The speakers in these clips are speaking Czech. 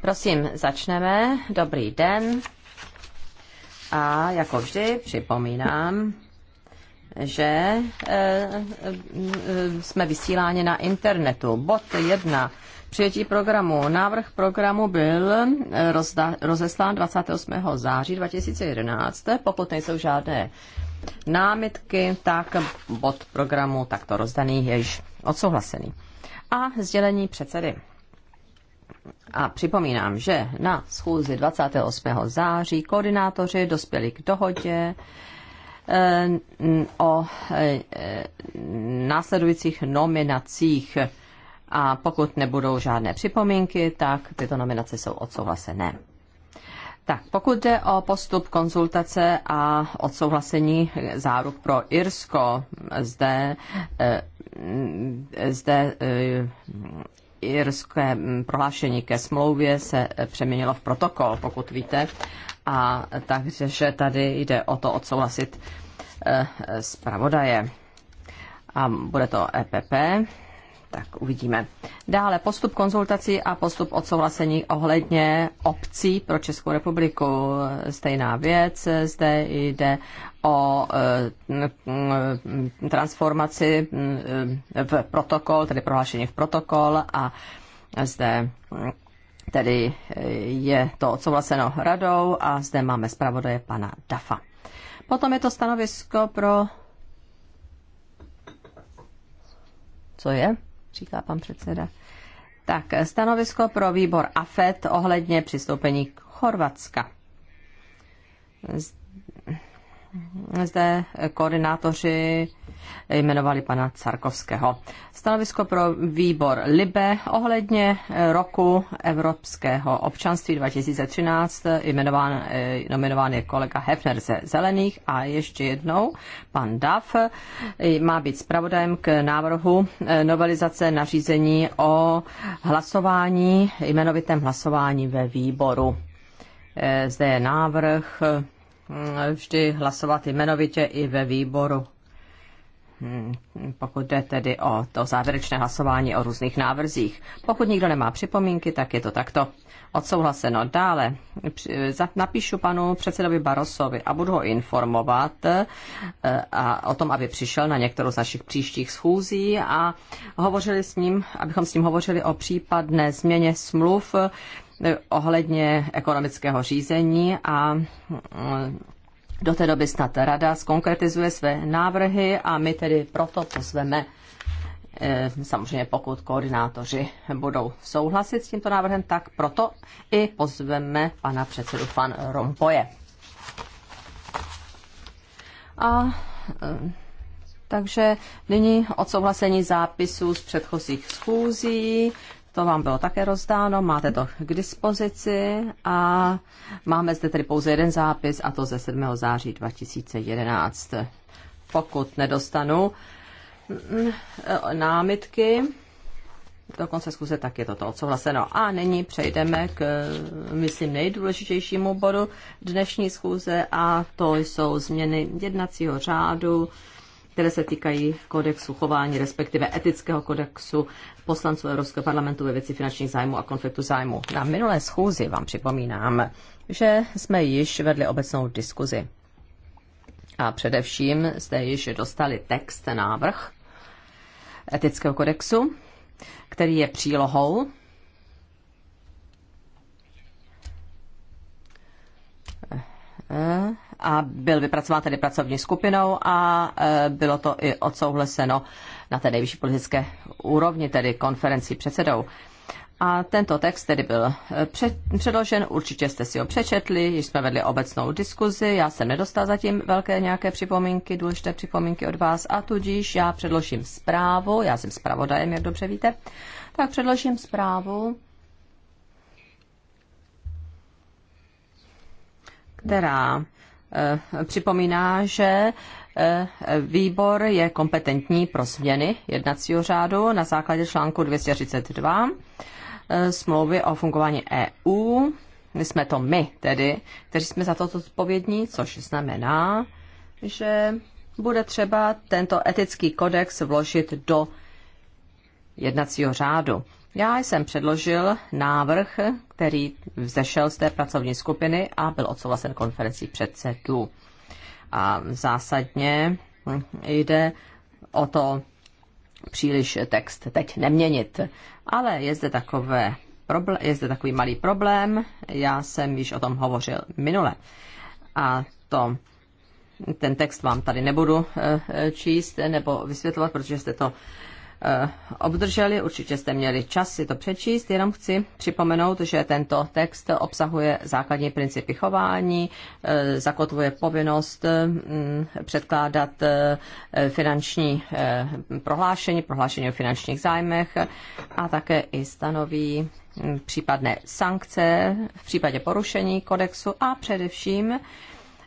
Prosím, začneme. Dobrý den. A jako vždy připomínám, že eh, eh, jsme vysíláni na internetu. Bod 1. Přijetí programu. Návrh programu byl eh, rozda, rozeslán 28. září 2011. Pokud nejsou žádné námitky, tak bod programu takto rozdaný je již odsouhlasený. A sdělení předsedy. A připomínám, že na schůzi 28. září koordinátoři dospěli k dohodě eh, o eh, následujících nominacích a pokud nebudou žádné připomínky, tak tyto nominace jsou odsouhlasené. Tak, pokud jde o postup konzultace a odsouhlasení záruk pro Irsko, zde, eh, zde eh, irské prohlášení ke smlouvě se přeměnilo v protokol, pokud víte. A takže že tady jde o to odsouhlasit eh, zpravodaje. A bude to EPP tak uvidíme. Dále postup konzultací a postup odsouhlasení ohledně obcí pro Českou republiku. Stejná věc, zde jde o eh, transformaci v protokol, tedy prohlášení v protokol a zde mm, tedy eh, je to odsouhlaseno radou a zde máme zpravodaje pana Dafa. Potom je to stanovisko pro... Co je? říká pan předseda. Tak, stanovisko pro výbor AFET ohledně přistoupení k Chorvatska zde koordinátoři jmenovali pana Carkovského. Stanovisko pro výbor Libe ohledně roku evropského občanství 2013 jmenován, eh, nominován je kolega Hefner ze Zelených a ještě jednou pan Daf eh, má být zpravodajem k návrhu eh, novelizace nařízení o hlasování, jmenovitém hlasování ve výboru. Zde je návrh vždy hlasovat jmenovitě i ve výboru. Pokud jde tedy o to závěrečné hlasování o různých návrzích. Pokud nikdo nemá připomínky, tak je to takto odsouhlaseno. Dále napíšu panu předsedovi Barosovi a budu ho informovat eh, a, o tom, aby přišel na některou z našich příštích schůzí a hovořili s ním, abychom s ním hovořili o případné změně smluv ohledně ekonomického řízení a mm, do té doby snad rada skonkretizuje své návrhy a my tedy proto pozveme eh, samozřejmě pokud koordinátoři budou souhlasit s tímto návrhem, tak proto i pozveme pana předsedu pan Rompoje. A eh, takže nyní odsouhlasení zápisů z předchozích schůzí to vám bylo také rozdáno, máte to k dispozici a máme zde tedy pouze jeden zápis a to ze 7. září 2011. Pokud nedostanu mm, eh, námitky, do zkuste, tak je toto odsouhlaseno. A nyní přejdeme k, eh, myslím, nejdůležitějšímu bodu dnešní schůze a to jsou změny jednacího řádu které se týkají kodexu chování, respektive etického kodexu poslanců Evropského parlamentu ve věci finančních zájmů a konfliktu zájmů. Na minulé schůzi vám připomínám, že jsme již vedli obecnou diskuzi. A především jste již dostali text, návrh etického kodexu, který je přílohou a byl vypracován tedy pracovní skupinou a e, bylo to i odsouhleseno na té nejvyšší politické úrovni, tedy konferenci předsedou. A tento text tedy byl e, předložen, určitě jste si ho přečetli, již jsme vedli obecnou diskuzi, já jsem nedostal zatím velké nějaké připomínky, důležité připomínky od vás a tudíž já předložím zprávu, já jsem zpravodajem, jak dobře víte, tak předložím zprávu, která Eh, připomíná, že eh, výbor je kompetentní pro změny jednacího řádu na základě článku 232 eh, smlouvy o fungování EU. My jsme to my tedy, kteří jsme za to odpovědní, což znamená, že bude třeba tento etický kodex vložit do jednacího řádu. Já jsem předložil návrh, který vzešel z té pracovní skupiny a byl odsouhlasen konferencí předsedů. A zásadně jde o to příliš text teď neměnit. Ale je zde, takové, je zde takový malý problém, já jsem již o tom hovořil minule. A to ten text vám tady nebudu eh, eh, číst nebo vysvětlovat, protože jste to Eh, obdrželi. Určitě jste měli čas si to přečíst. Jenom chci připomenout, že tento text obsahuje základní principy chování, eh, zakotvuje povinnost mm, předkládat eh, finanční prohlášení, prohlášení o finančních zájmech a také i stanoví mm, případné sankce v případě porušení kodexu a především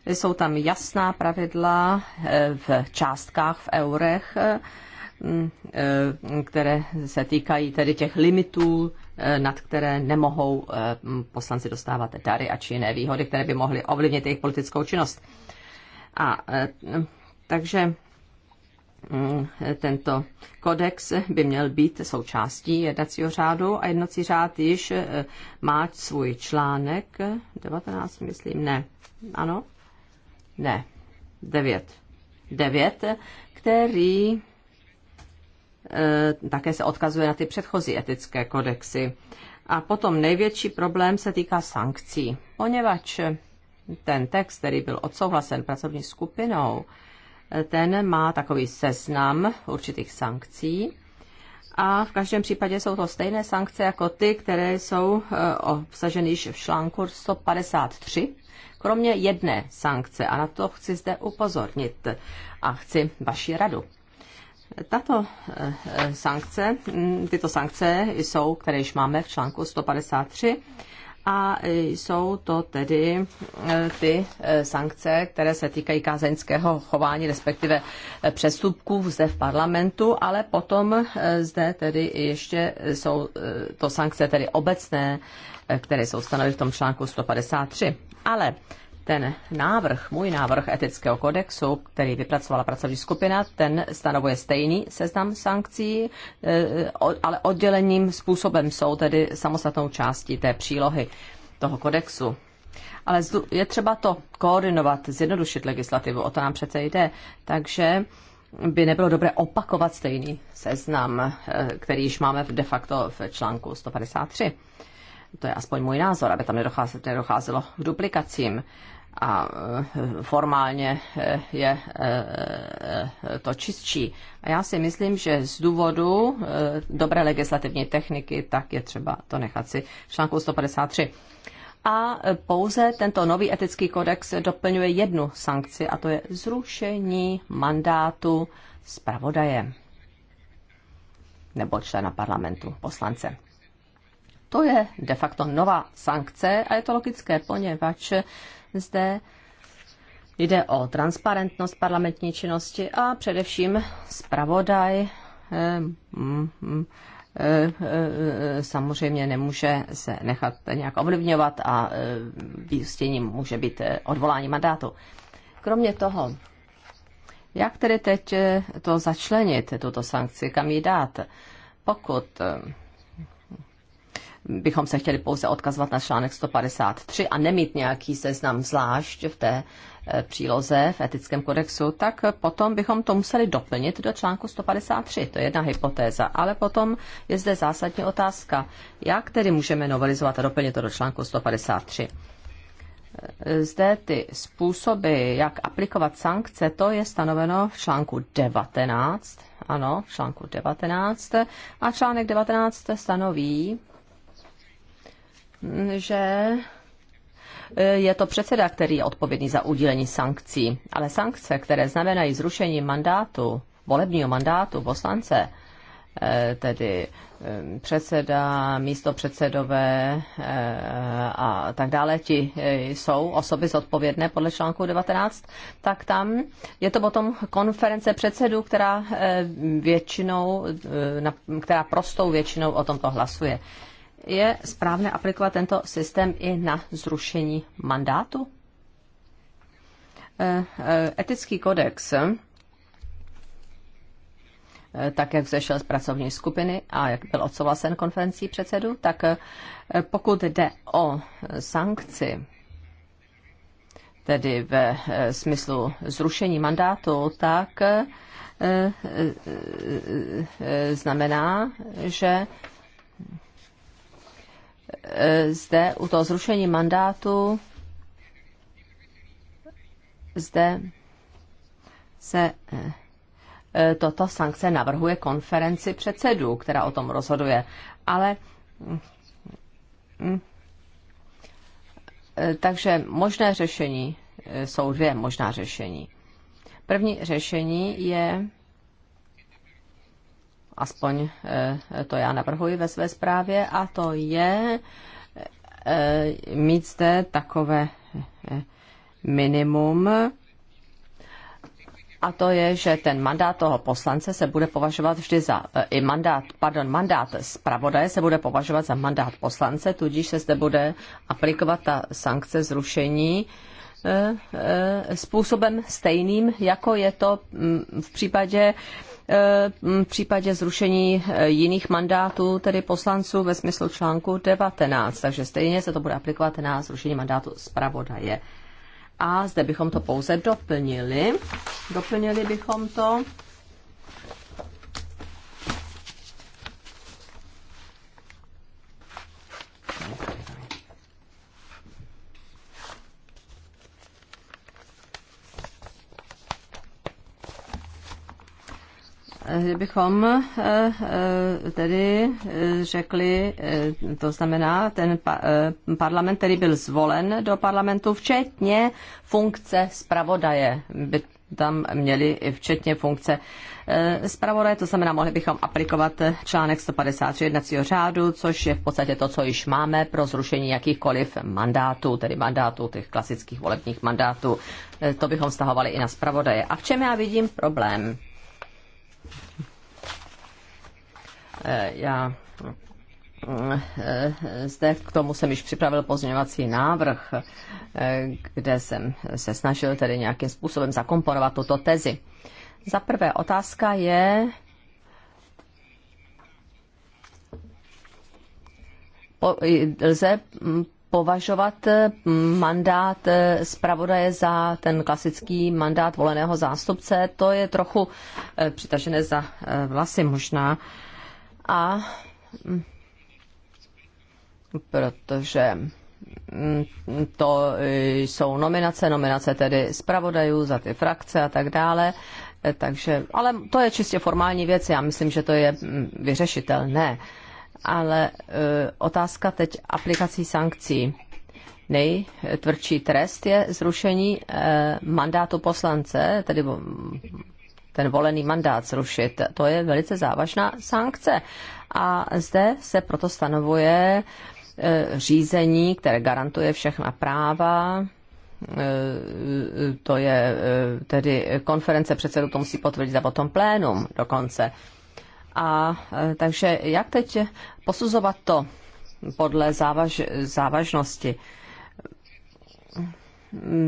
jsou tam jasná pravidla v částkách v eurech, Mm, eh, které se týkají tedy těch limitů, eh, nad které nemohou eh, poslanci dostávat dary a či jiné výhody, které by mohly ovlivnit jejich politickou činnost. A takže mm, tento kodex by měl být součástí jednacího řádu a jednací řád již má svůj článek 19, myslím, ne. Ano? Ne. 9. 9, který Eh, také se odkazuje na ty předchozí etické kodexy. A potom největší problém se týká sankcí, poněvadž ten text, který byl odsouhlasen pracovní skupinou, eh, ten má takový seznam určitých sankcí. A v každém případě jsou to stejné sankce jako ty, které jsou eh, obsaženy již v článku 153, kromě jedné sankce. A na to chci zde upozornit a chci vaši radu. Tato eh, eh, sankce, mm, tyto sankce jsou, které již máme v článku 153, a jsou to tedy eh, ty sankce, které se týkají kázeňského chování, respektive přestupků zde v parlamentu, ale potom zde tedy ještě jsou to sankce tedy obecné, které jsou stanoveny v tom článku 153. Ale ten návrh, můj návrh etického kodexu, který vypracovala pracovní skupina, ten stanovuje stejný seznam sankcí, e, ale oddělením způsobem jsou tedy samostatnou částí té přílohy toho kodexu. Ale je třeba to koordinovat, zjednodušit legislativu, o to nám přece jde. Takže by nebylo dobré opakovat stejný seznam, e, který již máme de facto v článku 153 to je aspoň můj názor, aby tam nedocházelo, nedocházelo k duplikacím. A eh, formálně eh, je eh, to čistší. A já si myslím, že z důvodu dobré legislativní techniky, tak je třeba to nechat si v článku 153. A pouze tento nový etický kodex doplňuje jednu sankci, a to je zrušení mandátu zpravodaje nebo člena parlamentu, poslance to je de facto nová sankce a je to logické, poněvadž zde jde o transparentnost parlamentní činnosti a především zpravodaj eh, mm, mm, eh, eh, samozřejmě nemůže se nechat nějak ovlivňovat a výstěním může být odvolání mandátu. Kromě toho, jak tedy teď to začlenit, tuto sankci, kam ji dát? Pokud bychom se chtěli pouze odkazovat na článek 153 a nemít nějaký seznam zvlášť v té e, příloze v etickém kodexu, tak potom bychom to museli doplnit do článku 153. To je jedna hypotéza. Ale potom je zde zásadní otázka, jak tedy můžeme novelizovat a doplnit to do článku 153. E, zde ty způsoby, jak aplikovat sankce, to je stanoveno v článku 19. Ano, v článku 19. A článek 19 stanoví že eh, je to předseda, který je odpovědný za udělení sankcí, ale sankce, které znamenají zrušení mandátu, volebního mandátu poslance, eh, tedy eh, předseda, místo předsedové a tak dále, ti jsou osoby zodpovědné podle článku 19, tak tam je to potom konference předsedů, která většinou, která prostou většinou o tomto hlasuje je správné aplikovat tento systém i na zrušení mandátu? Eh, eh, etický kodex, eh, tak jak zešel z pracovní skupiny a jak byl odsouhlasen konferencí předsedu, tak pokud jde o sankci, tedy ve smyslu zrušení mandátu, tak znamená, že E, zde u toho zrušení mandátu zde se e, e, toto sankce navrhuje konferenci předsedů, která o tom rozhoduje. Ale mm, mm, takže možné řešení jsou dvě možná řešení. První řešení je aspoň eh, to já navrhuji ve své zprávě, a to je eh, mít zde takové eh, minimum, a to je, že ten mandát toho poslance se bude považovat vždy za, i mandát, pardon, mandát zpravodaje se bude považovat za mandát poslance, tudíž se zde bude aplikovat ta sankce zrušení způsobem stejným, jako je to mm, v případě Eh, v případě zrušení eh, jiných mandátů, tedy poslanců ve smyslu článku 19. Takže stejně se to bude aplikovat na zrušení mandátu zpravodaje. A zde bychom to pouze doplnili. Doplnili bychom to Kdybychom eh, eh, tedy eh, řekli, to znamená ten parlament, který byl zvolen do parlamentu, včetně funkce zpravodaje, by tam měli včetně funkce zpravodaje, to znamená, mohli bychom aplikovat článek 153 jednacího řádu, což je v podstatě to, co již máme pro zrušení jakýchkoliv mandátů, tedy mandátů těch klasických volebních mandátů. To bychom stahovali i na zpravodaje. A v čem já vidím problém? Eh, já eh, zde k tomu jsem již připravil pozměňovací návrh, eh, kde jsem se snažil tedy nějakým způsobem zakomponovat tuto tezi. Za prvé otázka je, po, lze hm, považovat hm, mandát zpravodaje za ten klasický mandát voleného zástupce, to je trochu přitažené za vlasy možná. A mm, protože mm, to jsou nominace, nominace tedy zpravodajů za ty frakce a tak dále. E, takže, ale to je čistě formální věc, já myslím, že to je mm, vyřešitelné. Ale e, otázka teď aplikací sankcí. Nejtvrdší trest je zrušení e, mandátu poslance, tedy ten volený mandát zrušit. To je velice závažná sankce. A zde se proto stanovuje eh, řízení, které garantuje všechna práva, eh, eh, to je tedy konference předsedu, to musí potvrdit a potom plénum dokonce. A takže jak teď posuzovat to podle závaž, závažnosti?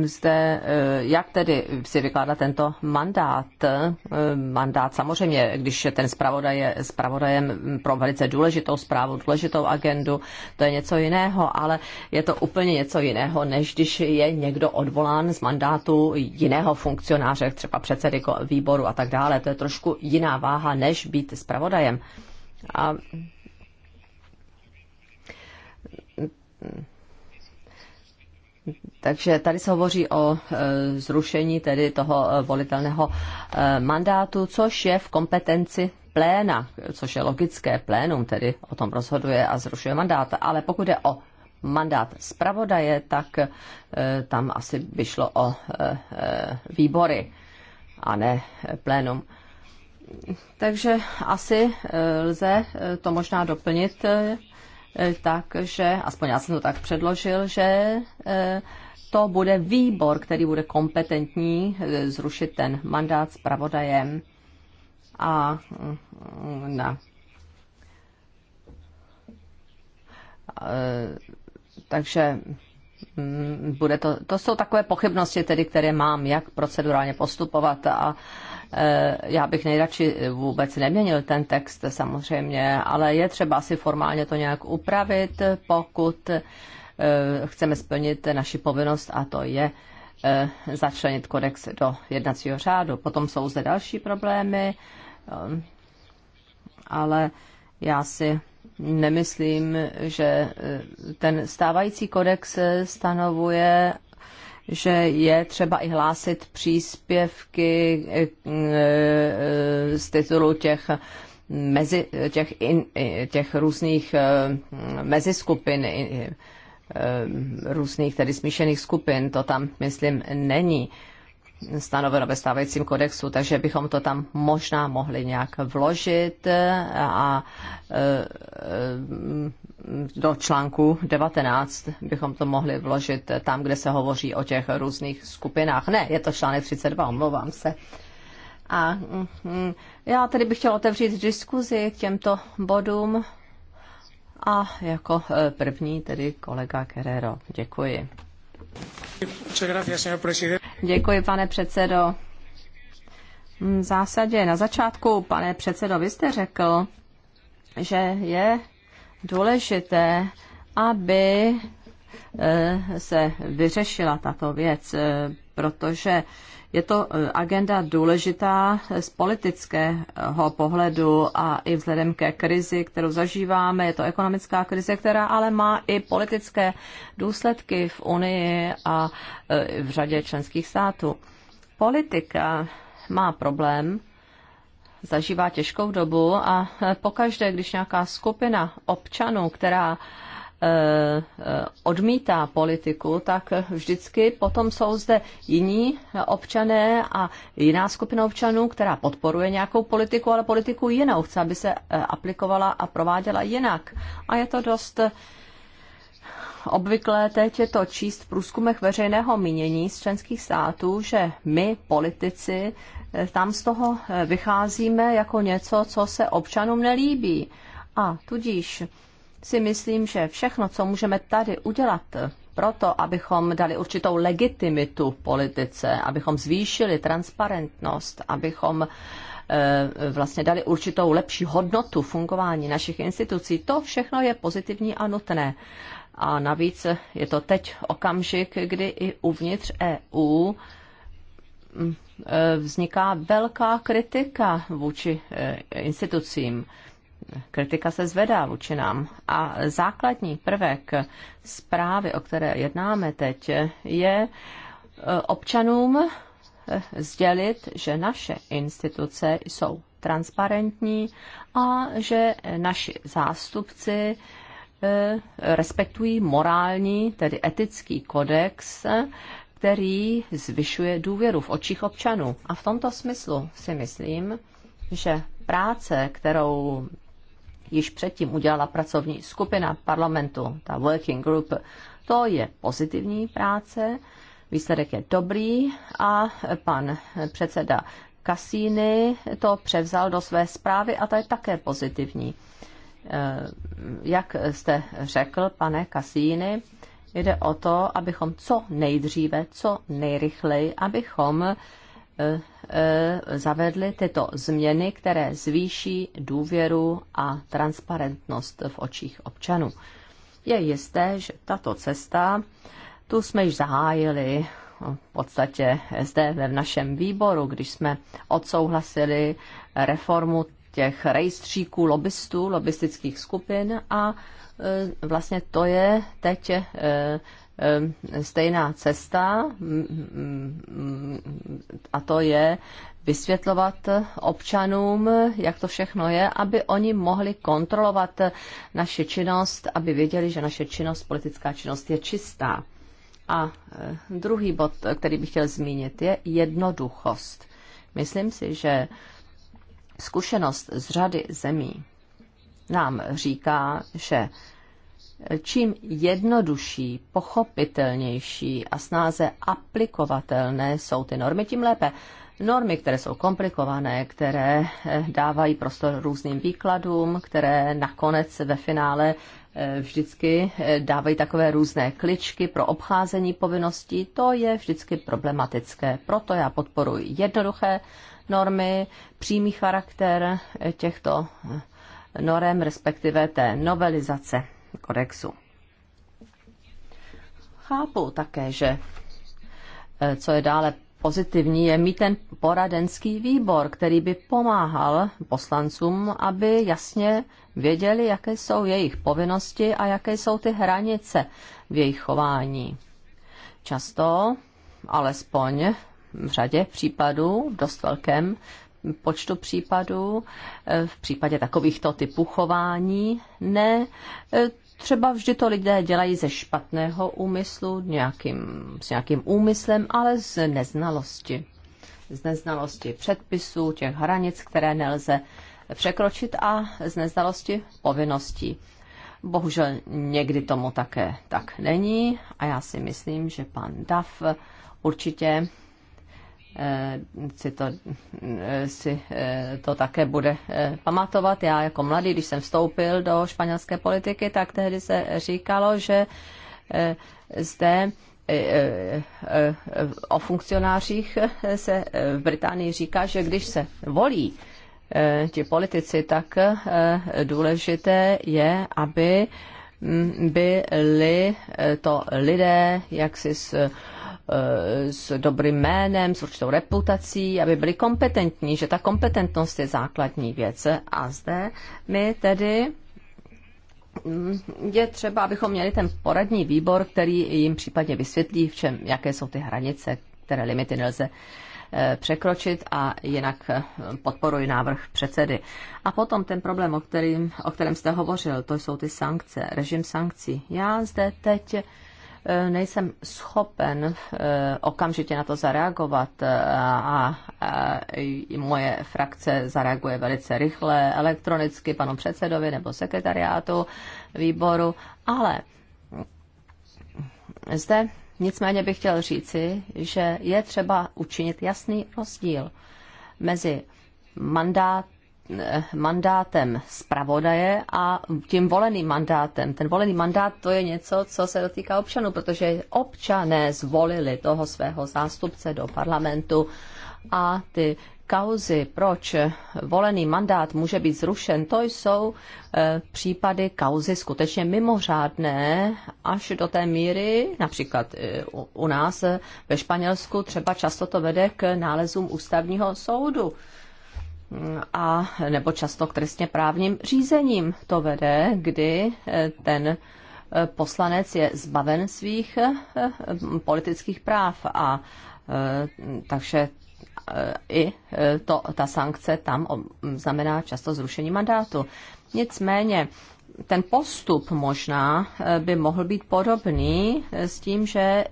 zde, eh, jak tedy si vykládá tento mandát? Eh, mandát samozřejmě, když ten zpravodaj je zpravodajem pro velice důležitou zprávu, důležitou agendu, to je něco jiného, ale je to úplně něco jiného, než když je někdo odvolán z mandátu jiného funkcionáře, třeba předsedy výboru a tak dále. To je trošku jiná váha, než být zpravodajem. A takže tady se hovoří o e, zrušení tedy toho e, volitelného e, mandátu, což je v kompetenci pléna, což je logické, plénum tedy o tom rozhoduje a zrušuje mandát. Ale pokud je o mandát zpravodaje, tak tam asi by šlo o výbory a ne plénum. Takže asi lze to možná doplnit Eh, takže, aspoň já jsem to tak předložil, že eh, to bude výbor, který bude kompetentní eh, zrušit ten mandát s pravodajem a mm, na takže mm, bude to, to jsou takové pochybnosti, tedy, které mám, jak procedurálně postupovat a Eh, já bych nejradši vůbec neměnil ten text samozřejmě, ale je třeba si formálně to nějak upravit, pokud eh, chceme splnit naši povinnost a to je eh, začlenit kodex do jednacího řádu. Potom jsou zde další problémy, ale já si nemyslím, že ten stávající kodex stanovuje že je třeba i hlásit příspěvky eh, eh, z titulu těch mezi těch, in, těch různých eh, meziskupin, různých tedy smíšených skupin, to tam, myslím, není stanoveno ve stávajícím kodexu, takže bychom to tam možná mohli nějak vložit a e, e, do článku 19 bychom to mohli vložit tam, kde se hovoří o těch různých skupinách. Ne, je to článek 32, omlouvám se. A mm, mm, já tady bych chtěla otevřít diskuzi k těmto bodům. A jako e, první tedy kolega Kerero. Děkuji. Děkuji, pane předsedo. V zásadě na začátku, pane předsedo, vy jste řekl, že je důležité, aby eh, se vyřešila tato věc, eh, protože je to e, agenda důležitá e, z politického pohledu a i vzhledem ke krizi, kterou zažíváme. Je to ekonomická krize, která ale má i politické důsledky v Unii a e, v řadě členských států. Politika má problém, zažívá těžkou dobu a pokaždé, když nějaká skupina občanů, která Eh, eh, odmítá politiku, tak vždycky potom jsou zde jiní občané a jiná skupina občanů, která podporuje nějakou politiku, ale politiku jinou, chce, aby se eh, aplikovala a prováděla jinak. A je to dost obvyklé teď je to číst v průzkumech veřejného mínění z členských států, že my, politici, tam z toho vycházíme jako něco, co se občanům nelíbí. A tudíž si myslím, že všechno, co můžeme tady udělat proto, abychom dali určitou legitimitu politice, abychom zvýšili transparentnost, abychom e, vlastně dali určitou lepší hodnotu fungování našich institucí. To všechno je pozitivní a nutné. A navíc je to teď okamžik, kdy i uvnitř EU mm, e, vzniká velká kritika vůči e, institucím kritika se zvedá vůči nám. A základní prvek zprávy, o které jednáme teď, je eh, občanům eh, sdělit, že naše instituce jsou transparentní a že naši zástupci eh, respektují morální, tedy etický kodex, který zvyšuje důvěru v očích občanů. A v tomto smyslu si myslím, že práce, kterou již předtím udělala pracovní skupina parlamentu, ta working group. To je pozitivní práce, výsledek je dobrý a pan předseda Cassini to převzal do své zprávy a to je také pozitivní. Eh, jak jste řekl, pane Cassini, jde o to, abychom co nejdříve, co nejrychleji, abychom Eh, zavedli tyto změny, které zvýší důvěru a transparentnost v očích občanů. Je jisté, že tato cesta, tu jsme již zahájili v podstatě zde v našem výboru, když jsme odsouhlasili reformu těch rejstříků lobbystů, lobbystických skupin a eh, vlastně to je teď eh, Ehm, stejná cesta a to je vysvětlovat občanům, jak to všechno je, aby oni mohli kontrolovat naši činnost, aby věděli, že naše činnost, politická činnost je čistá. A eh, druhý bod, který bych chtěl zmínit, je jednoduchost. Myslím si, že zkušenost z řady zemí nám říká, že čím jednodušší, pochopitelnější a snáze aplikovatelné jsou ty normy, tím lépe. Normy, které jsou komplikované, které eh, dávají prostor různým výkladům, které nakonec ve finále eh, vždycky eh, dávají takové různé kličky pro obcházení povinností, to je vždycky problematické. Proto já podporuji jednoduché normy, přímý charakter těchto norem, respektive té novelizace kodexu. Chápu také, že eh, co je dále pozitivní, je mít ten poradenský výbor, který by pomáhal poslancům, aby jasně věděli, jaké jsou jejich povinnosti a jaké jsou ty hranice v jejich chování. Často, alespoň v řadě případů, v dost velkém počtu případů, eh, v případě takovýchto typů chování, ne eh, třeba vždy to lidé dělají ze špatného úmyslu, nějakým, s nějakým úmyslem, ale z neznalosti. Z neznalosti předpisů, těch hranic, které nelze překročit a z neznalosti povinností. Bohužel někdy tomu také tak není a já si myslím, že pan Duff určitě Eh, si to, eh, si eh, to také bude pamatovat. Já jako mladý, když jsem vstoupil do španělské politiky, tak tehdy se říkalo, že zde o funkcionářích se v Británii říká, že když se volí ti politici, tak důležité je, aby mm, byli to lidé jaksi s Eh, s dobrým jménem, s určitou reputací, aby byli kompetentní, že ta kompetentnost je základní věc. A zde my tedy mm, je třeba, abychom měli ten poradní výbor, který jim případně vysvětlí, v čem, jaké jsou ty hranice, které limity nelze eh, překročit a jinak eh, podporuji návrh předsedy. A potom ten problém, o, kterým, o kterém jste hovořil, to jsou ty sankce, režim sankcí. Já zde teď Eh, nejsem schopen eh, okamžitě na to zareagovat eh, a moje frakce zareaguje velice rychle elektronicky panu předsedovi nebo sekretariátu výboru, ale zde nicméně bych chtěl říci, že je třeba učinit jasný rozdíl mezi mandát mandátem zpravodaje a tím voleným mandátem. Ten volený mandát to je něco, co se dotýká občanů, protože občané zvolili toho svého zástupce do parlamentu a ty kauzy, proč volený mandát může být zrušen, to jsou e, případy kauzy skutečně mimořádné až do té míry, například e, u, u nás e, ve Španělsku třeba často to vede k nálezům ústavního soudu. E, a nebo často k trestně právním řízením to vede, kdy eh, ten eh, poslanec je zbaven svých eh, politických práv a takže i to, ta sankce tam znamená často zrušení mandátu. Nicméně ten postup možná by mohl být podobný s tím, že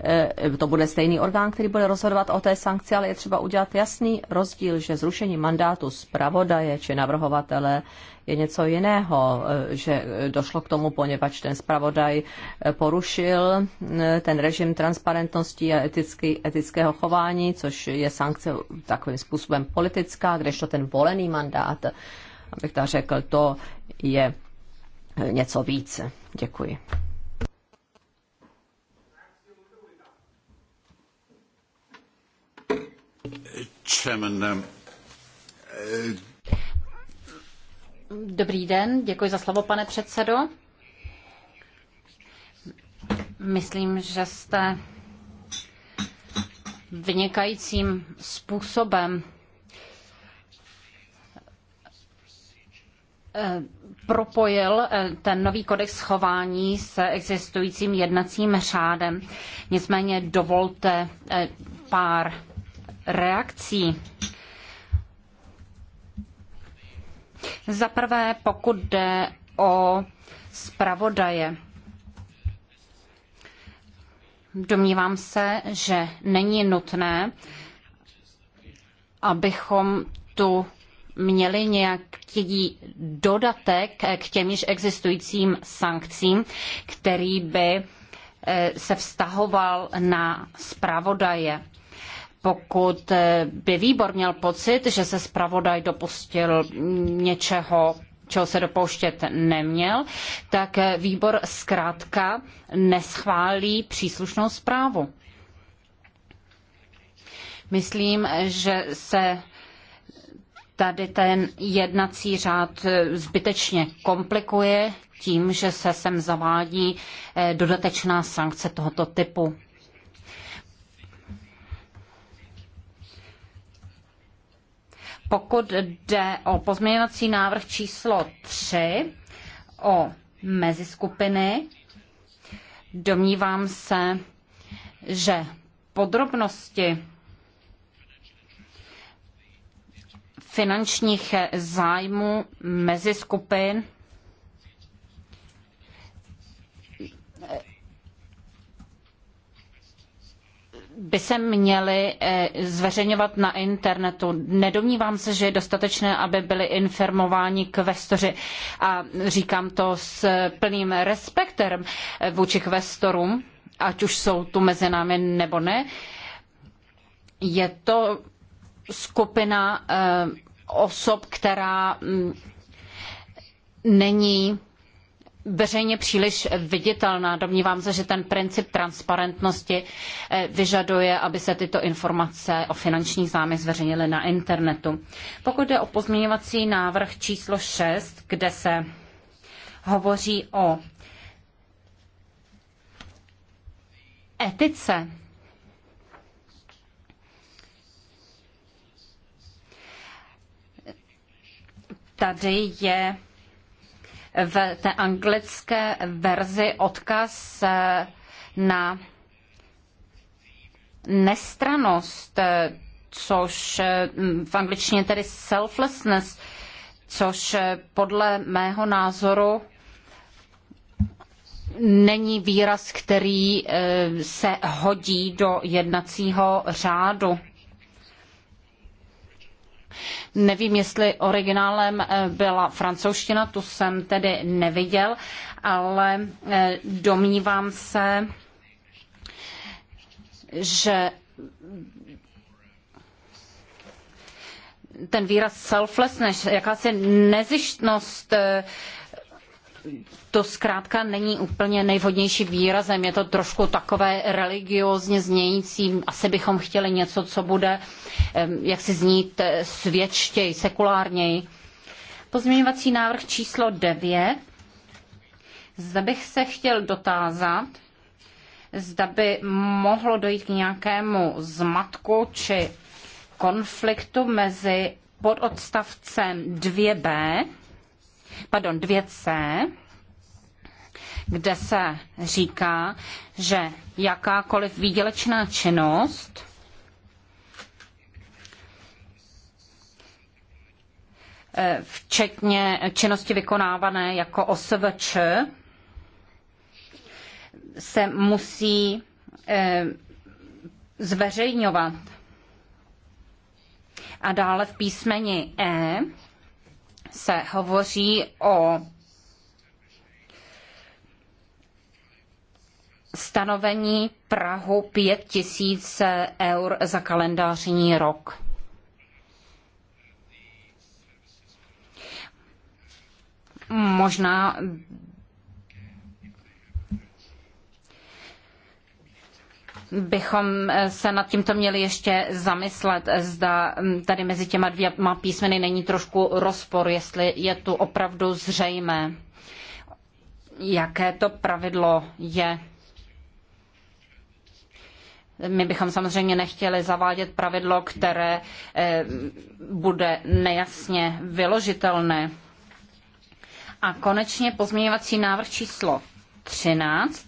Eh, to bude stejný orgán, který bude rozhodovat o té sankci, ale je třeba udělat jasný rozdíl, že zrušení mandátu zpravodaje či navrhovatele je něco jiného, eh, že došlo k tomu, poněvadž ten zpravodaj eh, porušil ten režim transparentnosti a etický, etického chování, což je sankce takovým způsobem politická, kdežto ten volený mandát, abych tak řekl, to je něco více. Děkuji. Um, Dobrý den, děkuji za slovo, pane předsedo. Myslím, že jste vynikajícím způsobem eh, propojil eh, ten nový kodex chování s existujícím jednacím řádem. Nicméně dovolte eh, pár reakcí. Za prvé, pokud jde o zpravodaje. Domnívám se, že není nutné, abychom tu měli nějaký dodatek k těm již existujícím sankcím, který by eh, se vztahoval na zpravodaje pokud eh, by výbor měl pocit, že se zpravodaj dopustil něčeho, čeho se dopouštět neměl, tak eh, výbor zkrátka neschválí příslušnou zprávu. Myslím, že se tady ten jednací řád eh, zbytečně komplikuje tím, že se sem zavádí dodatečná sankce tohoto typu. Pokud jde o pozměňovací návrh číslo 3 o meziskupiny, domnívám se, že podrobnosti finančních zájmů meziskupin by se měly eh, zveřejňovat na internetu. Nedomnívám se, že je dostatečné, aby byli informováni kvestoři. A říkám to s plným respektem eh, vůči kvestorům, ať už jsou tu mezi námi nebo ne. Je to skupina eh, osob, která mm, není veřejně příliš viditelná. Domnívám se, že ten princip transparentnosti eh, vyžaduje, aby se tyto informace o finančních zájmech zveřejnily na internetu. Pokud jde o pozměňovací návrh číslo 6, kde se hovoří o etice tady je v té anglické verzi odkaz eh, na nestranost, eh, což eh, v angličtině tedy selflessness, což podle mého názoru není výraz, který se hodí do jednacího řádu. Nevím, jestli originálem eh, byla francouzština, tu jsem tedy neviděl, ale eh, domnívám se, že ten výraz selflessness, jakási nezištnost eh, to zkrátka není úplně nejvhodnější výrazem, je to trošku takové religiózně znějící, asi bychom chtěli něco, co bude, jak si znít, eh, svědčtěji, sekulárněji. Pozměňovací návrh číslo 9. Zda bych se chtěl dotázat, zda by mohlo dojít k nějakému zmatku či konfliktu mezi pododstavcem 2b pardon, 2C, kde se říká, že jakákoliv výdělečná činnost eh, včetně činnosti vykonávané jako OSVČ, se musí eh, zveřejňovat. A dále v písmeni E se hovoří o stanovení Prahu 5000 eur za kalendářní rok. Možná bychom eh, se nad tímto měli ještě zamyslet, eh, zda mm, tady mezi těma dvěma písmeny není trošku rozpor, jestli je tu opravdu zřejmé, jaké to pravidlo je. My bychom samozřejmě nechtěli zavádět pravidlo, které eh, bude nejasně vyložitelné. A konečně pozměňovací návrh číslo 13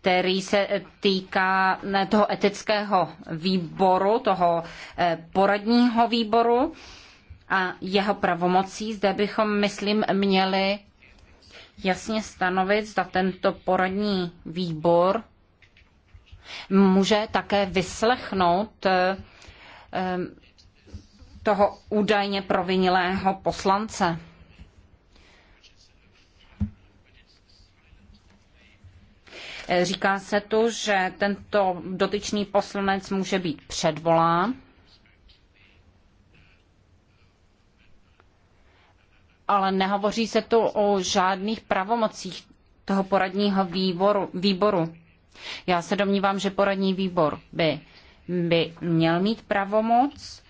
který se týká eh, toho etického výboru, toho eh, poradního výboru a jeho pravomocí. Zde bychom, myslím, měli jasně stanovit, zda tento poradní výbor může také vyslechnout eh, toho údajně provinilého poslance. Říká se tu, že tento dotyčný poslanec může být předvolán. Ale nehovoří se tu o žádných pravomocích toho poradního výboru. výboru. Já se domnívám, že poradní výbor by, by měl mít pravomoc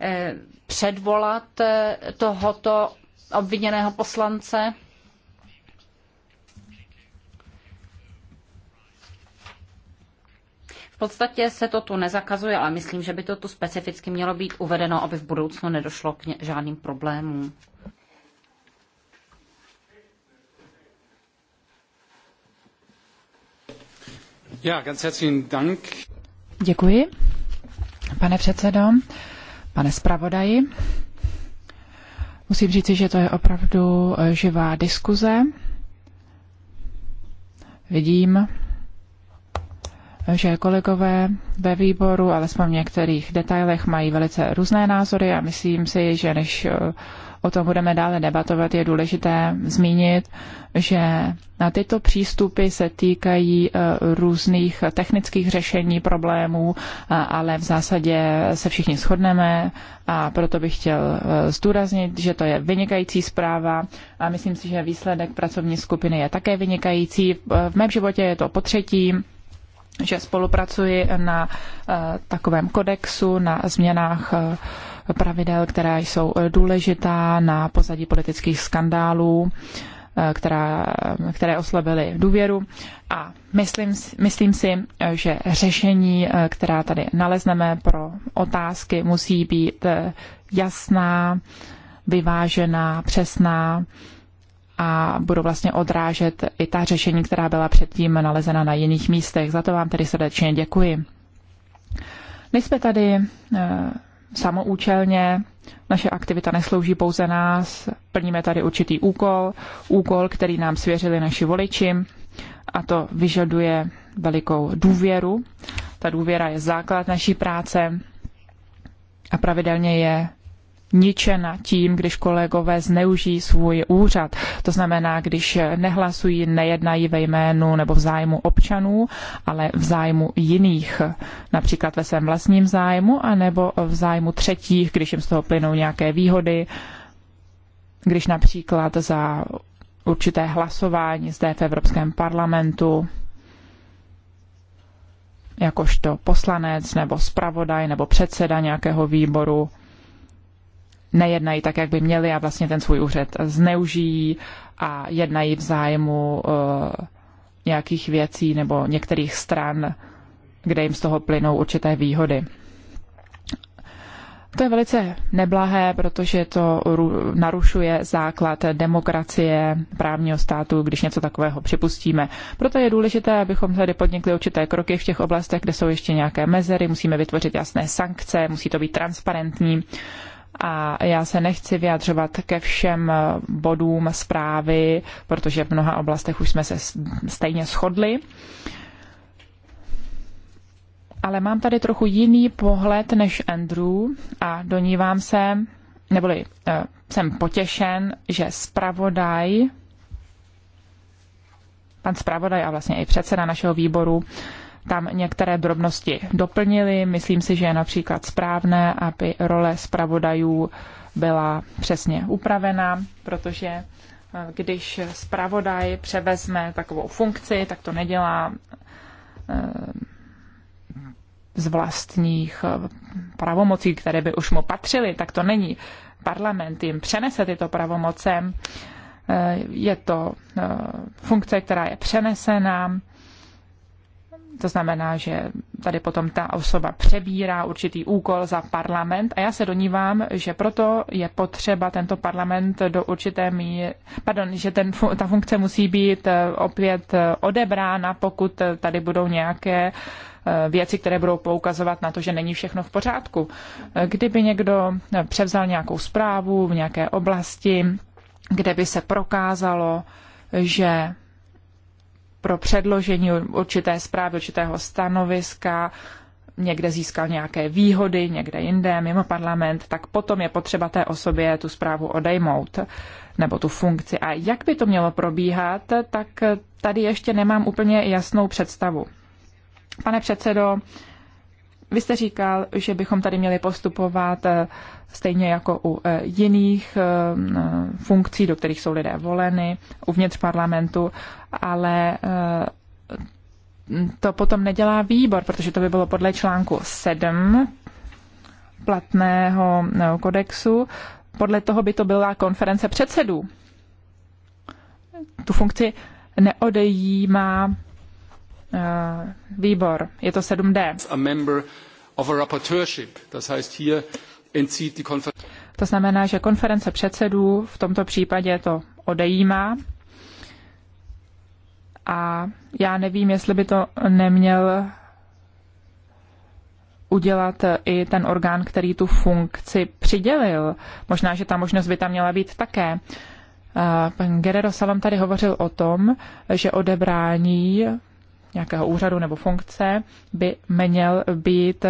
eh, předvolat eh, tohoto obviněného poslance V podstatě se to tu nezakazuje, ale myslím, že by to tu specificky mělo být uvedeno, aby v budoucnu nedošlo k žádným problémům. Ja, ganz herzlichen Dank. Děkuji, pane předsedo, pane zpravodaji. Musím říci, že to je opravdu eh, živá diskuze. Vidím, že kolegové ve výboru, alespoň v některých detailech, mají velice různé názory a myslím si, že než eh, o tom budeme dále debatovat, je důležité zmínit, že na tyto přístupy se týkají eh, různých technických řešení problémů, eh, ale v zásadě se všichni shodneme a proto bych chtěl zdůraznit, že to je vynikající zpráva a myslím si, že výsledek pracovní skupiny je také vynikající. V mém životě je to potřetí že spolupracuji na eh, takovém kodexu, na změnách eh, pravidel, která jsou eh, důležitá na pozadí politických skandálů, která, které oslabily důvěru. A myslím, myslím si, že řešení, která tady nalezneme pro otázky, musí být jasná, vyvážená, přesná a budou vlastně odrážet i ta řešení, která byla předtím nalezena na jiných místech. Za to vám tedy srdečně děkuji. My jsme tady eh, samoučelně, naše aktivita neslouží pouze nás, plníme tady určitý úkol, úkol, který nám svěřili naši voliči a to vyžaduje velikou důvěru. Ta důvěra je základ naší práce a pravidelně je ničena tím, když kolegové zneužijí svůj úřad. To znamená, když nehlasují, nejednají ve jménu nebo v zájmu občanů, ale v zájmu jiných, například ve svém vlastním zájmu, anebo v zájmu třetích, když jim z toho plynou nějaké výhody, když například za určité hlasování zde v Evropském parlamentu jakožto poslanec nebo zpravodaj nebo předseda nějakého výboru nejednají tak, jak by měli a vlastně ten svůj úřad zneužijí a jednají v zájmu eh, nějakých věcí nebo některých stran, kde jim z toho plynou určité výhody. To je velice neblahé, protože to narušuje základ demokracie, právního státu, když něco takového připustíme. Proto je důležité, abychom tady podnikli určité kroky v těch oblastech, kde jsou ještě nějaké mezery, musíme vytvořit jasné sankce, musí to být transparentní a já se nechci vyjadřovat ke všem bodům zprávy, protože v mnoha oblastech už jsme se stejně shodli. Ale mám tady trochu jiný pohled než Andrew a donívám se, neboli eh, jsem potěšen, že zpravodaj, pan zpravodaj a vlastně i předseda našeho výboru eh, tam některé drobnosti doplnili. Myslím si, že je například správné, aby role zpravodajů byla přesně upravena, protože eh, když zpravodaj převezme takovou funkci, tak to nedělá eh, z vlastních eh, pravomocí, které by už mu patřily, tak to není. Parlament jim přenese tyto pravomoce, je to funkce, která je přenesena to znamená, že tady potom ta osoba přebírá určitý úkol za parlament a já se donívám, že proto je potřeba tento parlament do určité míry, pardon, že ten, ta funkce musí být eh, opět eh, odebrána, pokud eh, tady budou nějaké věci, které budou poukazovat na to, že není všechno v pořádku. Kdyby někdo převzal nějakou zprávu v nějaké oblasti, kde by se prokázalo, že pro předložení určité zprávy, určitého stanoviska, někde získal nějaké výhody, někde jinde, mimo parlament, tak potom je potřeba té osobě tu zprávu odejmout nebo tu funkci. A jak by to mělo probíhat, tak tady ještě nemám úplně jasnou představu. Pane předsedo, vy jste říkal, že bychom tady měli postupovat eh, stejně jako u eh, jiných eh, funkcí, do kterých jsou lidé voleny uvnitř parlamentu, ale to potom nedělá výbor, protože to by bylo podle článku 7 platného kodexu. Podle toho by to byla konference předsedů. Tu funkci neodejímá Eh, výbor. Je to 7D. To znamená, že konference předsedů v tomto případě to odejímá. A já nevím, jestli by to neměl udělat i ten orgán, který tu funkci přidělil. Možná, že ta možnost by tam měla být také. Eh, pan Guerrero Salom tady hovořil o tom, že odebrání nějakého úřadu nebo funkce by měl být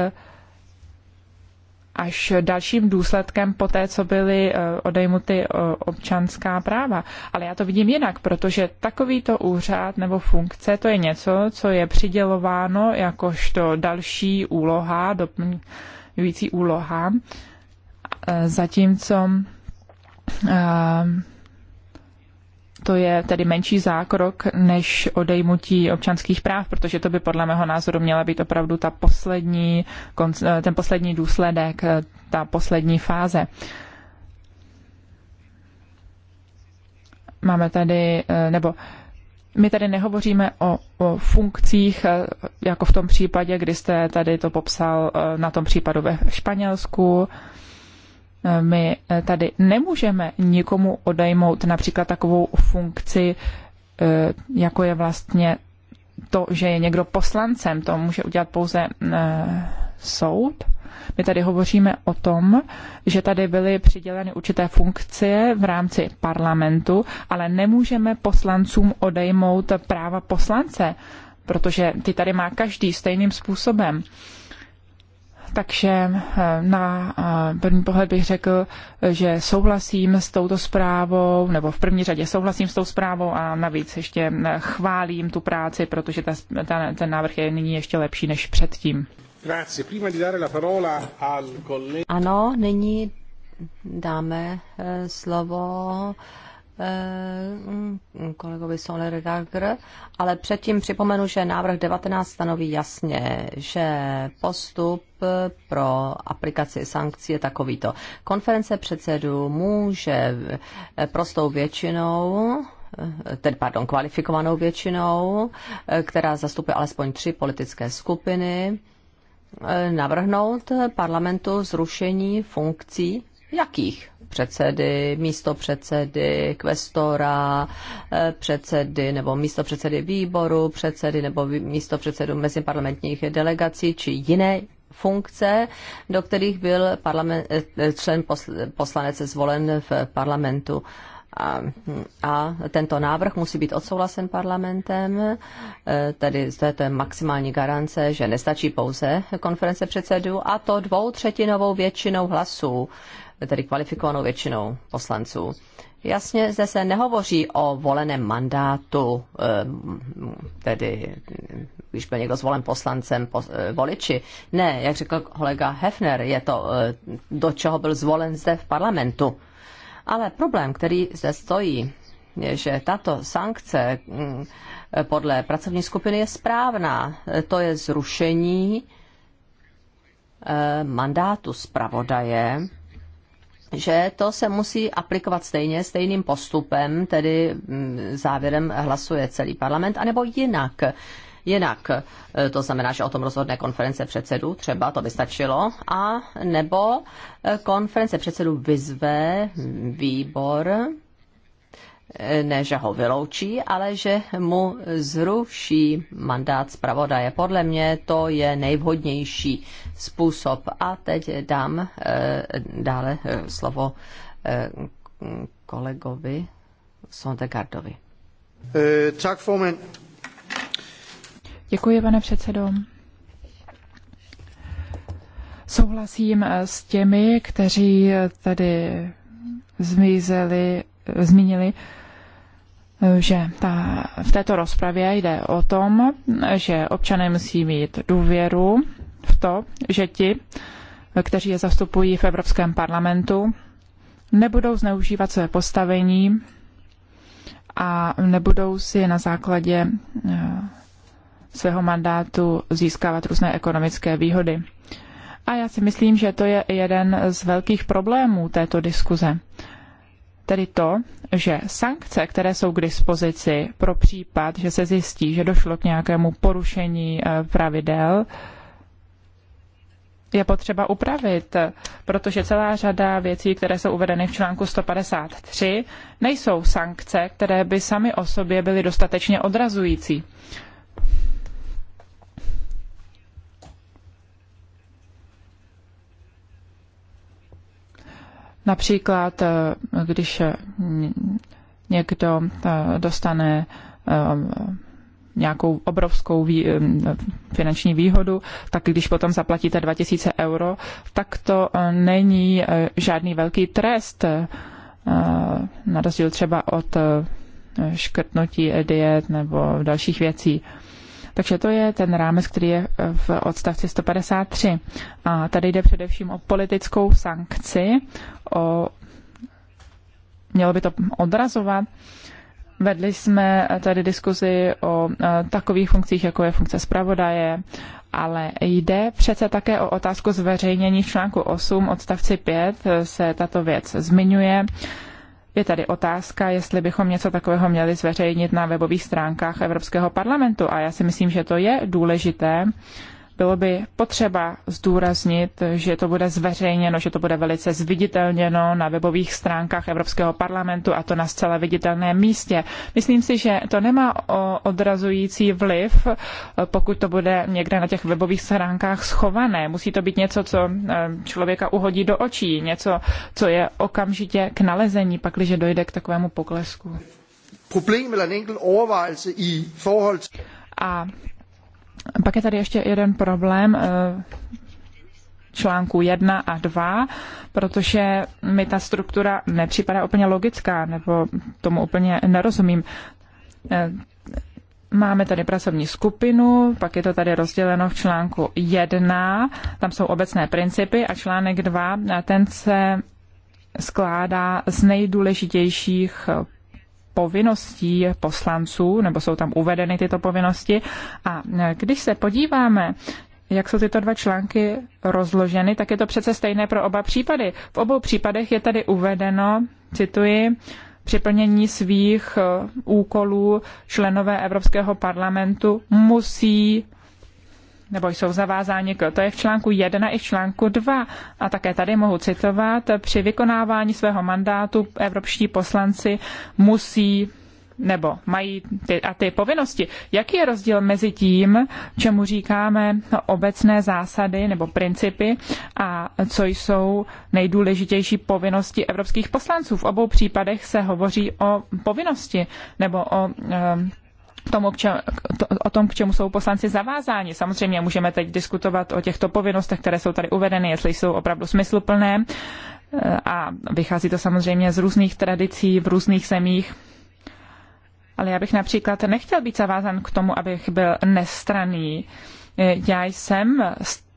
až dalším důsledkem po té, co byly eh, odejmuty eh, občanská práva. Ale já to vidím jinak, protože takovýto úřad nebo funkce, to je něco, co je přidělováno jakožto další úloha, doplňující úloha, eh, zatímco to je tedy menší zákrok než odejmutí občanských práv, protože to by podle mého názoru měla být opravdu ta poslední, eh, ten poslední důsledek, eh, ta poslední fáze. Máme tady, eh, nebo my tady nehovoříme o, o funkcích, jako v tom případě, kdy jste tady to popsal na tom případu ve Španělsku, my tady nemůžeme nikomu odejmout například takovou funkci, e, jako je vlastně to, že je někdo poslancem, to může udělat pouze e, soud. My tady hovoříme o tom, že tady byly přiděleny určité funkce v rámci parlamentu, ale nemůžeme poslancům odejmout práva poslance, protože ty tady má každý stejným způsobem. Takže eh, na eh, první pohled bych řekl, že souhlasím s touto zprávou, nebo v první řadě souhlasím s tou zprávou a navíc ještě eh, chválím tu práci, protože ta, ta, ten návrh je nyní ještě lepší než předtím. Ano, nyní dáme slovo Eh, kolegovi Soler Gagr, ale předtím připomenu, že návrh 19 stanoví jasně, že postup pro aplikaci sankcí je takovýto. Konference předsedů může eh, prostou většinou eh, tedy pardon, kvalifikovanou většinou, která zastupuje alespoň tři politické skupiny, navrhnout parlamentu zrušení funkcí Jakých? Předsedy, místo předsedy, kvestora, eh, předsedy nebo místo předsedy výboru, předsedy nebo místo předsedu meziparlamentních delegací či jiné funkce, do kterých byl eh, eh, člen poslanec zvolen v parlamentu a, a tento návrh musí být odsouhlasen parlamentem, e, tedy to je, to je maximální garance, že nestačí pouze konference předsedů a to dvou třetinovou většinou hlasů, tedy kvalifikovanou většinou poslanců. Jasně, zde se nehovoří o voleném mandátu, e, tedy když byl někdo zvolen poslancem e, voliči. Ne, jak řekl kolega Hefner, je to, do čeho byl zvolen zde v parlamentu. Ale problém, který zde stojí, je, že tato sankce mm, podle pracovní skupiny je správná. To je zrušení eh, mandátu zpravodaje, že to se musí aplikovat stejně, stejným postupem, tedy mm, závěrem hlasuje celý parlament, anebo jinak jinak. E, to znamená, že o tom rozhodne konference předsedů, třeba to by stačilo, a nebo e, konference předsedů vyzve výbor e, ne, že ho vyloučí, ale že mu zruší mandát zpravodaje. Podle mě to je nejvhodnější způsob. A teď dám dále slovo kolegovi Sondegardovi. tak, Děkuji, pane předsedo. Souhlasím eh, s těmi, kteří eh, tady zmizeli, eh, zmínili, že ta, v této rozpravě jde o tom, že občané musí mít důvěru v to, že ti, kteří je zastupují v Evropském parlamentu, nebudou zneužívat své postavení a nebudou si na základě svého mandátu získávat různé ekonomické výhody. A já si myslím, že to je jeden z velkých problémů této diskuze. Tedy to, že sankce, které jsou k dispozici pro případ, že se zjistí, že došlo k nějakému porušení eh, pravidel, je potřeba upravit, protože celá řada věcí, které jsou uvedeny v článku 153, nejsou sankce, které by sami o sobě byly dostatečně odrazující. Například, eh, když eh, někdo eh, dostane nějakou obrovskou vý, finanční výhodu, tak když potom zaplatíte 2000 euro, tak to není žádný velký trest, na rozdíl třeba od škrtnutí diet nebo dalších věcí. Takže to je ten rámec, který je eh, v odstavci 153. A tady jde především o politickou sankci, o mělo by to odrazovat. Vedli jsme eh, tady diskuzi o eh, takových funkcích, jako je funkce zpravodaje, ale jde přece také o otázku zveřejnění v článku 8 odstavci 5 se tato věc zmiňuje. Je tady otázka, jestli bychom něco takového měli zveřejnit na webových stránkách Evropského parlamentu. A já si myslím, že to je důležité, bylo by potřeba zdůraznit, že to bude zveřejněno, že to bude velice zviditelněno na webových stránkách Evropského parlamentu a to na zcela viditelném místě. Myslím si, že to nemá odrazující vliv, pokud to bude někde na těch webových stránkách schované. Musí to být něco, co eh, člověka uhodí do očí, něco, co je okamžitě k nalezení, pakliže dojde k takovému poklesku. Problém eller i forhold A pak je tady ještě jeden problém eh, článku 1 a 2, protože mi ta struktura nepřipadá úplně logická, nebo tomu úplně nerozumím. Eh, máme tady pracovní skupinu, pak je to tady rozděleno v článku 1, tam jsou obecné principy a článek 2, eh, ten se skládá z nejdůležitějších povinností poslanců, nebo jsou tam uvedeny tyto povinnosti. A e, když se podíváme, jak jsou tyto dva články rozloženy, tak je to přece stejné pro oba případy. V obou případech je tady uvedeno, cituji, připlnění svých e, úkolů členové Evropského parlamentu musí nebo jsou zavázáni k. To je v článku 1 i v článku 2. A také tady mohu citovat, při vykonávání svého mandátu evropští poslanci musí nebo mají ty a ty povinnosti. Jaký je rozdíl mezi tím, čemu říkáme obecné zásady nebo principy a co jsou nejdůležitější povinnosti evropských poslanců? V obou případech se hovoří o povinnosti nebo o eh, tomu, k to, o tom, k čemu jsou poslanci zavázáni. Samozřejmě můžeme teď diskutovat o těchto povinnostech, které jsou tady uvedeny, jestli jsou opravdu smysluplné. Eh, a vychází to samozřejmě z různých tradicí v různých zemích. Ale já bych například nechtěl být zavázán k tomu, abych byl nestraný. Eh, já jsem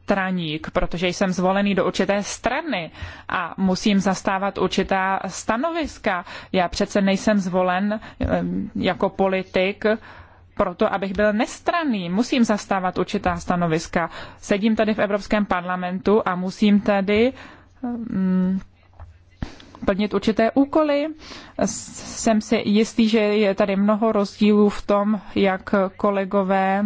straník, protože jsem zvolený do určité strany a musím zastávat určitá stanoviska. Já přece nejsem zvolen ehm, jako politik proto, abych byl nestranný, musím zastávat určitá stanoviska. Sedím tady v Evropském parlamentu a musím tady ehm, plnit určité úkoly. Jsem si jistý, že je tady mnoho rozdílů v tom, jak kolegové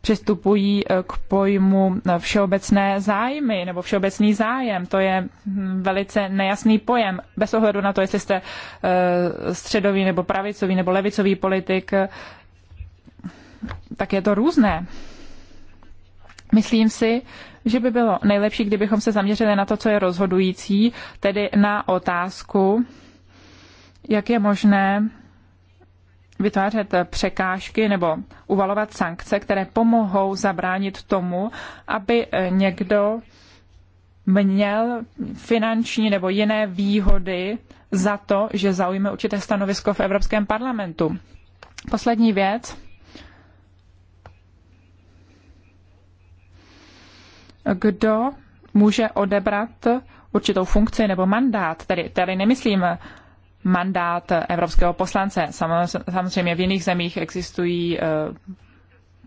přistupují eh, k pojmu eh, všeobecné zájmy nebo všeobecný zájem. To je hm, velice nejasný pojem, bez ohledu na to, jestli jste eh, středový nebo pravicový nebo levicový politik, tak je to různé. Myslím si, že by bylo nejlepší, kdybychom se zaměřili na to, co je rozhodující, tedy na otázku, jak je možné, vytvářet překážky nebo uvalovat sankce, které pomohou zabránit tomu, aby eh, někdo měl finanční nebo jiné výhody za to, že zaujme určité stanovisko v Evropském parlamentu. Poslední věc. Kdo může odebrat určitou funkci nebo mandát, tedy, tedy nemyslím mandát evropského poslance. Samozřejmě v jiných zemích existují eh,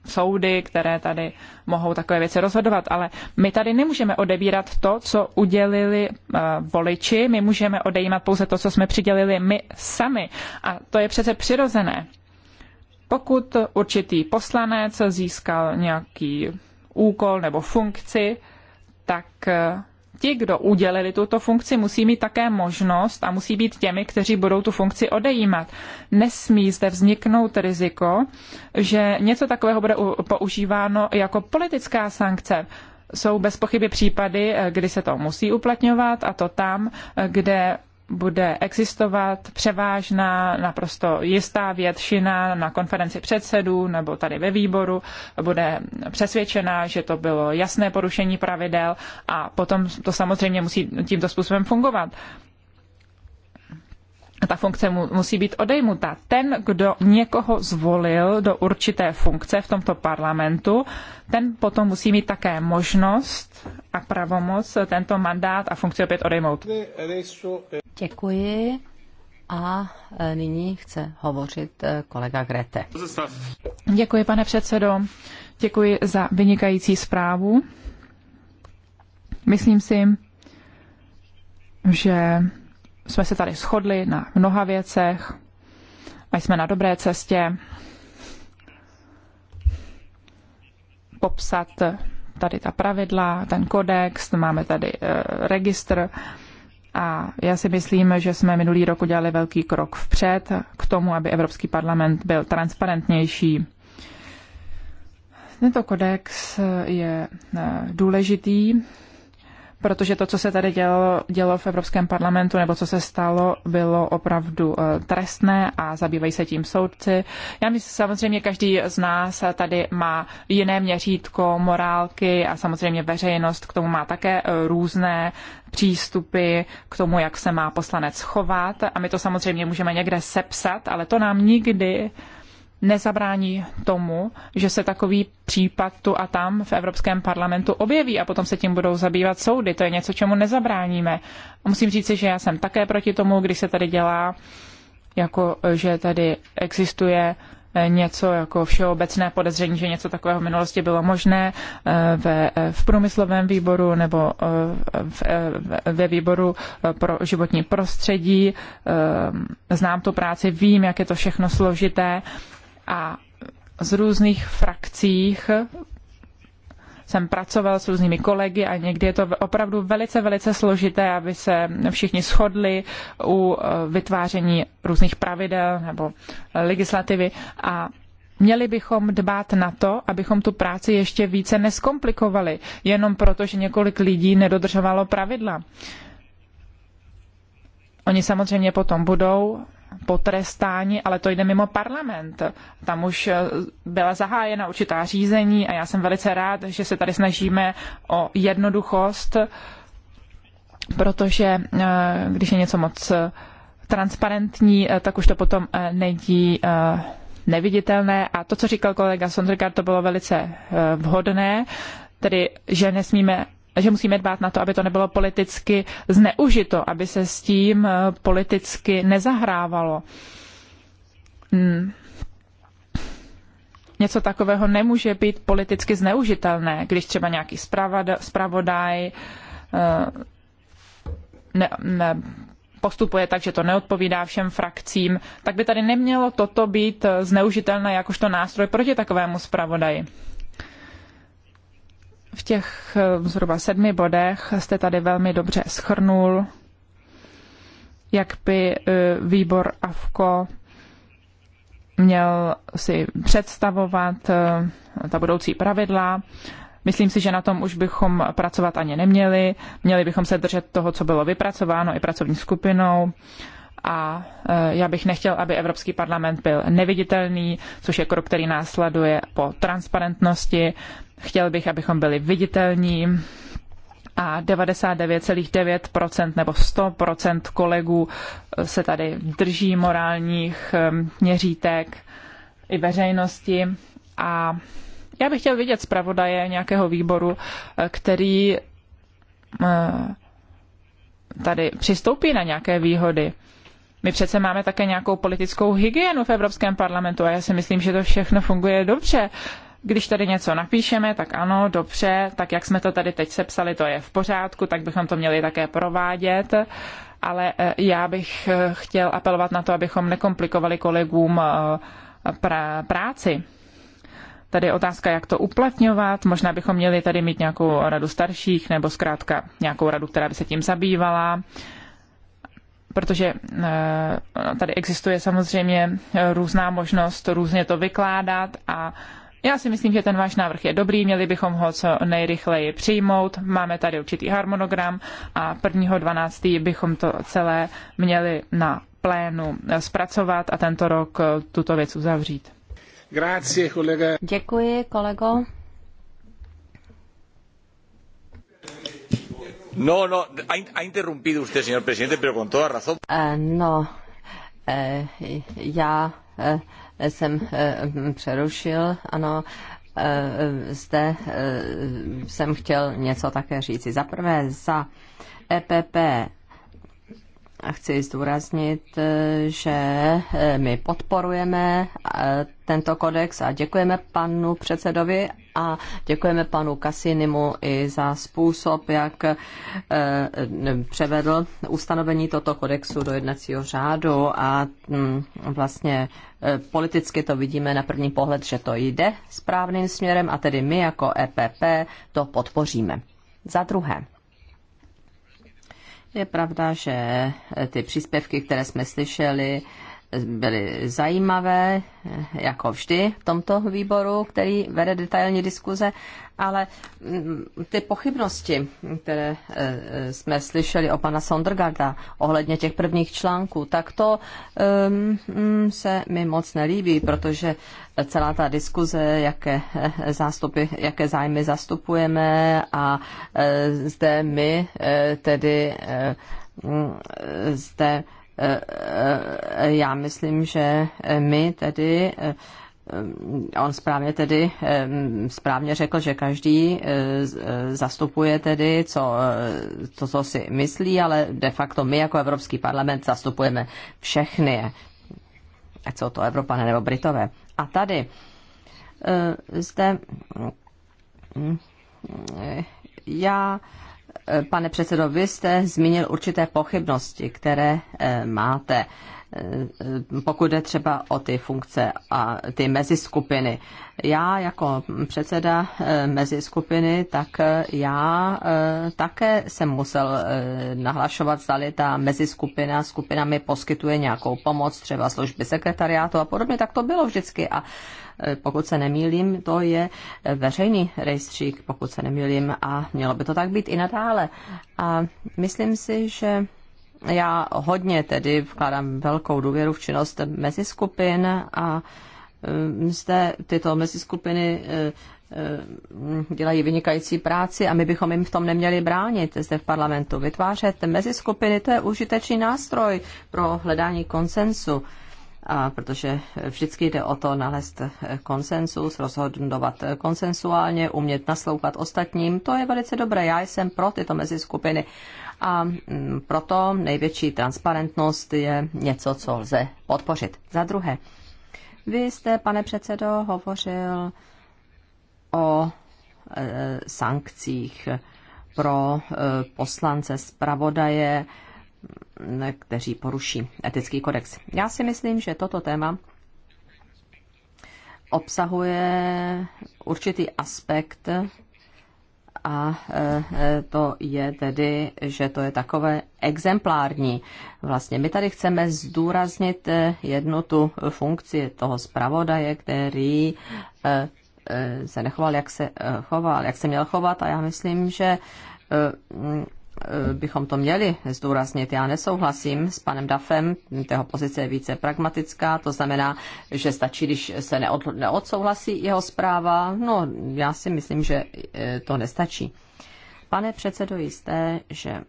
soudy, které tady mohou takové věci rozhodovat, ale my tady nemůžeme odebírat to, co udělili eh, voliči, my můžeme odejímat pouze to, co jsme přidělili my sami. A to je přece přirozené. Pokud určitý poslanec získal nějaký úkol nebo funkci, tak eh, ti, kdo udělili tuto funkci, musí mít také možnost a musí být těmi, kteří budou tu funkci odejímat. Nesmí zde vzniknout riziko, že něco takového bude používáno jako politická sankce. Jsou bez pochyby případy, eh, kdy se to musí uplatňovat a to tam, eh, kde bude existovat převážná, naprosto jistá většina na konferenci předsedů nebo tady ve výboru, bude přesvědčena, že to bylo jasné porušení pravidel a potom to samozřejmě musí tímto způsobem fungovat ta funkce mu, musí být odejmuta. Ten, kdo někoho zvolil do určité funkce v tomto parlamentu, ten potom musí mít také možnost a pravomoc tento mandát a funkci opět odejmout. Děkuji. A e, nyní chce hovořit e, kolega Grete. Děkuji, pane předsedo. Děkuji za vynikající zprávu. Myslím si, že jsme se tady shodli na mnoha věcech a jsme na dobré cestě popsat tady ta pravidla, ten kodex, máme tady e, registr a já si myslím, že jsme minulý rok udělali velký krok vpřed k tomu, aby Evropský parlament byl transparentnější. Tento kodex je eh, důležitý protože to, co se tady dělo, dělo v Evropském parlamentu, nebo co se stalo, bylo opravdu eh, trestné a zabývají se tím soudci. Já myslím, samozřejmě každý z nás tady má jiné měřítko, morálky a samozřejmě veřejnost k tomu má také eh, různé přístupy k tomu, jak se má poslanec chovat. A my to samozřejmě můžeme někde sepsat, ale to nám nikdy nezabrání tomu, že se takový případ tu a tam v Evropském parlamentu objeví a potom se tím budou zabývat soudy. To je něco, čemu nezabráníme. A musím říci, že já jsem také proti tomu, když se tady dělá, jako že tady existuje eh, něco jako všeobecné podezření, že něco takového v minulosti bylo možné eh, ve, eh, v průmyslovém výboru nebo v, ve výboru pro životní prostředí. Znám tu práci, vím, jak je to všechno složité a z různých frakcích jsem pracoval s různými kolegy a někdy je to opravdu velice, velice složité, aby se všichni shodli u eh, vytváření různých pravidel nebo eh, legislativy a Měli bychom dbát na to, abychom tu práci ještě více neskomplikovali, jenom proto, že několik lidí nedodržovalo pravidla. Oni samozřejmě potom budou potrestáni, ale to jde mimo parlament. Tam už eh, byla zahájena určitá řízení a já jsem velice rád, že se tady snažíme o jednoduchost, protože eh, když je něco moc eh, transparentní, tak už to potom není neviditelné. A to, co říkal kolega Sondrgaard, to bylo velice vhodné, tedy, že nesmíme že musíme dbát na to, aby to nebylo politicky zneužito, aby se s tím eh, politicky nezahrávalo. Hmm. Něco takového nemůže být politicky zneužitelné, když třeba nějaký zpravodaj eh, ne, ne, postupuje tak, že to neodpovídá všem frakcím, tak by tady nemělo toto být eh, zneužitelné jakožto nástroj proti takovému zpravodaji v těch eh, zhruba sedmi bodech jste tady velmi dobře schrnul, jak by eh, výbor AFKO měl si představovat eh, ta budoucí pravidla. Myslím si, že na tom už bychom pracovat ani neměli. Měli bychom se držet toho, co bylo vypracováno i pracovní skupinou. A já bych nechtěl, aby Evropský parlament byl neviditelný, což je krok, který následuje po transparentnosti. Chtěl bych, abychom byli viditelní a 99,9% nebo 100% kolegů eh, se tady drží morálních eh, měřítek i veřejnosti a já bych chtěl vidět zpravodaje nějakého výboru, eh, který tady přistoupí na nějaké výhody. My přece máme také nějakou politickou hygienu v Evropském parlamentu a já si myslím, že to všechno funguje dobře. Když tady něco napíšeme, tak ano, dobře, tak jak jsme to tady teď sepsali, to je v pořádku, tak bychom to měli také provádět ale eh, já bych eh, chtěl apelovat na to, abychom nekomplikovali kolegům eh, práci. Tady je otázka, jak to uplatňovat. Možná bychom měli tady mít nějakou radu starších, nebo zkrátka nějakou radu, která by se tím zabývala. Protože tady existuje samozřejmě různá možnost různě to vykládat a já si myslím, že ten váš návrh je dobrý, měli bychom ho co nejrychleji přijmout. Máme tady určitý harmonogram a 1.12. bychom to celé měli na plénu zpracovat a tento rok tuto věc uzavřít. Grazie, kolega. Děkuji, kolego. No, no, ha interrumpido usted, señor presidente, pero con toda razón. Uh, no, uh, já uh, jsem eh, přerušil, ano, eh, zde eh, jsem chtěl něco také říci. Za prvé za EPP chci zdůraznit, eh, že eh, my podporujeme eh, tento kodex a děkujeme panu předsedovi a děkujeme panu Kasinimu i za způsob, jak převedl ustanovení toto kodexu do jednacího řádu a mm, vlastně politicky to vidíme na první pohled, že to jde správným směrem a tedy my jako EPP to podpoříme. Za druhé, je pravda, že ty příspěvky, které jsme slyšeli, byly zajímavé, jako vždy v tomto výboru, který vede detailní diskuze, ale mm, ty pochybnosti, které e, e, jsme slyšeli o pana Sondergarda ohledně těch prvních článků, tak to um, se mi moc nelíbí, protože celá ta diskuze, jaké, zástupy, jaké zájmy zastupujeme a zde my tedy mm, zde já myslím, že my tedy on správně tedy správně řekl, že každý zastupuje tedy co, to, co si myslí, ale de facto my jako Evropský parlament zastupujeme všechny, ať jsou to Evropané nebo Britové. A tady eh, zde hm, eh, já Pane předsedo, vy jste zmínil určité pochybnosti, které eh, máte pokud jde třeba o ty funkce a ty meziskupiny. Já jako předseda eh, meziskupiny, tak eh, já eh, také jsem musel nahlašovat, že-li ta meziskupina skupinami poskytuje nějakou pomoc, třeba služby sekretariátu a podobně, tak to bylo vždycky. A pokud se nemýlím, to je veřejný rejstřík, pokud se nemýlím, a mělo by to tak být i nadále. A myslím si, že já hodně tedy vkládám velkou důvěru v činnost mezi skupin a mm, zde tyto mezi skupiny e, e, dělají vynikající práci a my bychom jim v tom neměli bránit zde v parlamentu. Vytvářet skupiny, to je užitečný nástroj pro hledání konsensu. A protože vždycky jde o to nalézt konsensus, rozhodovat konsensuálně, umět naslouchat ostatním, to je velice dobré. Já jsem pro tyto mezi skupiny a mm, proto největší transparentnost je něco, co lze podpořit. Za druhé, vy jste, pane předsedo, hovořil o e, sankcích pro e, poslance zpravodaje, kteří poruší etický kodex. Já si myslím, že toto téma obsahuje určitý aspekt, a e, e, to je tedy, že to je takové exemplární. Vlastně my tady chceme zdůraznit e, jednu tu funkci toho zpravodaje, který se nechoval, jak se choval, jak se měl chovat a já myslím, že Eh, bychom to měli zdůraznit. Já nesouhlasím s panem Dafem, jeho pozice je více pragmatická, to znamená, že stačí, když se neod, neodsouhlasí jeho zpráva. No, já si myslím, že eh, to nestačí. Pane předsedo, jisté, že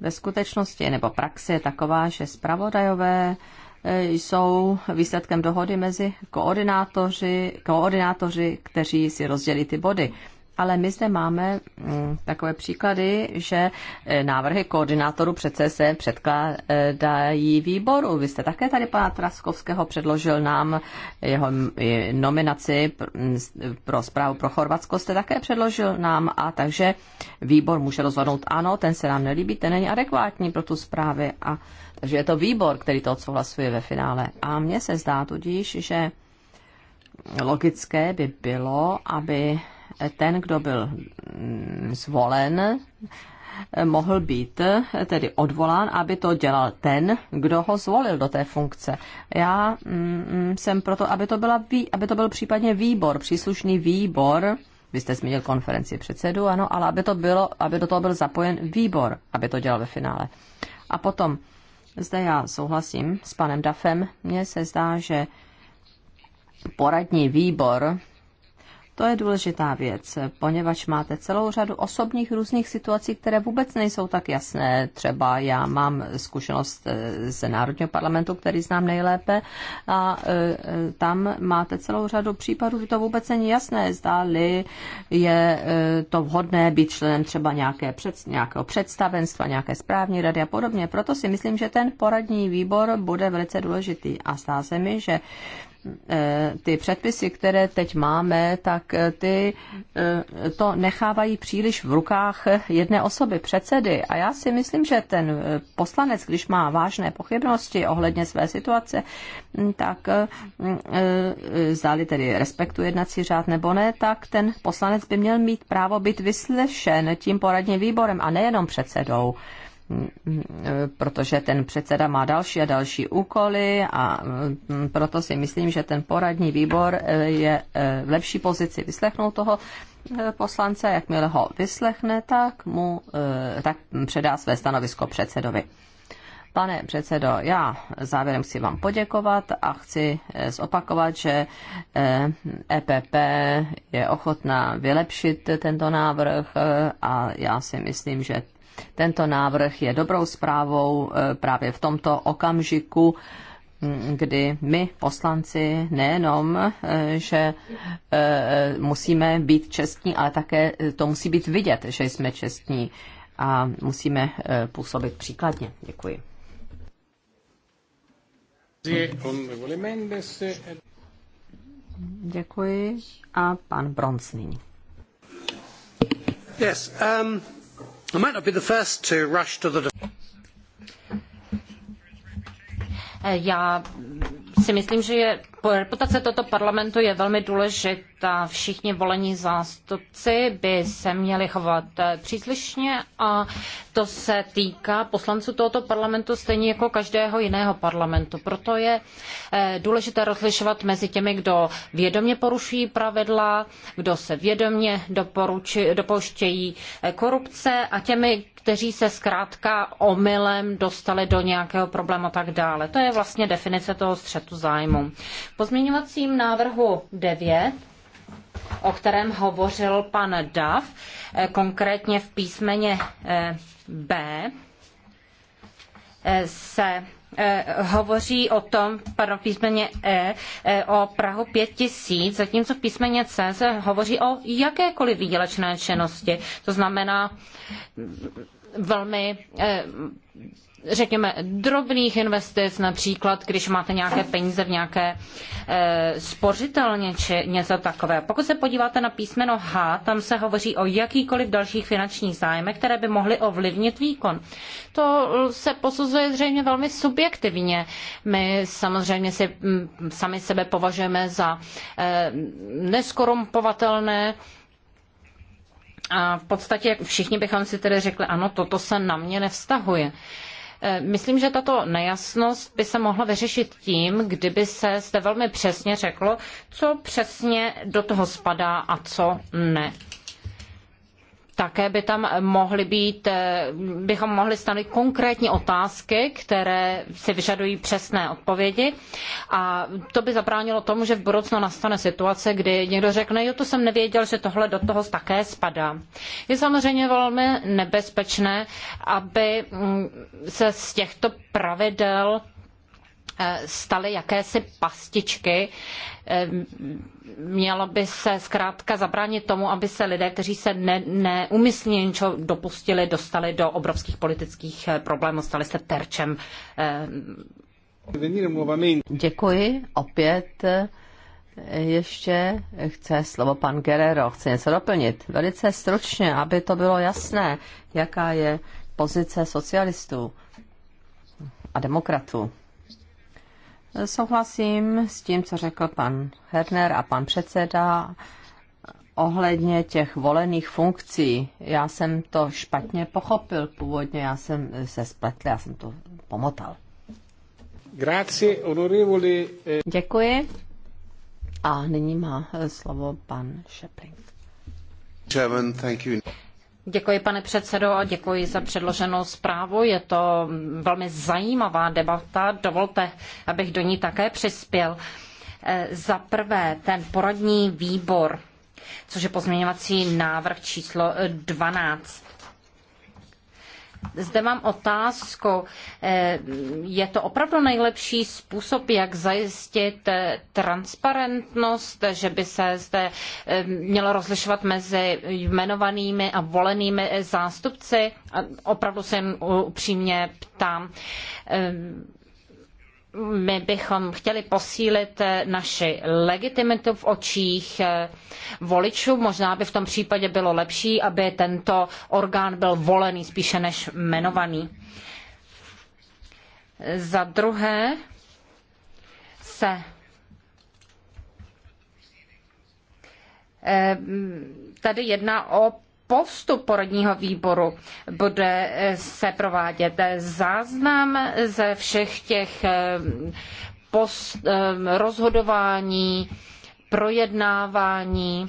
ve skutečnosti nebo praxe je taková, že zpravodajové eh, jsou výsledkem dohody mezi koordinátoři, koordinátoři kteří si rozdělí ty body ale my zde máme mm, takové příklady, že e, návrhy koordinátorů přece se předkládají výboru. Vy jste také tady pana Traskovského předložil nám jeho e, nominaci pro zprávu pro Chorvatsko, jste také předložil nám a takže výbor může rozhodnout ano, ten se nám nelíbí, ten není adekvátní pro tu zprávy a takže je to výbor, který to odsouhlasuje ve finále. A mně se zdá tudíž, že logické by bylo, aby ten, kdo byl mm, zvolen, mohl být tedy odvolán, aby to dělal ten, kdo ho zvolil do té funkce. Já mm, jsem proto, aby to, byla, aby to byl případně výbor, příslušný výbor, vy jste zmínil konferenci předsedu, ano, ale aby, to bylo, aby do toho byl zapojen výbor, aby to dělal ve finále. A potom, zde já souhlasím s panem Dafem, mně se zdá, že poradní výbor to je důležitá věc, poněvadž máte celou řadu osobních různých situací, které vůbec nejsou tak jasné. Třeba já mám zkušenost eh, z Národního parlamentu, který znám nejlépe, a eh, tam máte celou řadu případů, kdy to vůbec není jasné. Zdáli je eh, to vhodné být členem třeba nějaké před, nějakého představenstva, nějaké správní rady a podobně. Proto si myslím, že ten poradní výbor bude velice důležitý a zdá se mi, že Eh, ty předpisy, které teď máme, tak eh, ty eh, to nechávají příliš v rukách jedné osoby, předsedy. A já si myslím, že ten poslanec, když má vážné pochybnosti ohledně své situace, mm, tak zdáli tedy respektuje jednací řád nebo ne, tak ten poslanec by měl mít právo být vyslyšen tím poradním výborem a nejenom předsedou protože ten předseda má další a další úkoly a mm, proto si myslím, že ten poradní výbor eh, je eh, v lepší pozici vyslechnout toho eh, poslance, jakmile ho vyslechne, tak mu tak předá své stanovisko předsedovi. Pane předsedo, já závěrem chci vám poděkovat a chci zopakovat, že EPP e je ochotná vylepšit tento návrh a já si myslím, že tento návrh je dobrou zprávou eh, právě v tomto okamžiku, mm, kdy my poslanci nejenom, eh, že eh, musíme být čestní, ale také to musí být vidět, že jsme čestní a musíme působit příkladně. Děkuji. Děkuji. A pan Bronz nyní. Yes, um... I might not be the first to rush to the... Eh, já si myslím, že je, reputace tohoto parlamentu je velmi důležitá. Všichni volení zástupci by se měli chovat eh, příslušně a to se týká poslanců tohoto parlamentu stejně jako každého jiného parlamentu. Proto je eh, důležité rozlišovat mezi těmi, kdo vědomě porušují pravidla, kdo se vědomě dopouštějí eh, korupce a těmi, kteří se zkrátka omylem dostali do nějakého problému a tak dále. To je vlastně definice toho střetu zájmu. V pozměňovacím návrhu 9 o kterém hovořil pan Dav, eh, konkrétně v písmeně eh, B, eh, se hovoří o tom, pardon, v písmeně E, o Prahu 5000, zatímco v písmeně C se hovoří o jakékoliv výdělečné činnosti. To znamená mm, velmi řekněme, drobných investic, například když máte nějaké peníze v nějaké e, spořitelně či něco takové. Pokud se podíváte na písmeno H, tam se hovoří o jakýkoliv dalších finančních zájmech, které by mohly ovlivnit výkon. To se posuzuje zřejmě velmi subjektivně. My samozřejmě si mm, sami sebe považujeme za e, eh, neskorumpovatelné, a v podstatě všichni bychom si tedy řekli, ano, toto se na mě nevztahuje. Eh, myslím, že tato nejasnost by se mohla vyřešit tím, kdyby se zde velmi přesně řeklo, co přesně do toho spadá a co ne. Také by tam mohly být, eh, bychom mohli stanovit konkrétní otázky, které si vyžadují přesné odpovědi a to by zabránilo tomu, že v budoucnu nastane situace, kdy někdo řekne, jo, to jsem nevěděl, že tohle do toho také spadá. Je samozřejmě velmi nebezpečné, aby mm, se z těchto pravidel Eh, staly jakési pastičky. Eh, mělo by se zkrátka zabránit tomu, aby se lidé, kteří se ne, neumyslně něčeho dopustili, dostali do obrovských politických eh, problémů, stali se terčem. Děkuji. Opět ještě chce slovo pan Guerrero, chce něco doplnit. Velice stručně, aby to bylo jasné, jaká je pozice socialistů a demokratů. Souhlasím s tím, co řekl pan Herner a pan předseda ohledně těch volených funkcí. Já jsem to špatně pochopil původně, já jsem se spletl, já jsem to pomotal. Grazie, onorevoli. Eh. Děkuji. A nyní má slovo pan Šepling. Chairman, thank you. Děkuji, pane předsedo, a děkuji za předloženou zprávu. Je to velmi zajímavá debata. Dovolte, abych do ní také přispěl. E, za prvé, ten poradní výbor, což je pozměňovací návrh číslo 12 zde mám otázku. Eh, je to opravdu nejlepší způsob, jak zajistit eh, transparentnost, že by se zde eh, mělo rozlišovat mezi jmenovanými a volenými zástupci? Opravdu se jen upřímně ptám my bychom chtěli posílit eh, naši legitimitu v očích eh, voličů. Možná by v tom případě bylo lepší, aby tento orgán byl volený spíše než jmenovaný. Za druhé se eh, tady jedná o postup porodního výboru bude eh, se provádět eh, záznam ze všech těch eh, post, rozhodování, projednávání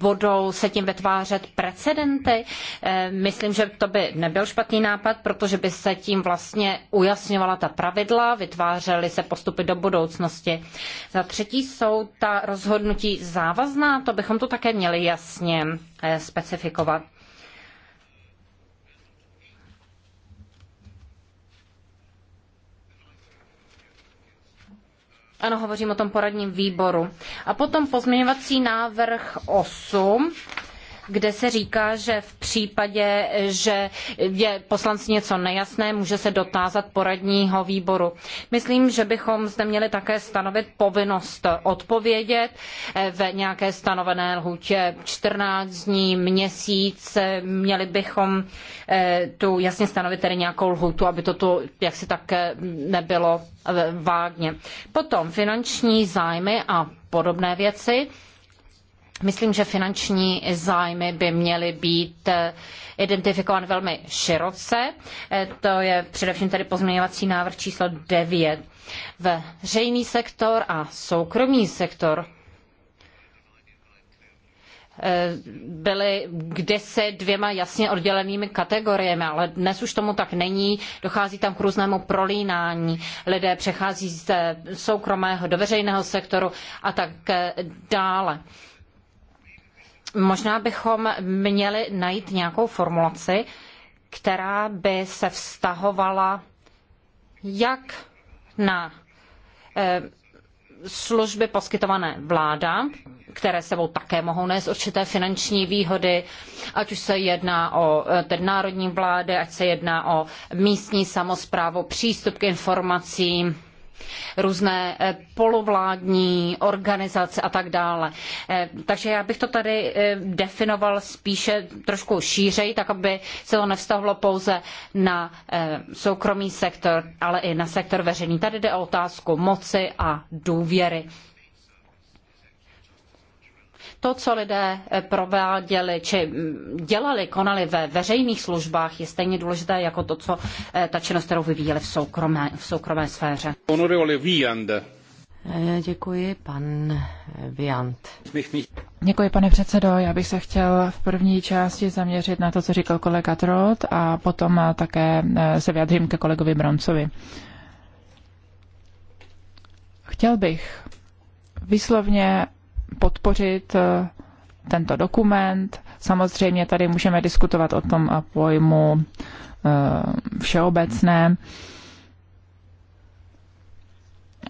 budou se tím vytvářet precedenty. Eh, myslím, že to by nebyl špatný nápad, protože by se tím vlastně ujasňovala ta pravidla, vytvářely se postupy do budoucnosti. Za třetí jsou ta rozhodnutí závazná, to bychom to také měli jasně eh, specifikovat. Ano, hovořím o tom poradním výboru. A potom pozměňovací návrh 8 kde se říká, že v případě, že je poslanci něco nejasné, může se dotázat poradního výboru. Myslím, že bychom zde měli také stanovit povinnost odpovědět eh, v nějaké stanovené lhůtě 14 dní, měsíc. Eh, měli bychom eh, tu jasně stanovit tedy nějakou lhůtu, aby to tu jaksi tak nebylo vágně. Potom finanční zájmy a podobné věci. Myslím, že finanční zájmy by měly být eh, identifikovány velmi široce. Eh, to je především tedy pozměňovací návrh číslo 9. Veřejný sektor a soukromý sektor eh, byly kdysi dvěma jasně oddělenými kategoriemi, ale dnes už tomu tak není. Dochází tam k různému prolínání. Lidé přechází z soukromého do veřejného sektoru a tak dále. Možná bychom měli najít nějakou formulaci, která by se vztahovala jak na eh, služby poskytované vládám, které sebou také mohou nést určité finanční výhody, ať už se jedná o eh, tedy národní vlády, ať se jedná o místní samosprávu, přístup k informacím, různé eh, polovládní organizace a tak dále. Eh, takže já bych to tady eh, definoval spíše trošku šířej, tak aby se to nevztahlo pouze na soukromý sektor, ale i na sektor veřejný. Tady jde o otázku moci a důvěry. To, co lidé eh, prováděli či mm, dělali, konali ve veřejných službách, je stejně důležité jako to, co eh, ta činnost, kterou vyvíjeli v soukromé, v soukromé sféře. Honorable Viand. Eh, děkuji, pan Viant. Děkuji, pane předsedo. Já bych se chtěl v první části zaměřit na to, co říkal kolega Trot a potom také se vyjadřím ke kolegovi Broncovi. Chtěl bych výslovně podpořit eh, tento dokument. Samozřejmě tady můžeme diskutovat o tom pojmu eh, všeobecné.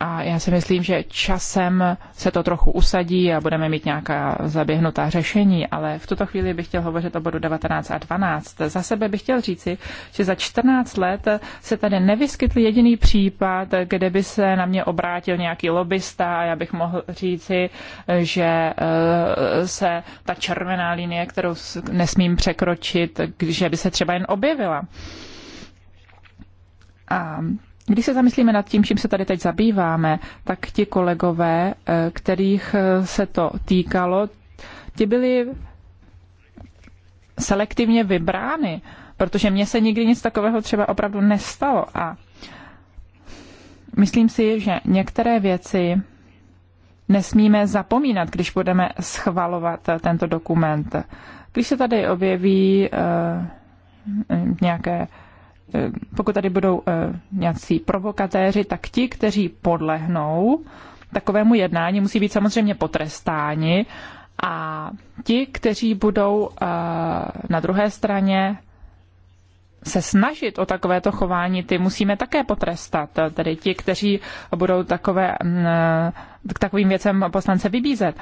A já si myslím, že časem se to trochu usadí a budeme mít nějaká zaběhnutá řešení, ale v tuto chvíli bych chtěl hovořit o bodu 19 a 12. Za sebe bych chtěl říci, že za 14 let se tady nevyskytl jediný případ, kde by se na mě obrátil nějaký lobista a já bych mohl říci, že eh, se ta červená linie, kterou nesmím překročit, že by se třeba jen objevila. A když se zamyslíme nad tím, čím se tady teď zabýváme, tak ti kolegové, eh, kterých eh, se to týkalo, ti byli selektivně vybrány, protože mně se nikdy nic takového třeba opravdu nestalo. A myslím si, že některé věci nesmíme zapomínat, když budeme schvalovat eh, tento dokument. Když se tady objeví uh, nějaké Eh, pokud tady budou eh, nějací provokatéři, tak ti, kteří podlehnou takovému jednání, musí být samozřejmě potrestáni a ti, kteří budou eh, na druhé straně se snažit o takovéto chování, ty musíme také potrestat. Tedy ti, kteří budou takové, mm, k takovým věcem poslance vybízet.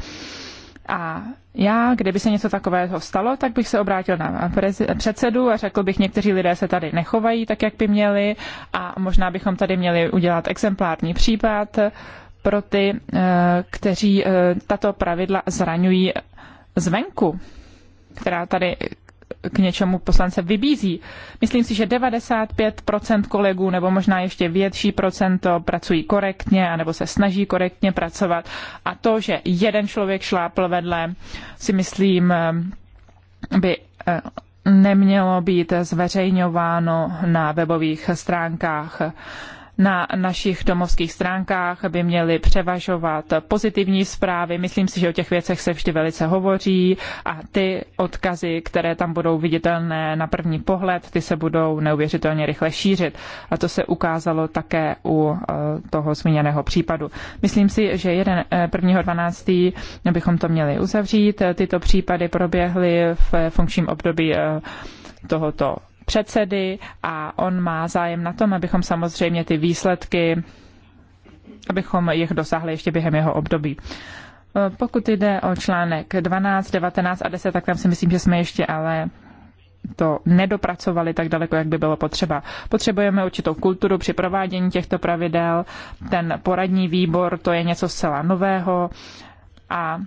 A já, kdyby se něco takového stalo, tak bych se obrátil na předsedu a řekl bych, někteří lidé se tady nechovají tak, jak by měli a možná bychom tady měli udělat exemplární případ pro ty, eh, kteří eh, tato pravidla zraňují zvenku, která tady, k něčemu poslance vybízí. Myslím si, že 95% kolegů nebo možná ještě větší procento pracují korektně anebo se snaží korektně pracovat a to, že jeden člověk šlápl vedle, si myslím, eh, by eh, nemělo být zveřejňováno na webových stránkách na našich domovských stránkách by měly převažovat pozitivní zprávy. Myslím si, že o těch věcech se vždy velice hovoří a ty odkazy, které tam budou viditelné na první pohled, ty se budou neuvěřitelně rychle šířit. A to se ukázalo také u e, toho zmíněného případu. Myslím si, že 1.12. E, bychom to měli uzavřít. Tyto případy proběhly v funkčním období e, tohoto předsedy a on má zájem na tom, abychom samozřejmě ty výsledky, abychom jich dosáhli ještě během jeho období. E, pokud jde o článek 12, 19 a 10, tak tam si myslím, že jsme ještě ale to nedopracovali tak daleko, jak by bylo potřeba. Potřebujeme určitou kulturu při provádění těchto pravidel. Ten poradní výbor, to je něco zcela nového a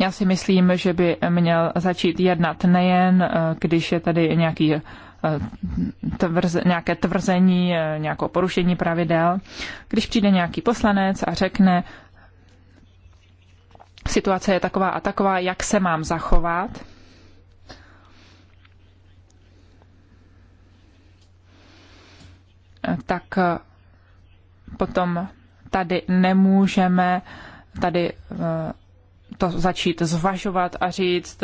já si myslím, že by měl začít jednat nejen, e, když je tady nějaký tvrz, nějaké tvrzení, nějakou porušení pravidel. Když přijde nějaký poslanec a řekne, situace je taková a taková, jak se mám zachovat, tak eh, potom tady nemůžeme tady eh, to začít zvažovat a říct,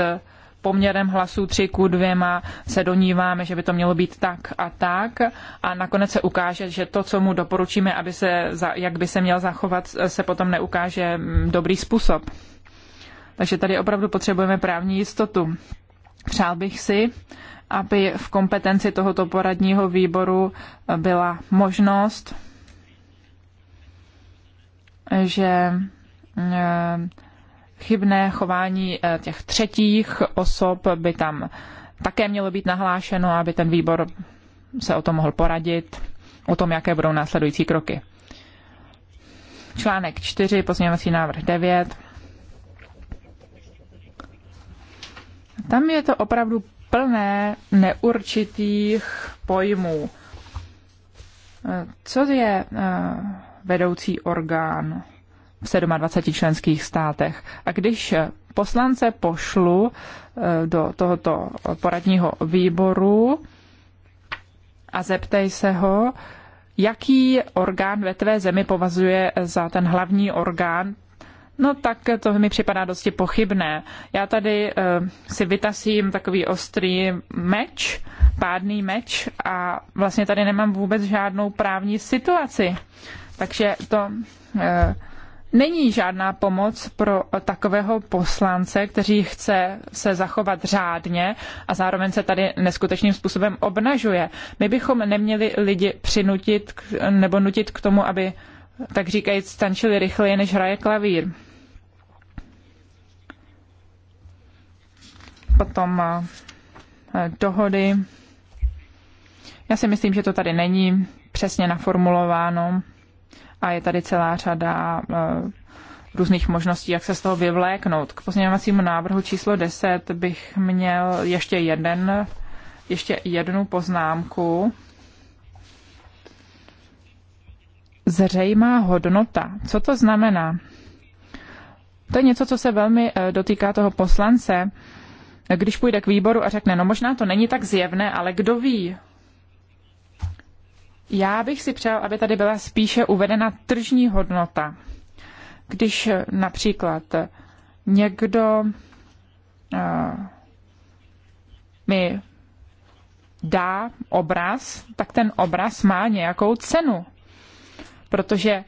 poměrem hlasů 3 ku 2 se doníváme, že by to mělo být tak a tak a nakonec se ukáže, že to, co mu doporučíme, aby se, jak by se měl zachovat, se potom neukáže mm, dobrý způsob. Takže tady opravdu potřebujeme právní jistotu. Přál bych si, aby v kompetenci tohoto poradního výboru byla možnost, že mm, chybné chování eh, těch třetích osob by tam také mělo být nahlášeno, aby ten výbor se o tom mohl poradit, o tom, jaké budou následující kroky. Článek 4, pozměňovací návrh 9. Tam je to opravdu plné neurčitých pojmů. Eh, co je eh, vedoucí orgán? v 27 členských státech. A když poslance pošlu eh, do tohoto poradního výboru a zeptej se ho, jaký orgán ve tvé zemi považuje za ten hlavní orgán No tak to mi připadá dosti pochybné. Já tady uh, si vytasím takový ostrý meč, pádný meč a vlastně tady nemám vůbec žádnou právní situaci. Takže to uh, není žádná pomoc pro takového poslance, který chce se zachovat řádně a zároveň se tady neskutečným způsobem obnažuje. My bychom neměli lidi přinutit nebo nutit k tomu, aby tak říkají, tančili rychleji, než hraje klavír. Potom eh, dohody. Já si myslím, že to tady není přesně naformulováno a je tady celá řada eh, různých možností, jak se z toho vyvléknout. K pozměňovacímu návrhu číslo 10 bych měl ještě, jeden, ještě jednu poznámku. Zřejmá hodnota. Co to znamená? To je něco, co se velmi eh, dotýká toho poslance, když půjde k výboru a řekne, no možná to není tak zjevné, ale kdo ví, já bych si přál, aby tady byla spíše uvedena tržní hodnota. Když eh, například eh, někdo uh, mi dá obraz, tak ten obraz má nějakou cenu. Protože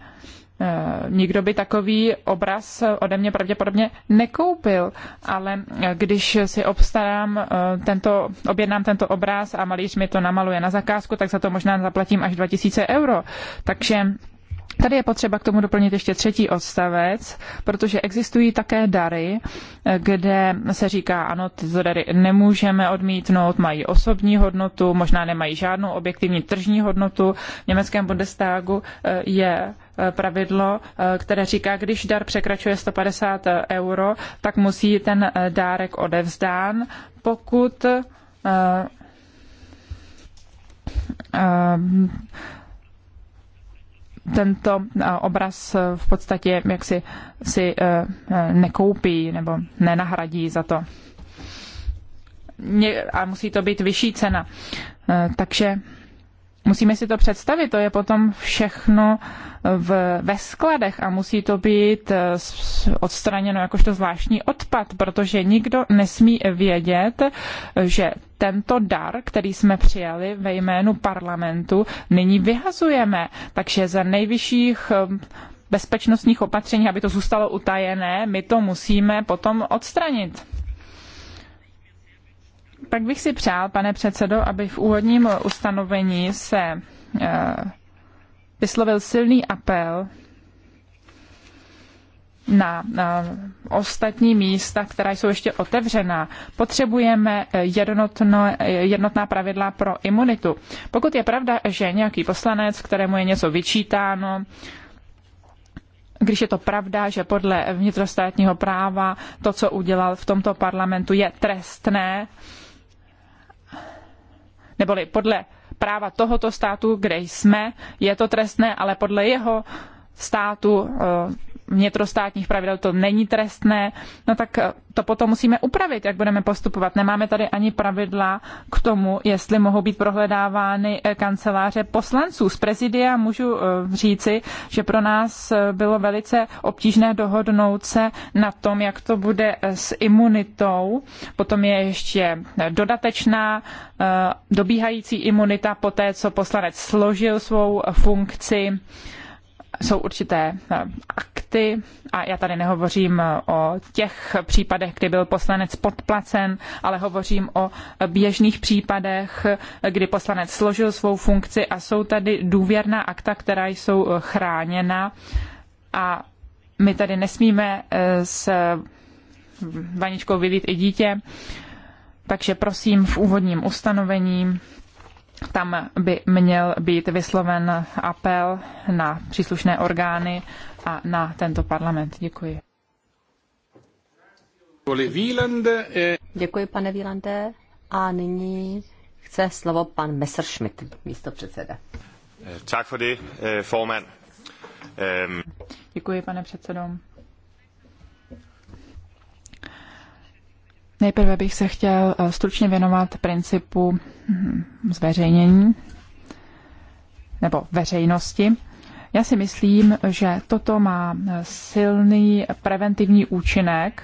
Eh, nikdo by takový obraz ode mě pravděpodobně nekoupil, ale když si obstarám eh, tento, objednám tento obraz a malíř mi to namaluje na zakázku, tak za to možná zaplatím až 2000 euro. Takže Tady je potřeba k tomu doplnit ještě třetí odstavec, protože existují také dary, eh, kde se říká, ano, tyto dary nemůžeme odmítnout, mají osobní hodnotu, možná nemají žádnou objektivní tržní hodnotu. V německém Bundestagu je Eh, pravidlo, eh, které říká, když dar překračuje 150 euro, tak musí ten eh, dárek odevzdán, pokud tento obraz v podstatě jaksi si nekoupí nebo nenahradí za to. A musí to být vyšší cena. Takže Musíme si to představit, to je potom všechno v, ve skladech a musí to být eh, odstraněno jakožto zvláštní odpad, protože nikdo nesmí vědět, že tento dar, který jsme přijali ve jménu parlamentu, nyní vyhazujeme. Takže za nejvyšších eh, bezpečnostních opatření, aby to zůstalo utajené, my to musíme potom odstranit. Pak bych si přál, pane předsedo, aby v úvodním ustanovení se eh, vyslovil silný apel na, na eh, ostatní místa, která jsou ještě otevřená. Potřebujeme eh, jednotno, jednotná pravidla pro imunitu. Pokud je pravda, že nějaký poslanec, kterému je něco vyčítáno, když je to pravda, že podle vnitrostátního práva to, co udělal v tomto parlamentu, je trestné, neboli podle práva tohoto státu, kde jsme, je to trestné, ale podle jeho státu eh, vnitrostátních pravidel to není trestné, no tak eh, to potom musíme upravit, jak budeme postupovat. Nemáme tady ani pravidla k tomu, jestli mohou být prohledávány eh, kanceláře poslanců. Z prezidia můžu eh, říci, že pro nás bylo velice obtížné dohodnout se na tom, jak to bude s imunitou. Potom je ještě dodatečná dobíhající imunita po té, co poslanec složil svou funkci jsou určité eh, akty a já tady nehovořím eh, o těch případech, kdy byl poslanec podplacen, ale hovořím o běžných případech, eh, kdy poslanec složil svou funkci a jsou tady důvěrná akta, která jsou chráněna a my tady nesmíme s vaničkou vylít i dítě, takže prosím v úvodním ustanovení tam by měl být vysloven apel na příslušné orgány a na tento parlament. Děkuji. Eh, Děkuji, pane Výlande. A nyní chce slovo pan Messerschmidt, místo předseda. Eh, tak for det, eh, formand. Ehm. Děkuji, pane předsedo. Nejprve bych se chtěl eh, stručně věnovat principu hm, zveřejnění nebo veřejnosti. Já si myslím, že toto má eh, silný preventivní účinek,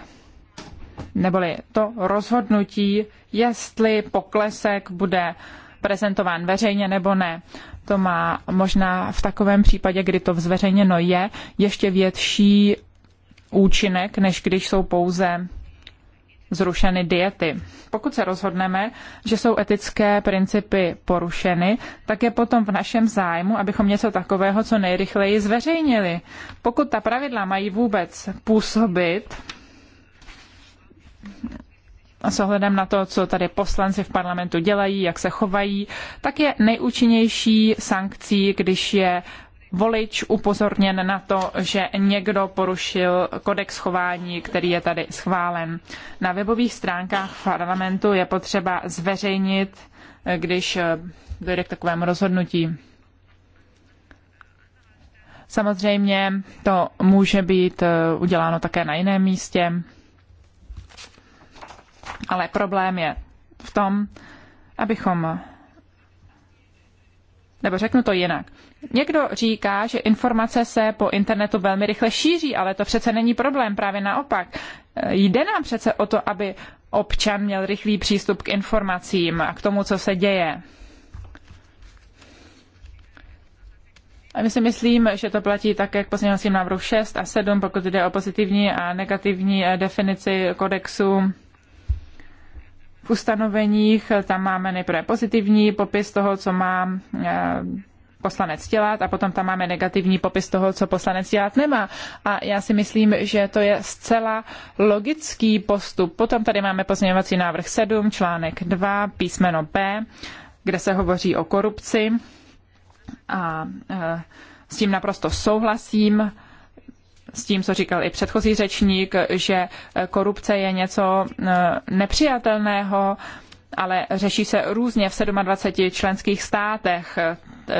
neboli to rozhodnutí, jestli poklesek bude prezentován veřejně nebo ne. To má možná v takovém případě, kdy to zveřejněno je, ještě větší účinek, než když jsou pouze zrušeny diety. Pokud se rozhodneme, že jsou etické principy porušeny, tak je potom v našem zájmu, abychom něco takového co nejrychleji zveřejnili. Pokud ta pravidla mají vůbec působit, s ohledem na to, co tady poslanci v parlamentu dělají, jak se chovají, tak je nejúčinnější sankcí, když je volič upozorněn na to, že někdo porušil kodex chování, který je tady schválen. Na webových stránkách parlamentu je potřeba zveřejnit, když eh, dojde k takovému rozhodnutí. Samozřejmě to může být eh, uděláno také na jiném místě, ale problém je v tom, abychom, nebo řeknu to jinak, Někdo říká, že informace se po internetu velmi rychle šíří, ale to přece není problém, právě naopak. Eh, jde nám přece o to, aby občan měl rychlý přístup k informacím a k tomu, co se děje. A my si myslím, že to platí také k pozměňovacím návrhu 6 a 7, pokud jde o pozitivní a negativní eh, definici kodexu. V ustanoveních tam máme nejprve pozitivní popis toho, co má eh, poslanec dělat a potom tam máme negativní popis toho, co poslanec dělat nemá. A já si myslím, že to je zcela logický postup. Potom tady máme pozměňovací návrh 7, článek 2, písmeno B, kde se hovoří o korupci a e, s tím naprosto souhlasím s tím, co říkal i předchozí řečník, že korupce je něco e, nepřijatelného, ale řeší se různě v 27 členských státech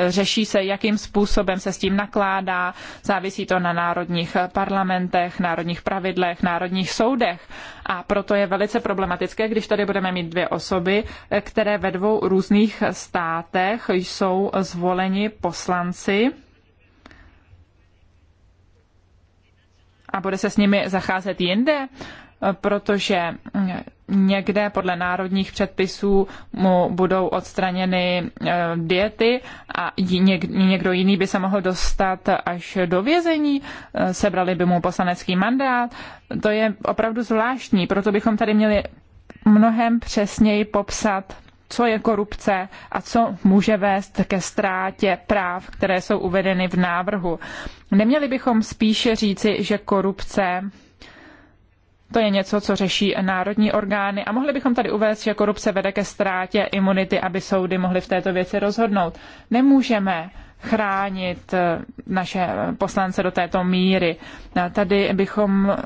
řeší se, jakým způsobem se s tím nakládá, závisí to na národních parlamentech, národních pravidlech, národních soudech. A proto je velice problematické, když tady budeme mít dvě osoby, které ve dvou různých státech jsou zvoleni poslanci a bude se s nimi zacházet jinde protože někde podle národních předpisů mu budou odstraněny eh, diety a někdo jiný by se mohl dostat až do vězení, eh, sebrali by mu poslanecký mandát. To je opravdu zvláštní, proto bychom tady měli mnohem přesněji popsat co je korupce a co může vést ke ztrátě práv, které jsou uvedeny v návrhu. Neměli bychom spíše říci, že korupce to je něco, co řeší národní orgány a mohli bychom tady uvést, že korupce vede ke ztrátě imunity, aby soudy mohly v této věci rozhodnout. Nemůžeme chránit eh, naše poslance do této míry. Tady bychom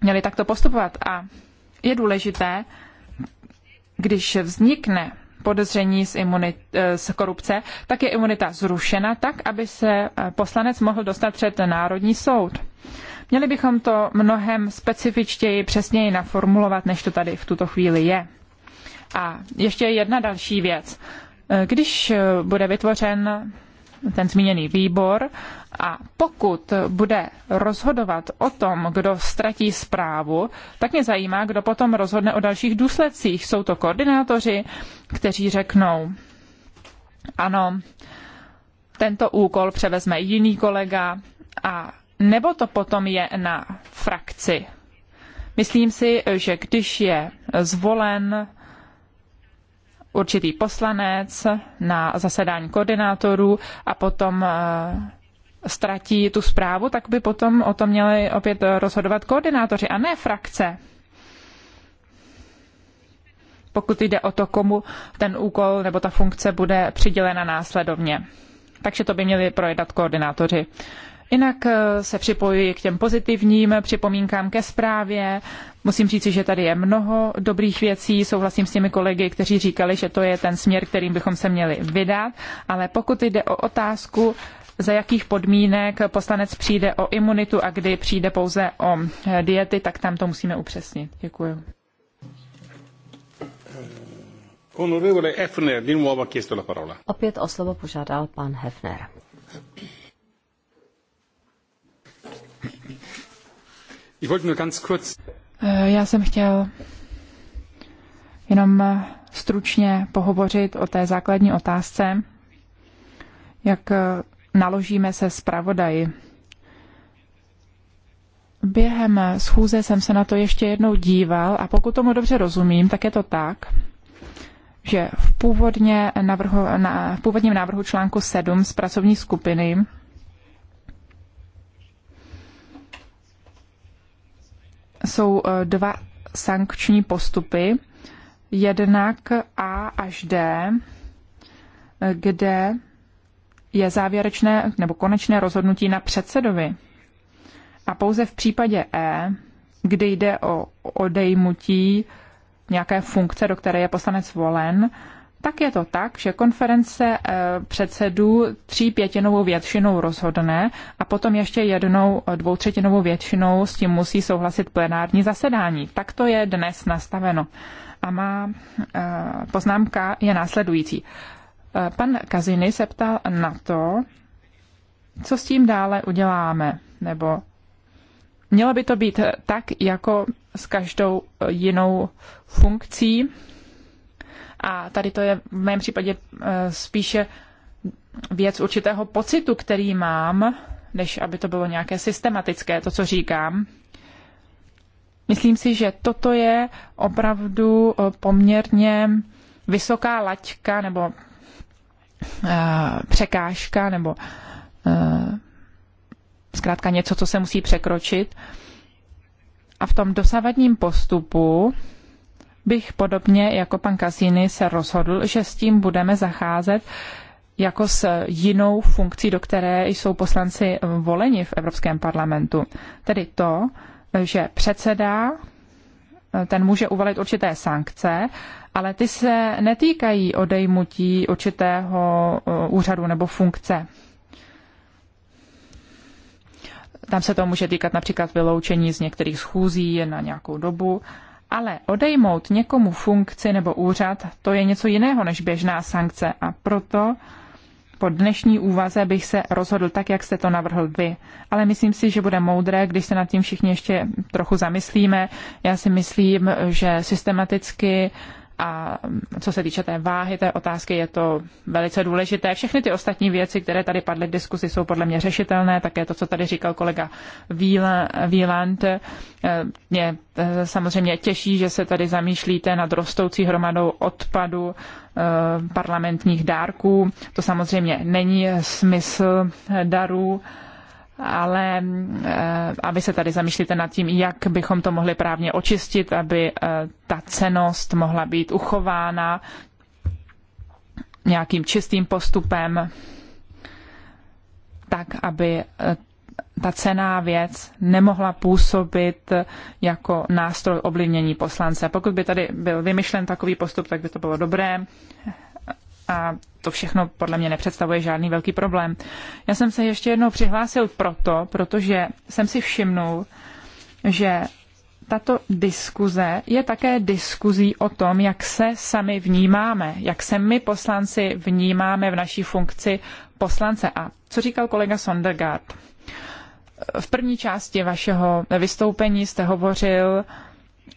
měli takto postupovat a je důležité, když vznikne podezření z, imunit, eh, z korupce, tak je imunita zrušena tak, aby se eh, poslanec mohl dostat před Národní soud. Měli bychom to mnohem specifičtěji, přesněji naformulovat, než to tady v tuto chvíli je. A ještě jedna další věc. Když bude vytvořen ten zmíněný výbor a pokud bude rozhodovat o tom, kdo ztratí zprávu, tak mě zajímá, kdo potom rozhodne o dalších důsledcích. Jsou to koordinátoři, kteří řeknou, ano, tento úkol převezme jiný kolega a nebo to potom je na frakci? Myslím si, že když je zvolen určitý poslanec na zasedání koordinátorů a potom eh, ztratí tu zprávu, tak by potom o tom měli opět rozhodovat koordinátoři a ne frakce. Pokud jde o to, komu ten úkol nebo ta funkce bude přidělena následovně. Takže to by měli projednat koordinátoři. Jinak eh, se připojuji k těm pozitivním připomínkám ke zprávě. Musím říci, že tady je mnoho dobrých věcí. Souhlasím s těmi kolegy, kteří říkali, že to je ten směr, kterým bychom se měli vydat. Ale pokud jde o otázku, za jakých podmínek poslanec přijde o imunitu a kdy přijde pouze o eh, diety, tak tam to musíme upřesnit. Děkuji. Eh, Hefner, parola. Opět o slovo požádal pan Hefner. Ich wollte nur ganz kurz... Eh, já jsem chtěl jenom eh, stručně pohovořit o té základní otázce, jak eh, naložíme se zpravodaji. Během schůze jsem se na to ještě jednou díval a pokud tomu dobře rozumím, tak je to tak, že v, původně navrhu, na, v původním návrhu článku 7 z pracovní skupiny jsou eh, dva sankční postupy. Jednak A až D, eh, kde je závěrečné nebo konečné rozhodnutí na předsedovi. A pouze v případě E, kde jde o odejmutí nějaké funkce, do které je poslanec volen, tak je to tak, že konference eh, předsedů tří pětinovou většinou rozhodne a potom ještě jednou eh, dvoutřetinovou většinou s tím musí souhlasit plenární zasedání. Tak to je dnes nastaveno. A má eh, poznámka je následující. Pan Kaziny se ptal na to, co s tím dále uděláme, nebo mělo by to být tak, jako s každou jinou funkcí, a tady to je v mém případě eh, spíše věc určitého pocitu, který mám, než aby to bylo nějaké systematické, to, co říkám. Myslím si, že toto je opravdu eh, poměrně vysoká laťka nebo eh, překážka nebo zkrátka něco, co se musí překročit. A v tom dosavadním postupu bych podobně jako pan Kasíny se rozhodl, že s tím budeme zacházet jako s jinou funkcí, do které jsou poslanci voleni v Evropském parlamentu. Tedy to, že předseda ten může uvalit určité sankce, ale ty se netýkají odejmutí určitého uh, úřadu nebo funkce. Tam se to může týkat například vyloučení z některých schůzí na nějakou dobu ale odejmout někomu funkci nebo úřad, to je něco jiného než běžná sankce a proto po dnešní úvaze bych se rozhodl tak, jak jste to navrhl vy. Ale myslím si, že bude moudré, když se nad tím všichni ještě trochu zamyslíme. Já si myslím, že systematicky a co se týče té váhy té otázky, je to velice důležité. Všechny ty ostatní věci, které tady padly v diskusi, jsou podle mě řešitelné. Také to, co tady říkal kolega Wieland, mě samozřejmě těší, že se tady zamýšlíte nad rostoucí hromadou odpadu eh, parlamentních dárků. To samozřejmě není smysl darů ale eh, a vy se tady zamýšlíte nad tím, jak bychom to mohli právně očistit, aby eh, ta cenost mohla být uchována nějakým čistým postupem, tak, aby eh, ta cená věc nemohla působit jako nástroj oblivnění poslance. Pokud by tady byl vymyšlen takový postup, tak by to bylo dobré a to všechno podle mě nepředstavuje žádný velký problém. Já jsem se ještě jednou přihlásil proto, protože jsem si všimnul, že tato diskuze je také diskuzí o tom, jak se sami vnímáme, jak se my poslanci vnímáme v naší funkci poslance. A co říkal kolega Sondergaard? V první části vašeho vystoupení jste hovořil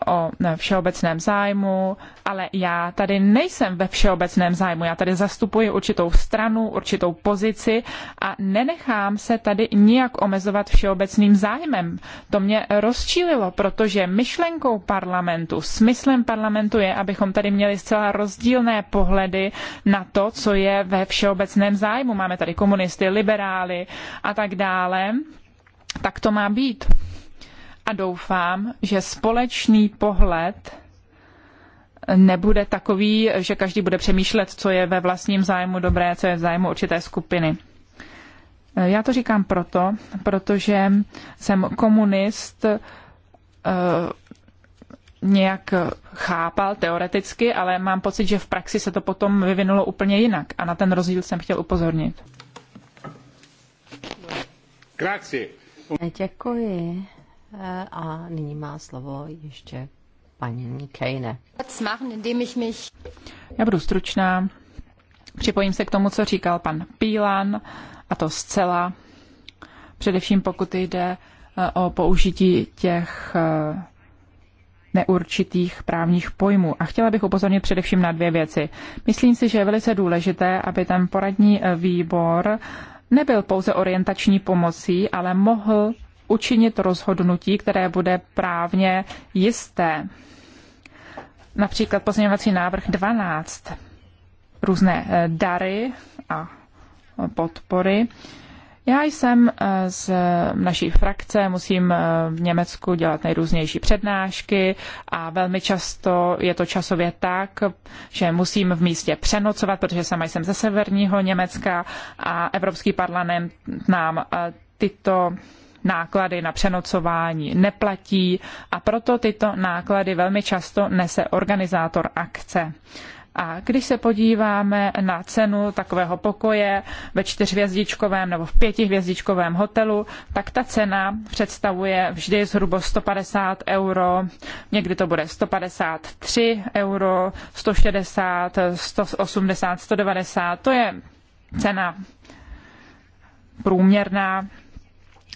o e, všeobecném zájmu, ale já tady nejsem ve všeobecném zájmu. Já tady zastupuji určitou stranu, určitou pozici a nenechám se tady nijak omezovat všeobecným zájmem. To mě rozčílilo, protože myšlenkou parlamentu, smyslem parlamentu je, abychom tady měli zcela rozdílné pohledy na to, co je ve všeobecném zájmu. Máme tady komunisty, liberály a tak dále. Tak to má být a doufám, že společný pohled nebude takový, že každý bude přemýšlet, co je ve vlastním zájmu dobré, co je v zájmu určité skupiny. Já to říkám proto, protože jsem komunist, eh, nějak chápal teoreticky, ale mám pocit, že v praxi se to potom vyvinulo úplně jinak a na ten rozdíl jsem chtěl upozornit. Grazie. Děkuji a nyní má slovo ještě paní Kejne. Já budu stručná. Připojím se k tomu, co říkal pan Pílan, a to zcela. Především pokud jde e, o použití těch e, neurčitých právních pojmů. A chtěla bych upozornit především na dvě věci. Myslím si, že je velice důležité, aby ten poradní e, výbor nebyl pouze orientační pomocí, ale mohl učinit rozhodnutí, které bude právně jisté. Například pozměňovací návrh 12. Různé eh, dary a podpory. Já jsem eh, z naší frakce, musím eh, v Německu dělat nejrůznější přednášky a velmi často je to časově tak, že musím v místě přenocovat, protože sama jsem ze severního Německa a Evropský parlament nám tyto náklady na přenocování neplatí a proto tyto náklady velmi často nese organizátor akce. A když se podíváme na cenu takového pokoje ve čtyřhvězdičkovém nebo v pětihvězdičkovém hotelu, tak ta cena představuje vždy zhruba 150 euro, někdy to bude 153 euro, 160, 180, 190, to je cena průměrná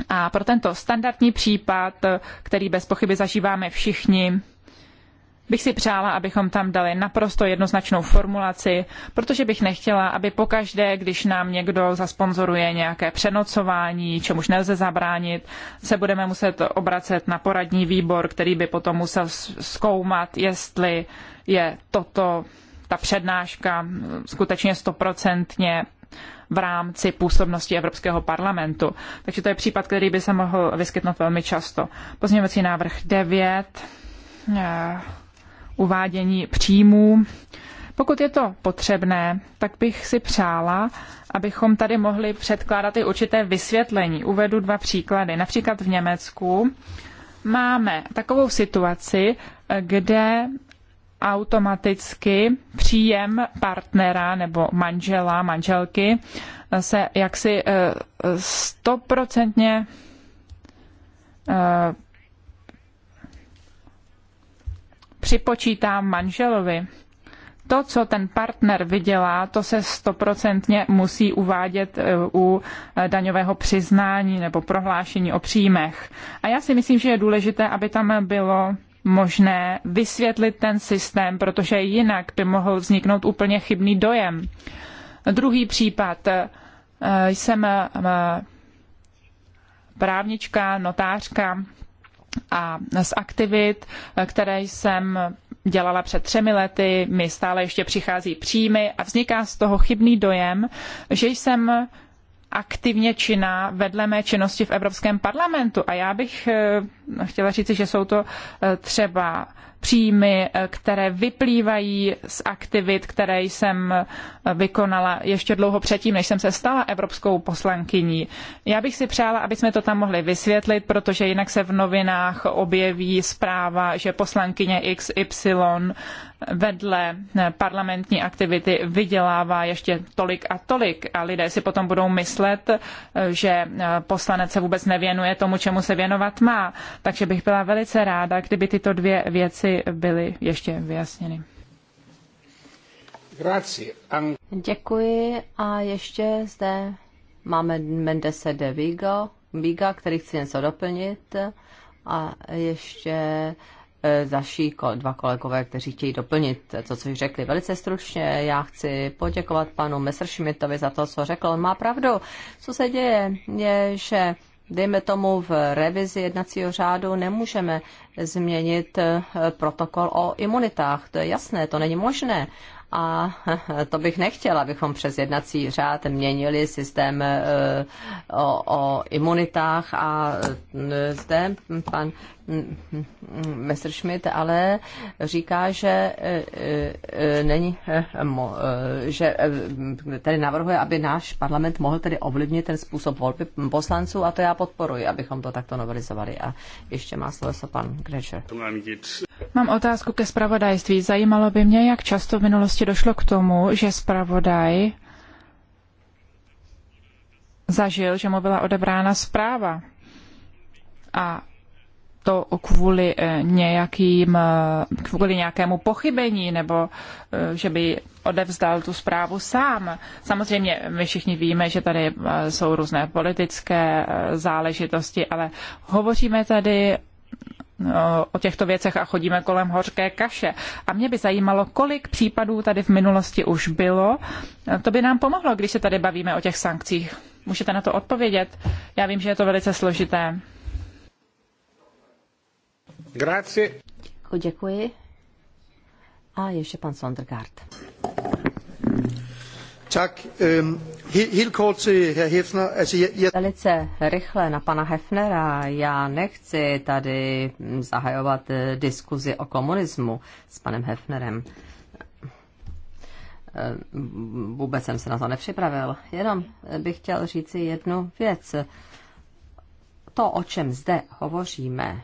a pro tento standardní případ, který bez pochyby zažíváme všichni, bych si přála, abychom tam dali naprosto jednoznačnou formulaci, protože bych nechtěla, aby pokaždé, když nám někdo zasponzoruje nějaké přenocování, čemuž nelze zabránit, se budeme muset obracet na poradní výbor, který by potom musel zkoumat, jestli je toto ta přednáška skutečně stoprocentně v rámci působnosti Evropského parlamentu. Takže to je případ, který by se mohl vyskytnout velmi často. Pozměňovací návrh 9, eh, uvádění příjmů. Pokud je to potřebné, tak bych si přála, abychom tady mohli předkládat i určité vysvětlení. Uvedu dva příklady. Například v Německu máme takovou situaci, eh, kde automaticky příjem partnera nebo manžela, manželky se jaksi eh, stoprocentně eh, připočítá manželovi. To, co ten partner vydělá, to se stoprocentně musí uvádět eh, u daňového přiznání nebo prohlášení o příjmech. A já si myslím, že je důležité, aby tam bylo možné vysvětlit ten systém, protože jinak by mohl vzniknout úplně chybný dojem. Druhý případ. Eh, jsem eh, právnička, notářka a z aktivit, eh, které jsem dělala před třemi lety, mi stále ještě přichází příjmy a vzniká z toho chybný dojem, že jsem aktivně činná vedle mé činnosti v Evropském parlamentu. A já bych eh, chtěla říci, že jsou to eh, třeba příjmy, eh, které vyplývají z aktivit, které jsem vykonala ještě dlouho předtím, než jsem se stala evropskou poslankyní. Já bych si přála, aby jsme to tam mohli vysvětlit, protože jinak se v novinách objeví zpráva, že poslankyně XY vedle parlamentní aktivity vydělává ještě tolik a tolik a lidé si potom budou myslet, že poslanec se vůbec nevěnuje tomu, čemu se věnovat má. Takže bych byla velice ráda, kdyby tyto dvě věci byly ještě vyjasněny. Děkuji a ještě zde máme Mendese de Vigo, Viga, který chce něco doplnit a ještě další eh, dva kolegové, kteří chtějí doplnit eh, to, co řekli. Velice stručně já chci poděkovat panu Messerschmittovi za to, co řekl. On má pravdu. Co se děje, je, že dejme tomu v revizi jednacího řádu nemůžeme změnit eh, protokol o imunitách. To je jasné, to není možné. A to bych nechtěla, abychom přes jednací řád měnili systém o, o imunitách. A zde pan Messerschmitt ale říká, že e, e, není, e, že tady navrhuje, aby náš parlament mohl tedy ovlivnit ten způsob volby poslanců a to já podporuji, abychom to takto novelizovali. A ještě má slovo se pan Grecher. Mám otázku ke spravodajství. Zajímalo by mě, jak často v minulosti došlo k tomu, že spravodaj zažil, že mu byla odebrána zpráva. A to kvůli, eh, nějakým, eh, kvůli nějakému pochybení nebo eh, že by odevzdal tu zprávu sám. Samozřejmě my všichni víme, že tady jsou různé politické záležitosti, ale hovoříme tady no, o těchto věcech a chodíme kolem hořké kaše. A mě by zajímalo, kolik případů tady v minulosti už bylo. To by nám pomohlo, když se tady bavíme o těch sankcích. Můžete na to odpovědět? Já vím, že je to velice složité. Grazie. Děkuji. A ještě pan Sondergaard. Tak, um, helt kort til herr Hefner. Altså, jeg, jeg... Velice rychle na pana Hefnera. Já nechci tady zahajovat eh, diskuzi o komunismu s panem Hefnerem. Eh, vůbec jsem se na to nepřipravil. Jenom eh, bych chtěl říci jednu věc. To, o čem zde hovoříme,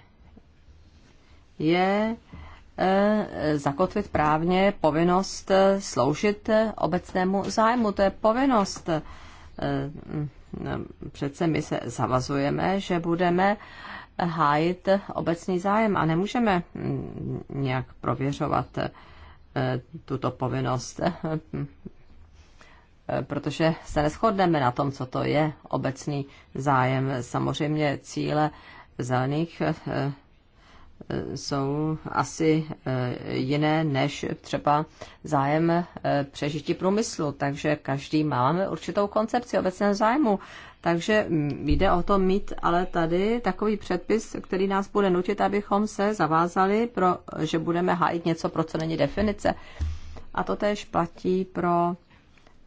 je e, zakotvit právně povinnost e, sloužit e, obecnému zájmu. To je povinnost. Přece my se zavazujeme, že budeme hájit obecný zájem a nemůžeme mm, nějak prověřovat tuto povinnost, protože se neschodneme na tom, co to je obecný zájem. Samozřejmě cíle zelených Eh, jsou asi eh, jiné než třeba zájem eh, přežití průmyslu, takže každý máme určitou koncepci obecného zájmu. Takže mm, jde o to mít ale tady takový předpis, který nás bude nutit, abychom se zavázali, pro, že budeme hájit něco, pro co není definice. A to tež platí pro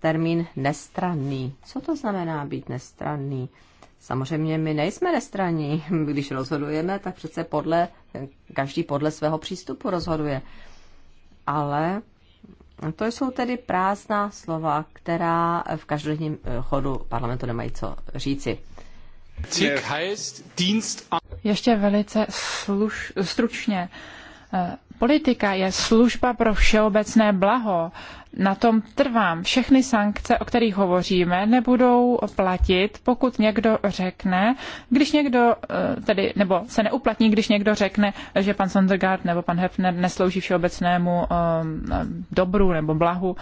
termín nestranný. Co to znamená být nestranný? Samozřejmě my nejsme nestraní. Když rozhodujeme, tak přece podle, každý podle svého přístupu rozhoduje. Ale to jsou tedy prázdná slova, která v každodenním eh, chodu parlamentu nemají co říci. Ještě velice sluš, stručně. Eh, politika je služba pro všeobecné blaho na tom trvám. Všechny sankce, o kterých hovoříme, nebudou platit, pokud někdo řekne, když někdo, eh, tedy, nebo se neuplatní, když někdo řekne, že pan Sondergaard nebo pan Hefner neslouží všeobecnému eh, dobru nebo blahu,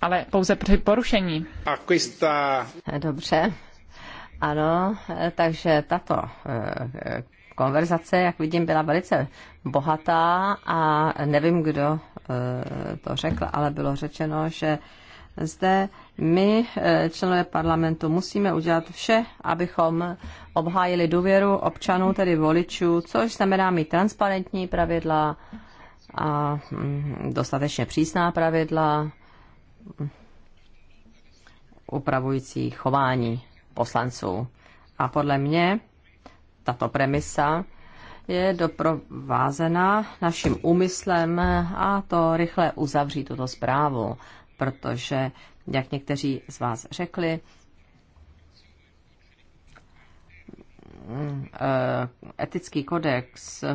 ale pouze při porušení. A Dobře. Ano, takže tato eh, konverzace, jak vidím, byla velice bohatá a nevím, kdo Eh, to řekl, ale bylo řečeno, že zde my, eh, členové parlamentu, musíme udělat vše, abychom obhájili důvěru občanů, tedy voličů, což znamená mít transparentní pravidla a mm, dostatečně přísná pravidla upravující chování poslanců. A podle mě tato premisa je doprovázena naším úmyslem a to rychle uzavřít tuto zprávu, protože, jak někteří z vás řekli, eh, etický kodex eh,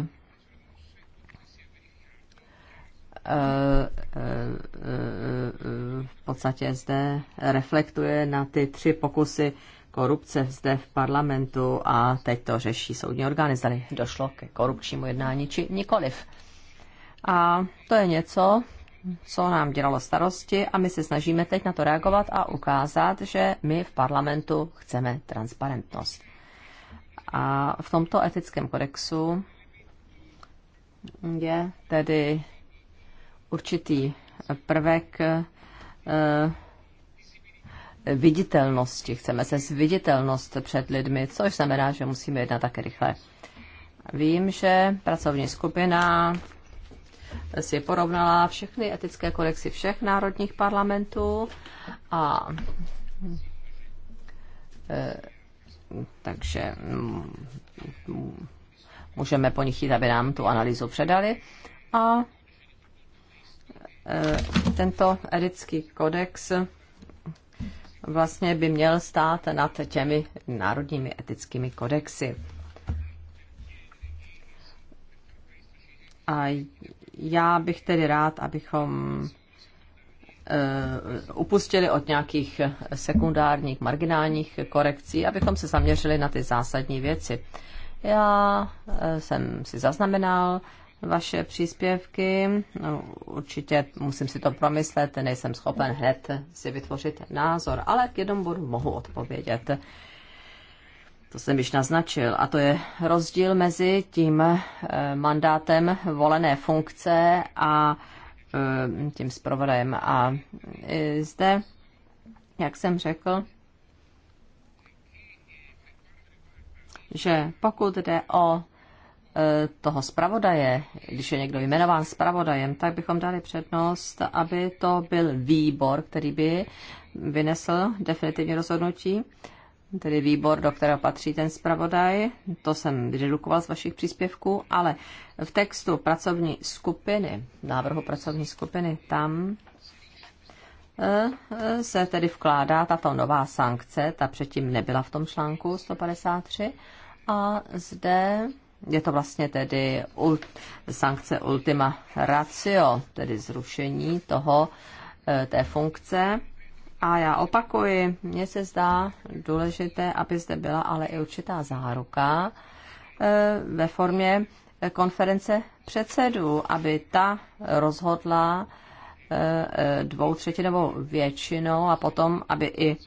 eh, v podstatě zde reflektuje na ty tři pokusy korupce zde v parlamentu a teď to řeší soudní orgány, zda došlo ke korupčnímu jednání či nikoliv. A to je něco, co nám dělalo starosti a my se snažíme teď na to reagovat a ukázat, že my v parlamentu chceme transparentnost. A v tomto etickém kodexu je tedy určitý prvek eh, viditelnosti, chceme se zviditelnost před lidmi, což znamená, že musíme jednat také rychle. Vím, že pracovní skupina si porovnala všechny etické kodexy všech národních parlamentů a e, takže mm, můžeme po nich jít, aby nám tu analýzu předali. A e, tento etický kodex vlastně by měl stát nad těmi národními etickými kodexy. A já bych tedy rád, abychom eh, upustili od nějakých sekundárních, marginálních korekcí, abychom se zaměřili na ty zásadní věci. Já eh, jsem si zaznamenal vaše příspěvky. No, určitě musím si to promyslet, nejsem schopen hned si vytvořit názor, ale k jednomu bodu mohu odpovědět. To jsem již naznačil. A to je rozdíl mezi tím eh, mandátem volené funkce a eh, tím zpravodajem. A eh, zde, jak jsem řekl, že pokud jde o Eh, toho zpravodaje, když je někdo jmenován zpravodajem, tak bychom dali přednost, aby to byl výbor, který by vynesl definitivní rozhodnutí, tedy výbor, do kterého patří ten zpravodaj. To jsem vyredukoval z vašich příspěvků, ale v textu pracovní skupiny, návrhu pracovní skupiny, tam eh, eh, se tedy vkládá tato nová sankce, ta předtím nebyla v tom článku 153. A zde je to vlastně tedy ult, sankce ultima ratio, tedy zrušení toho, eh, té funkce. A já opakuji, mně se zdá důležité, aby zde byla ale i určitá záruka eh, ve formě eh, konference předsedů, aby ta rozhodla dvoutřetinovou většinou a potom, aby i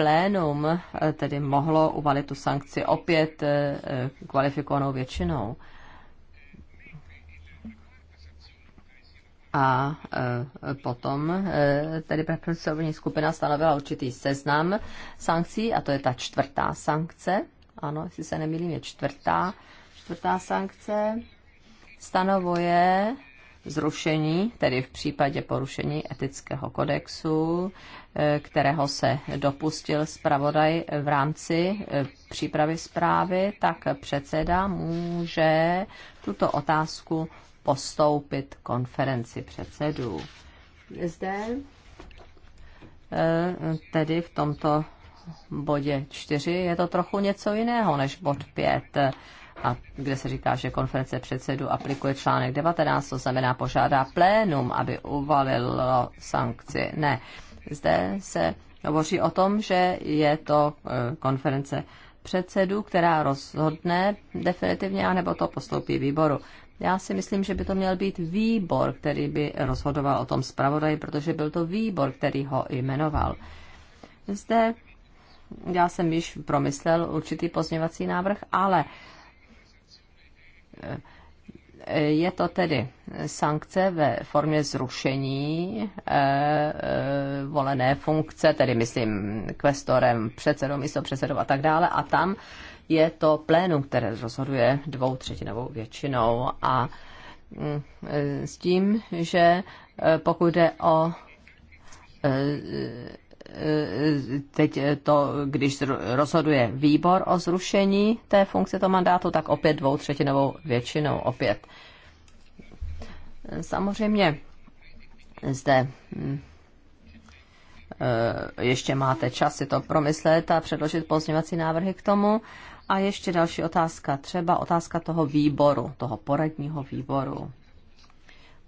plénum eh, tedy mohlo uvalit tu sankci opět eh, eh, kvalifikovanou většinou. A potom tedy pracovní skupina stanovila určitý seznam sankcí, a to je ta čtvrtá sankce. Ano, jestli se nemýlím, je čtvrtá. Čtvrtá sankce stanovuje zrušení, tedy v případě porušení etického kodexu, eh, kterého se dopustil zpravodaj v rámci eh, přípravy zprávy, tak předseda může tuto otázku postoupit konferenci předsedů. Zde eh, tedy v tomto bodě 4 je to trochu něco jiného než bod 5 a kde se říká, že konference předsedu aplikuje článek 19, to znamená požádá plénum, aby uvalilo sankci. Ne, zde se hovoří o tom, že je to e, konference předsedu, která rozhodne definitivně, anebo to postoupí výboru. Já si myslím, že by to měl být výbor, který by rozhodoval o tom zpravodaji, protože byl to výbor, který ho jmenoval. Zde já jsem již promyslel určitý pozměvací návrh, ale uh, je to tedy sankce ve formě zrušení eh, eh, volené funkce, tedy myslím kvestorem, předsedou, místopředsedou a tak dále. A tam je to plénum, které rozhoduje dvou třetinovou většinou. A mm, eh, s tím, že pokud jde o teď to, když rozhoduje výbor o zrušení té funkce toho mandátu, tak opět dvoutřetinovou většinou opět. Samozřejmě zde hm, eh, ještě máte čas si to promyslet a předložit pozměňovací návrhy k tomu. A ještě další otázka, třeba otázka toho výboru, toho poradního výboru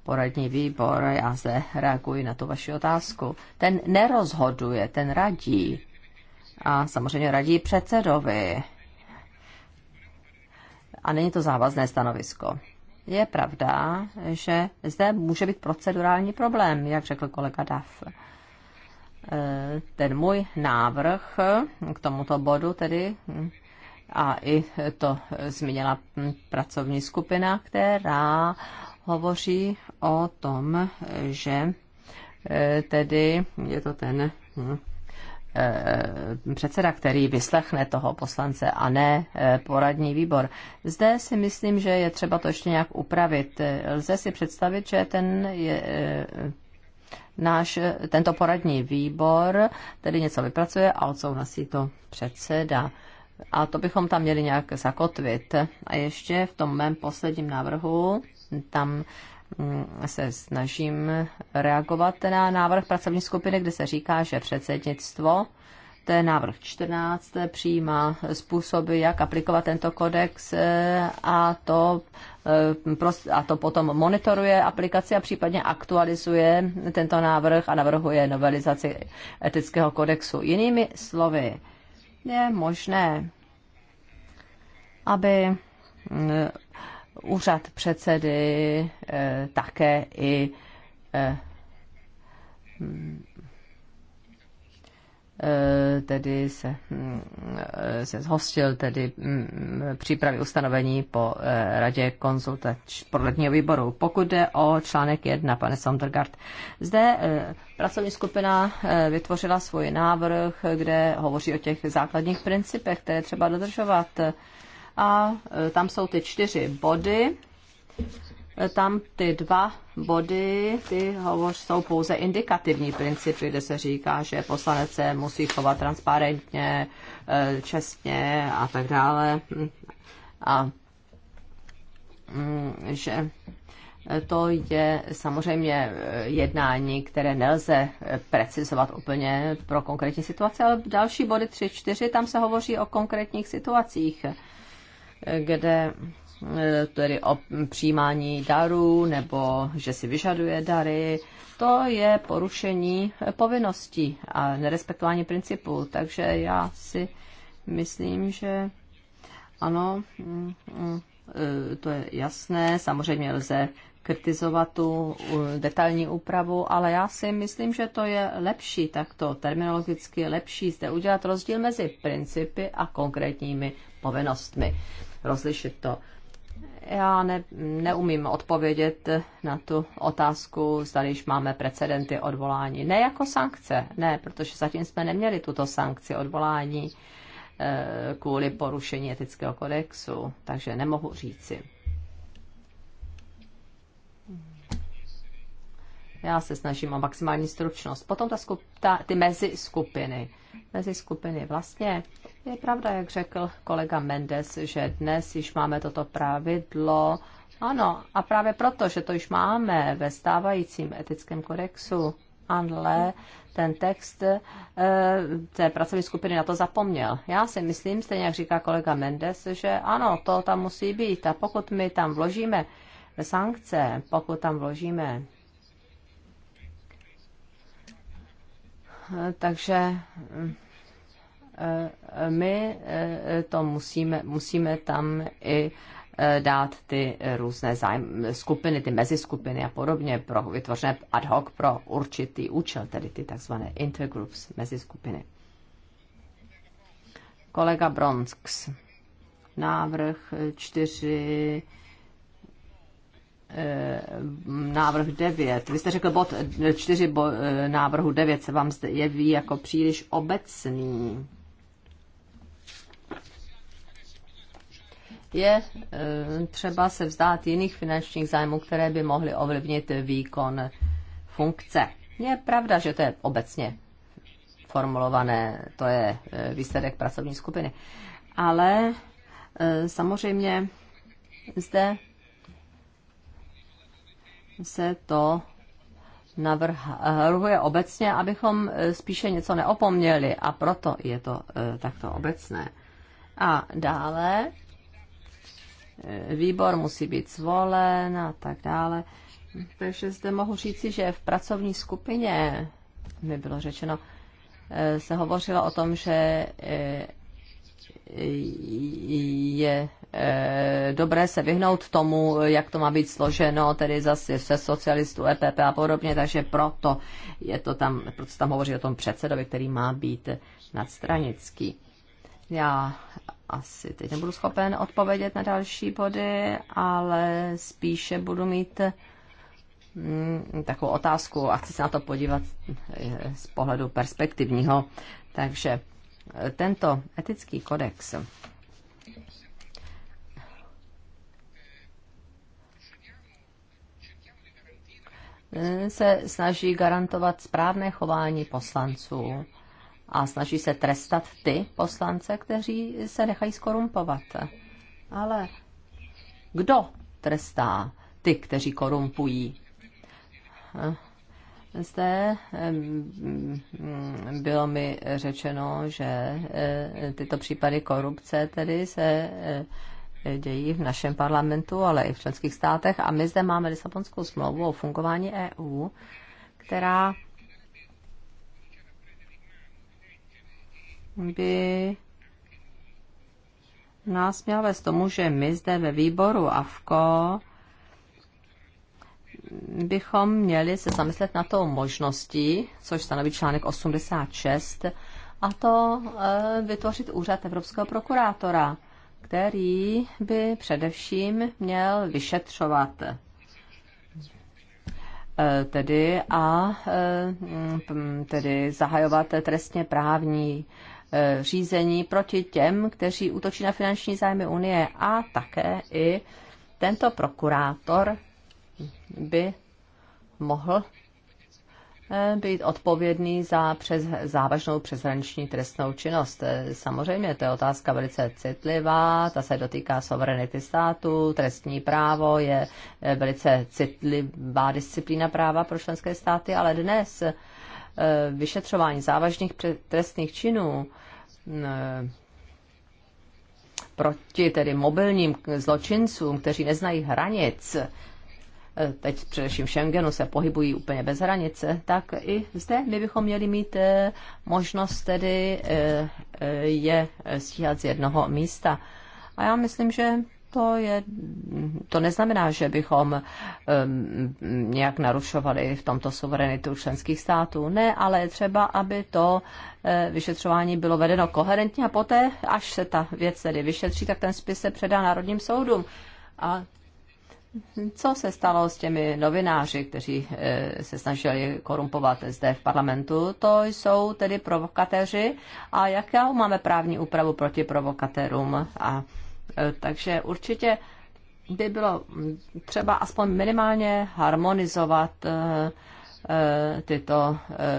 poradní výbor, já zde reaguji na tu vaši otázku, ten nerozhoduje, ten radí. A samozřejmě radí předsedovi. A není to závazné stanovisko. Je pravda, že zde může být procedurální problém, jak řekl kolega Daf e, Ten můj návrh k tomuto bodu tedy a i to zmínila pracovní skupina, která hovoří o tom, že e, tedy je to ten hm, e, předseda, který vyslechne toho poslance a ne e, poradní výbor. Zde si myslím, že je třeba to ještě nějak upravit. Lze si představit, že ten je, náš, tento poradní výbor tedy něco vypracuje a odsouhlasí to předseda. A to bychom tam měli nějak zakotvit. A ještě v tom mém posledním návrhu tam mm, se snažím reagovat na návrh pracovní skupiny, kde se říká, že předsednictvo to je návrh 14, přijímá způsoby, jak aplikovat tento kodex eh, a to, eh, a to potom monitoruje aplikaci a případně aktualizuje tento návrh a navrhuje novelizaci etického kodexu. Jinými slovy, je možné, aby mm, úřad předsedy, eh, také i eh, mm, eh, tedy se, mm, se zhostil tedy mm, přípravy ustanovení po radě konzultač poradního výboru. Pokud jde o článek 1, pane Sondergaard, zde pracovní skupina vytvořila svůj návrh, kde hovoří o těch základních principech, které třeba dodržovat a e, tam jsou ty čtyři body. E, tam ty dva body, ty hovoř, jsou pouze indikativní principy, kde se říká, že poslanec se musí chovat transparentně, e, čestně a tak dále. A mm, že to je samozřejmě jednání, které nelze precizovat úplně pro konkrétní situace, ale další body 3, 4, tam se hovoří o konkrétních situacích kde eh, tedy o přijímání darů nebo že si vyžaduje dary, to je porušení povinností a nerespektování principů. Takže já si myslím, že ano, mm, mm, eh, to je jasné. Samozřejmě lze kritizovat tu detailní úpravu, ale já si myslím, že to je lepší takto, terminologicky lepší zde udělat rozdíl mezi principy a konkrétními povinnostmi rozlišit to. Já ne, neumím odpovědět na tu otázku, zda již máme precedenty odvolání. Ne jako sankce, ne, protože zatím jsme neměli tuto sankci odvolání eh, kvůli porušení etického kodexu, takže nemohu říci. Já se snažím o maximální stručnost. Potom ta skup, ta, ty mezi skupiny. Mezi skupiny vlastně je pravda, jak řekl kolega Mendes, že dnes již máme toto pravidlo. Ano, a právě proto, že to již máme ve stávajícím etickém kodexu, ale ten text e, té pracovní skupiny na to zapomněl. Já si myslím, stejně jak říká kolega Mendes, že ano, to tam musí být. A pokud my tam vložíme sankce, pokud tam vložíme takže eh, my eh, to musíme, musíme tam i eh, dát ty různé zájem, skupiny, ty meziskupiny a podobně, pro, vytvořené ad hoc pro určitý účel, tedy ty takzvané intergroups, meziskupiny. Kolega Bronx, návrh 4, Eh, návrh 9. Vy jste řekl bod 4 bo, eh, návrhu 9 se vám zde jeví jako příliš obecný. Je eh, třeba se vzdát jiných finančních zájmů, které by mohly ovlivnit výkon funkce. Je pravda, že to je obecně formulované, to je výsledek pracovní skupiny. Ale samozřejmě zde se to navrhuje obecně, abychom e, spíše něco neopomněli a proto je to e, takto obecné. A dále e, výbor musí být zvolen a tak dále. Takže zde mohu říci, že v pracovní skupině, mi bylo řečeno, se hovořilo o tom, že je Eh, dobré se vyhnout tomu, jak to má být složeno, tedy zase se socialistů, EPP a podobně, takže proto je to tam, proto tam hovoří o tom předsedovi, který má být nadstranický. Já asi teď nebudu schopen odpovědět na další body, ale spíše budu mít mm, takovou otázku a chci se na to podívat eh, z pohledu perspektivního. Takže eh, tento etický kodex se snaží garantovat správné chování poslanců a snaží se trestat ty poslance, kteří se nechají skorumpovat. Ale kdo trestá ty, kteří korumpují? Zde mm, bylo mi řečeno, že eh, tyto případy korupce tedy se eh, dějí v našem parlamentu, ale i v členských státech. A my zde máme Lisabonskou smlouvu o fungování EU, která by nás měla vést tomu, že my zde ve výboru AFKO bychom měli se zamyslet na tou možností, což stanoví článek 86, a to e, vytvořit úřad evropského prokurátora který by především měl vyšetřovat e, tedy a e, tedy zahajovat trestně právní e, řízení proti těm, kteří útočí na finanční zájmy Unie a také i tento prokurátor by mohl E, být odpovědný za přes, závažnou přeshraniční trestnou činnost. E, samozřejmě to je otázka velice citlivá, ta se dotýká sovereny státu, trestní právo je e, velice citlivá disciplína práva pro členské státy, ale dnes vyšetřování závažných trestných činů proti tedy mobilním zločincům, kteří neznají hranic, Eh, teď především v Schengenu se pohybují úplně bez hranice, tak i zde my bychom měli mít eh, možnost tedy eh, je stíhat z jednoho místa. A já myslím, že to, je, to neznamená, že bychom um, nějak narušovali v tomto suverenitu členských států. Ne, ale je třeba, aby to uh, vyšetřování bylo vedeno koherentně a poté, až se ta věc tedy vyšetří, tak ten spis se předá Národním soudům. A co se stalo s těmi novináři, kteří eh, se snažili korumpovat zde v parlamentu? To jsou tedy provokatéři a jakou máme právní úpravu proti provokatérům? A, eh, takže určitě by bylo hm, třeba aspoň minimálně harmonizovat eh, tyto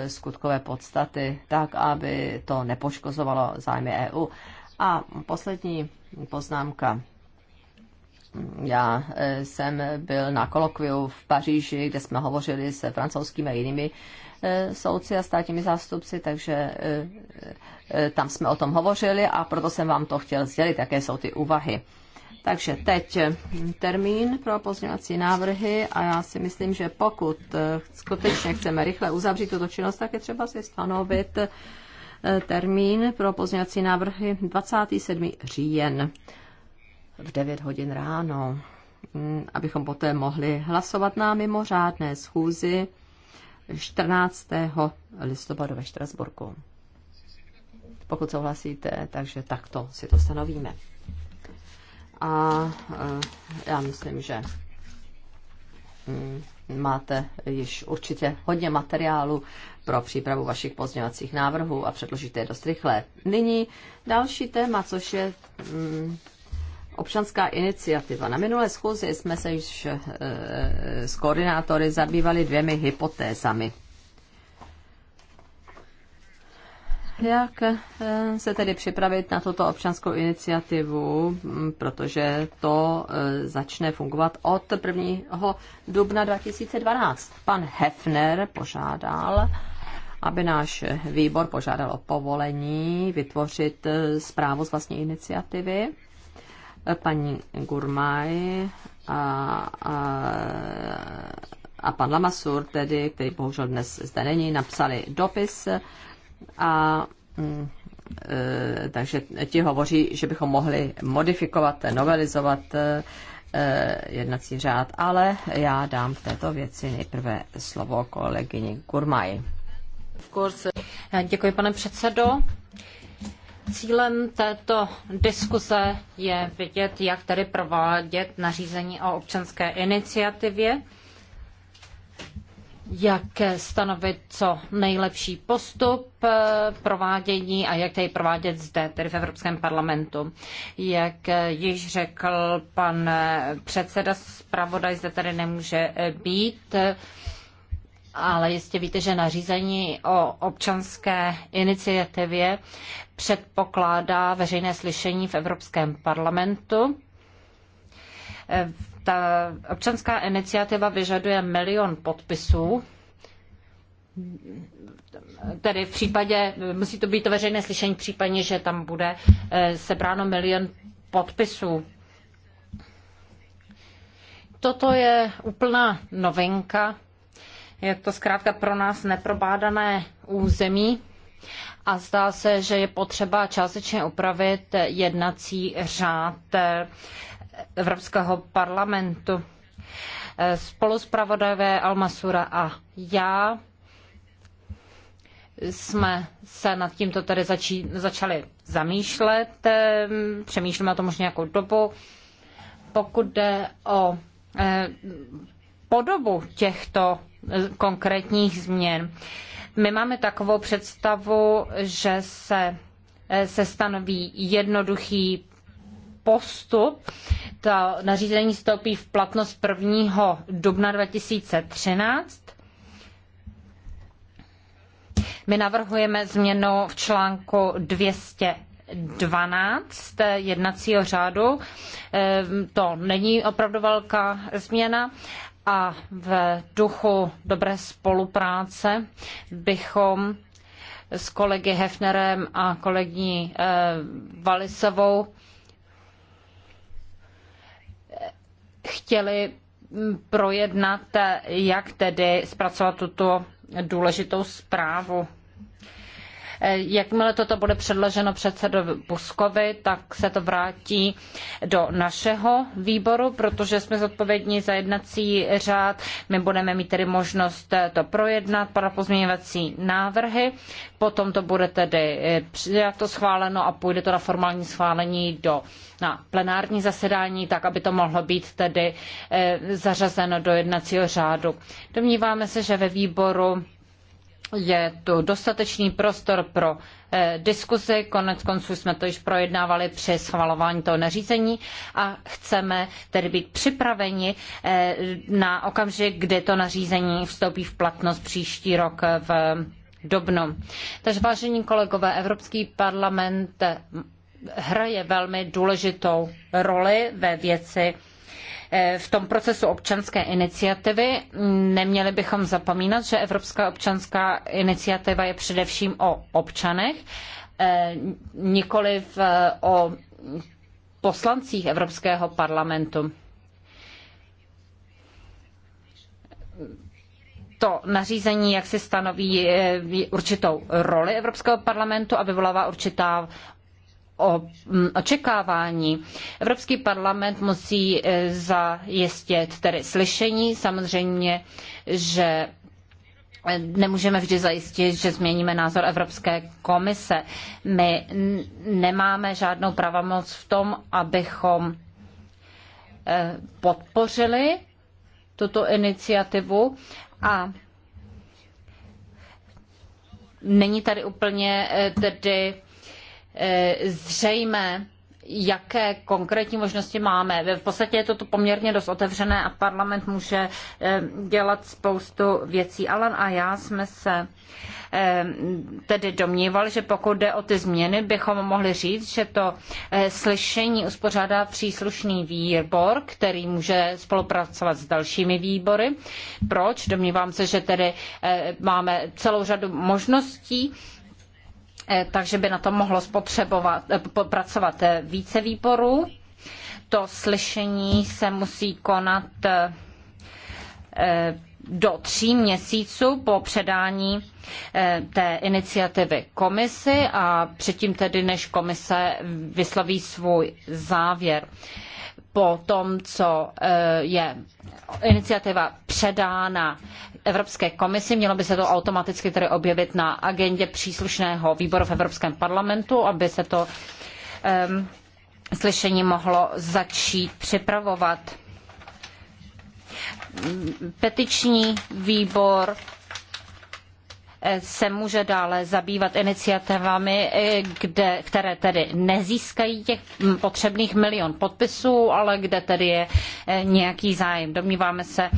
skutkové podstaty, tak aby to nepoškozovalo zájmy EU. A poslední poznámka já e, jsem byl na kolokviu v Paříži, kde jsme hovořili se francouzskými a jinými e, soudci a státními zástupci, takže e, tam jsme o tom hovořili a proto jsem vám to chtěl sdělit, jaké jsou ty úvahy. Takže teď termín pro pozměňovací návrhy a já si myslím, že pokud skutečně chceme rychle uzavřít tuto činnost, tak je třeba si stanovit termín pro pozměňovací návrhy 27. říjen v 9 hodin ráno, mm, abychom poté mohli hlasovat na mimořádné schůzi 14. listopadu ve Štrasburku. Pokud souhlasíte, takže takto si to stanovíme. A eh, já myslím, že mm, máte již určitě hodně materiálu pro přípravu vašich pozměňovacích návrhů a předložíte je dost rychle. Nyní další téma, což je mm, občanská iniciativa. Na minulé schůzi jsme se již eh, s koordinátory zabývali dvěmi hypotézami. Jak eh, se tedy připravit na tuto občanskou iniciativu, mm, protože to eh, začne fungovat od 1. dubna 2012. Pan Hefner požádal, aby náš výbor požádal o povolení vytvořit zprávu z vlastní iniciativy paní Gurmaj a, a, a pan Lamasur, tedy, který bohužel dnes zde není, napsali dopis a mm, e, takže ti hovoří, že bychom mohli modifikovat, novelizovat e, jednací řád, ale já dám v této věci nejprve slovo kolegyni Kurmaj. Děkuji, pane předsedo. Cílem této diskuse je vidět, jak tedy provádět nařízení o občanské iniciativě, jak stanovit co nejlepší postup eh, provádění a jak tedy provádět zde, tedy v Evropském parlamentu. Jak eh, již řekl pan eh, předseda, zpravodaj zde tedy nemůže být ale jistě víte, že nařízení o občanské iniciativě předpokládá veřejné slyšení v Evropském parlamentu. Ta občanská iniciativa vyžaduje milion podpisů, tedy v případě, musí to být to veřejné slyšení v případě, že tam bude eh, sebráno milion podpisů. Toto je úplná novinka je to zkrátka pro nás neprobádané území a zdá se, že je potřeba částečně upravit jednací řád eh, Evropského parlamentu. Eh, Spoluspravodajové Almasura a já jsme se nad tímto tedy začí, začali zamýšlet. Eh, přemýšlíme o tom už nějakou dobu. Pokud jde o podobu těchto konkrétních změn. My máme takovou představu, že se, eh, se stanoví jednoduchý postup. To nařízení stoupí v platnost 1. dubna 2013. My navrhujeme změnu v článku 200 12 jednacího řádu. Eh, to není opravdu velká změna, a v duchu dobré spolupráce bychom s kolegy Hefnerem a kolegyní eh, Valisovou eh, chtěli hm, projednat, eh, jak tedy zpracovat tuto důležitou zprávu. Eh, jakmile toto bude předloženo předsedovi Buskovi, tak se to vrátí do našeho výboru, protože jsme zodpovědní za jednací řád. My budeme mít tedy možnost eh, to projednat, para pozměňovací návrhy. Potom to bude tedy eh, přijato, schváleno a půjde to na formální schválení do, na plenární zasedání, tak aby to mohlo být tedy zařazeno do jednacího řádu. Domníváme se, že ve výboru je tu dostatečný prostor pro eh, diskuzi, konec konců jsme to již projednávali při schvalování toho nařízení a chceme tedy být připraveni eh, na okamžik, kdy to nařízení vstoupí v platnost příští rok v dubnu. Takže vážení kolegové, Evropský parlament hraje velmi důležitou roli ve věci Eh, v tom procesu občanské iniciativy neměli bychom zapomínat, že Evropská občanská iniciativa je především o občanech, eh, nikoliv eh, o poslancích Evropského parlamentu. to nařízení, jak stanoví určitou roli Evropského parlamentu a vyvolává určitá Mm, očekávání. Evropský parlament musí e, zajistit tedy slyšení. Samozřejmě, že e, nemůžeme vždy zajistit, že změníme názor Evropské komise. My nemáme žádnou pravomoc v tom, abychom e, podpořili tuto iniciativu a není tady úplně tedy E, zřejmé, jaké konkrétní možnosti máme. V podstatě je to tu poměrně dost otevřené a parlament může e, dělat spoustu věcí. Alan a já jsme se e, tedy domníval, že pokud jde o ty změny, bychom mohli říct, že to slyšení uspořádá příslušný výbor, který může spolupracovat s dalšími výbory. Proč? Domnívám se, že tedy máme celou řadu možností Eh, takže by na to mohlo spotřebovat, eh, pracovat eh, více výborů. To slyšení se musí konat do tří měsíců po předání té iniciativy komisi a předtím tedy, než komise vysloví svůj závěr po tom, co e, je iniciativa předána Evropské komisi, mělo by se to automaticky tedy objevit na agendě příslušného výboru v Evropském parlamentu, aby se to um, slyšení mohlo začít připravovat. Petiční výbor se může dále zabývat iniciativami, eh, kde, které tedy nezískají těch mm, potřebných milion podpisů, ale kde tedy je eh, nějaký zájem. Domníváme se,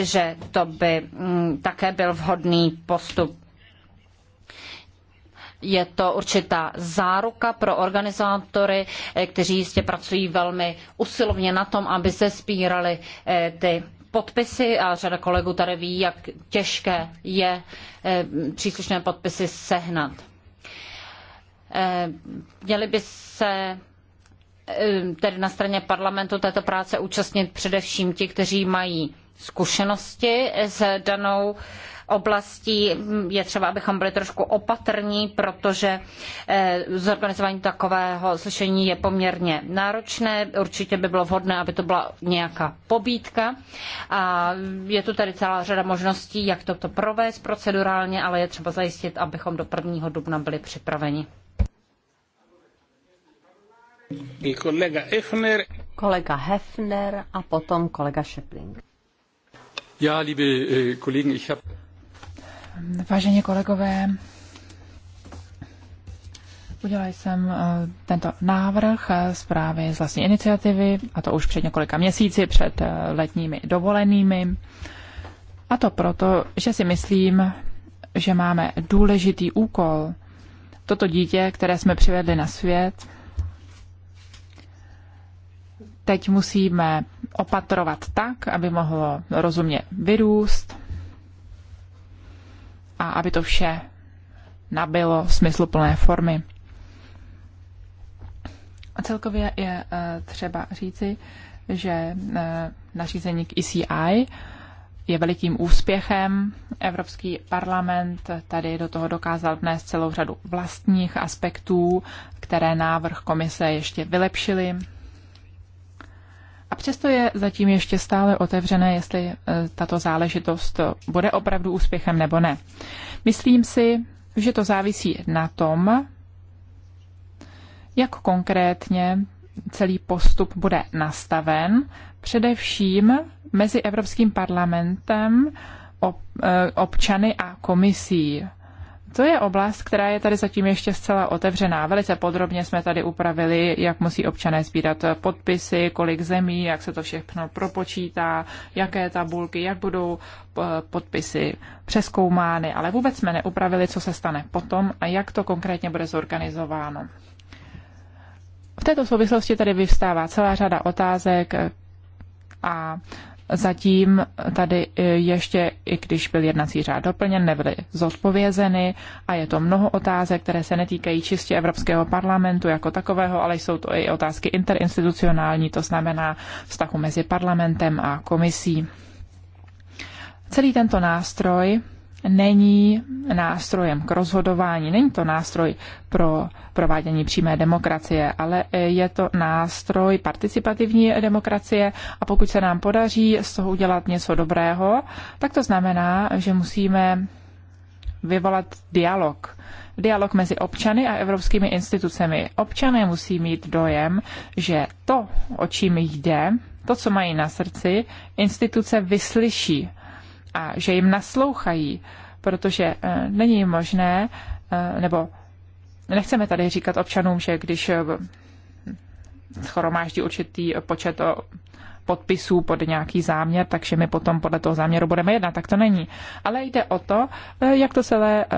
že to by mm, také byl vhodný postup. Je to určitá záruka pro organizátory, eh, kteří jistě pracují velmi usilovně na tom, aby se spírali ty podpisy a řada kolegů tady ví, jak těžké je eh, příslušné podpisy sehnat. Eh, měli by se eh, tedy na straně parlamentu této práce účastnit především ti, kteří mají zkušenosti s danou oblastí je třeba, abychom byli trošku opatrní, protože eh, zorganizování takového slyšení je poměrně náročné. Určitě by bylo vhodné, aby to byla nějaká pobídka. A je tu tady celá řada možností, jak toto provést procedurálně, ale je třeba zajistit, abychom do 1. dubna byli připraveni. Kolega Hefner. kolega Hefner. a potom kolega Schöpling. Ja, liebe eh, Kollegen, ich habe Vážení kolegové, udělal jsem eh, tento návrh eh, zprávy z vlastní iniciativy, a to už před několika měsíci, před eh, letními dovolenými. A to proto, že si myslím, že máme důležitý úkol. Toto dítě, které jsme přivedli na svět, teď musíme opatrovat tak, aby mohlo rozumně vyrůst, a aby to vše nabylo smysluplné formy. A celkově je eh, třeba říci, že eh, nařízení k ECI je velikým úspěchem. Evropský parlament tady do toho dokázal dnes celou řadu vlastních aspektů, které návrh komise ještě vylepšily. A přesto je zatím ještě stále otevřené, jestli e, tato záležitost bude opravdu úspěchem nebo ne. Myslím si, že to závisí na tom, jak konkrétně celý postup bude nastaven, především mezi Evropským parlamentem, e, občany a komisí. To je oblast, která je tady zatím ještě zcela otevřená. Velice podrobně jsme tady upravili, jak musí občané sbírat podpisy, kolik zemí, jak se to všechno propočítá, jaké tabulky, jak budou eh, podpisy přeskoumány, ale vůbec jsme neupravili, co se stane potom a jak to konkrétně bude zorganizováno. V této souvislosti tady vyvstává celá řada otázek a Zatím tady e, ještě, i když byl jednací řád doplněn, nebyly zodpovězeny a je to mnoho otázek, které se netýkají čistě Evropského parlamentu jako takového, ale jsou to i otázky interinstitucionální, to znamená vztahu mezi parlamentem a komisí. Celý tento nástroj není nástrojem k rozhodování, není to nástroj pro provádění přímé demokracie, ale je to nástroj participativní demokracie a pokud se nám podaří z toho udělat něco dobrého, tak to znamená, že musíme vyvolat dialog. Dialog mezi občany a evropskými institucemi. Občané musí mít dojem, že to, o čím jde, to, co mají na srdci, instituce vyslyší a že jim naslouchají, protože eh, není možné, eh, nebo nechceme tady říkat občanům, že když eh, schromáždí určitý počet podpisů pod nějaký záměr, takže my potom podle toho záměru budeme jednat. Tak to není. Ale jde o to, eh, jak to celé eh,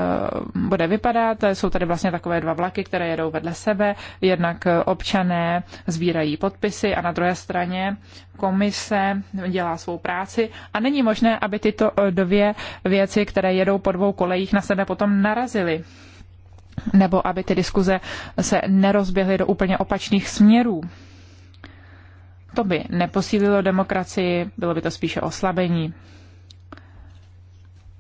bude vypadat. Jsou tady vlastně takové dva vlaky, které jedou vedle sebe. Jednak eh, občané sbírají podpisy a na druhé straně komise dělá svou práci a není možné, aby tyto dvě věci, které jedou po dvou kolejích, na sebe potom narazily nebo aby ty diskuze se nerozběhly do úplně opačných směrů. To by neposílilo demokracii, bylo by to spíše oslabení.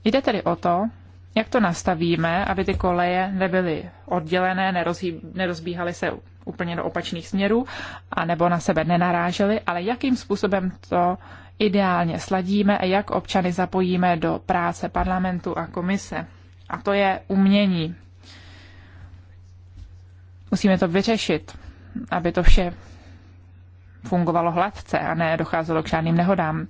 Jde tedy o to, jak to nastavíme, aby ty koleje nebyly oddělené, nerozhý, nerozbíhaly se úplně do opačných směrů, anebo na sebe nenarážely, ale jakým způsobem to ideálně sladíme a jak občany zapojíme do práce parlamentu a komise. A to je umění. Musíme to vyřešit, aby to vše fungovalo hladce a nedocházelo k žádným nehodám.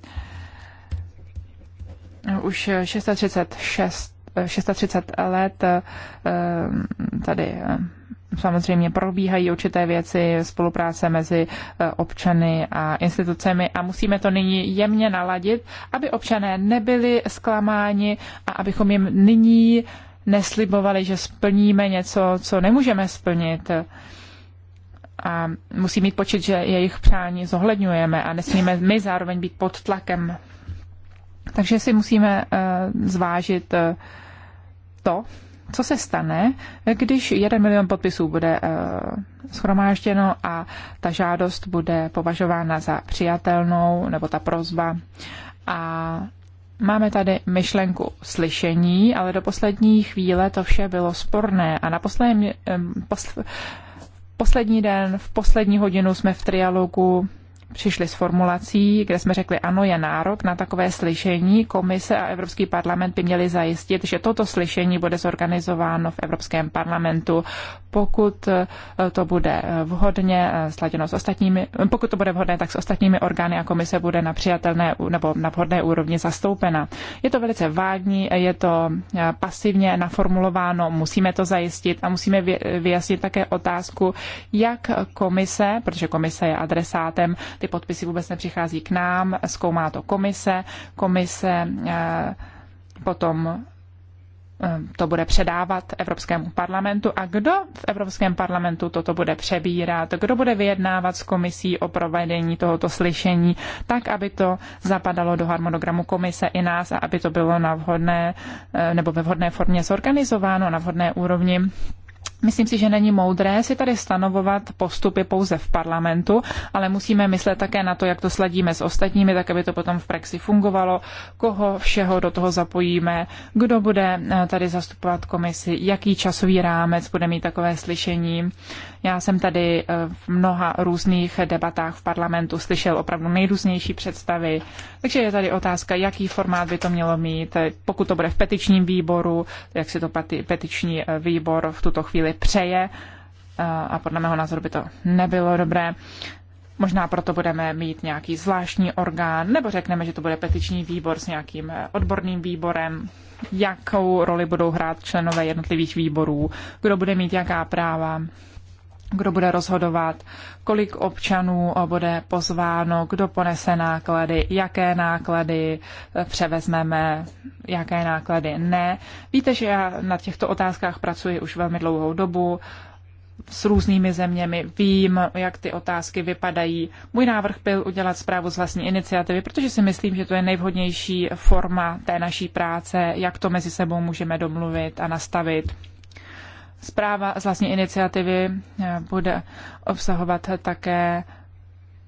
Už 636 630 let eh, tady eh, samozřejmě probíhají určité věci, spolupráce mezi eh, občany a institucemi a musíme to nyní jemně naladit, aby občané nebyli zklamáni a abychom jim nyní neslibovali, že splníme něco, co nemůžeme splnit a musí mít počet, že jejich přání zohledňujeme a nesmíme my zároveň být pod tlakem. Takže si musíme eh, zvážit eh, to, co se stane, když jeden milion podpisů bude eh, schromážděno a ta žádost bude považována za přijatelnou, nebo ta prozba. A Máme tady myšlenku slyšení, ale do poslední chvíle to vše bylo sporné a na posledním, posl, poslední den, v poslední hodinu jsme v trialogu přišli s formulací, kde jsme řekli, ano, je nárok na takové slyšení. Komise a Evropský parlament by měli zajistit, že toto slyšení bude zorganizováno v Evropském parlamentu, pokud eh, to bude eh, vhodně eh, sladěno s ostatními, pokud to bude vhodné, tak s ostatními orgány a komise bude na přijatelné nebo na vhodné úrovni zastoupena. Je to velice vágní, je to pasivně naformulováno, musíme to zajistit a musíme vyjasnit také otázku, jak komise, protože komise je adresátem ty podpisy vůbec nepřichází k nám, zkoumá to komise, komise eh, potom eh, to bude předávat Evropskému parlamentu a kdo v Evropském parlamentu toto bude přebírat, kdo bude vyjednávat s komisí o provedení tohoto slyšení, tak, aby to zapadalo do harmonogramu komise i nás a aby to bylo na vhodné eh, nebo ve vhodné formě zorganizováno na vhodné úrovni Myslím si, že není moudré si tady stanovovat postupy pouze v parlamentu, ale musíme myslet také na to, jak to sladíme s ostatními, tak aby to potom v praxi fungovalo, koho všeho do toho zapojíme, kdo bude eh, tady zastupovat komisi, jaký časový rámec bude mít takové slyšení. Já jsem tady eh, v mnoha různých debatách v parlamentu slyšel opravdu nejrůznější představy, takže je tady otázka, jaký formát by to mělo mít, pokud to bude v petičním výboru, jak si to petiční eh, výbor v tuto chvíli přeje eh, a podle mého názoru by to nebylo dobré. Možná proto budeme mít nějaký zvláštní orgán, nebo řekneme, že to bude petiční výbor s nějakým eh, odborným výborem, jakou roli budou hrát členové jednotlivých výborů, kdo bude mít jaká práva, kdo bude rozhodovat, kolik občanů bude pozváno, kdo ponese náklady, jaké náklady převezmeme, jaké náklady ne. Víte, že já na těchto otázkách pracuji už velmi dlouhou dobu s různými zeměmi, vím, jak ty otázky vypadají. Můj návrh byl udělat zprávu z vlastní iniciativy, protože si myslím, že to je nejvhodnější forma té naší práce, jak to mezi sebou můžeme domluvit a nastavit. Zpráva z vlastní iniciativy eh, bude obsahovat také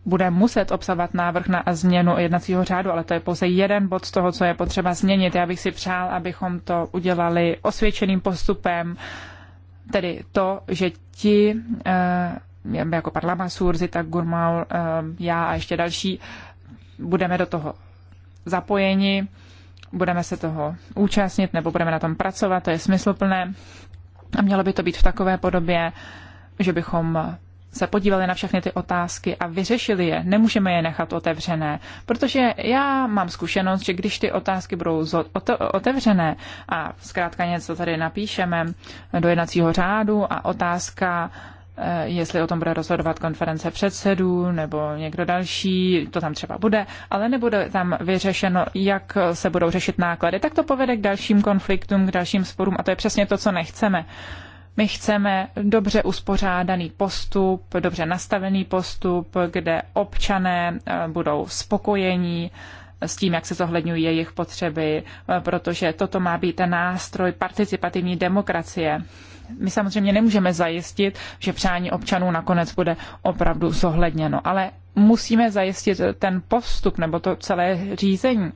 bude muset obsahovat návrh na změnu jednacího řádu, ale to je pouze jeden bod z toho, co je potřeba změnit. Já bych si přál, abychom to udělali osvědčeným postupem, tedy to, že ti, eh, jako pan Lamasur, Zita Gurmal, eh, já a ještě další, budeme do toho zapojeni, budeme se toho účastnit nebo budeme na tom pracovat, to je smysluplné. A mělo by to být v takové podobě, že bychom se podívali na všechny ty otázky a vyřešili je. Nemůžeme je nechat otevřené, protože já mám zkušenost, že když ty otázky budou otevřené a zkrátka něco tady napíšeme do jednacího řádu a otázka Eh, jestli o tom bude rozhodovat konference předsedů nebo někdo další, to tam třeba bude, ale nebude tam vyřešeno, jak se budou řešit náklady, tak to povede k dalším konfliktům, k dalším sporům a to je přesně to, co nechceme. My chceme dobře uspořádaný postup, dobře nastavený postup, kde občané eh, budou spokojení s tím, jak se zohledňují jejich potřeby, eh, protože toto má být ten nástroj participativní demokracie my samozřejmě nemůžeme zajistit, že přání občanů nakonec bude opravdu zohledněno, ale musíme zajistit ten postup nebo to celé řízení.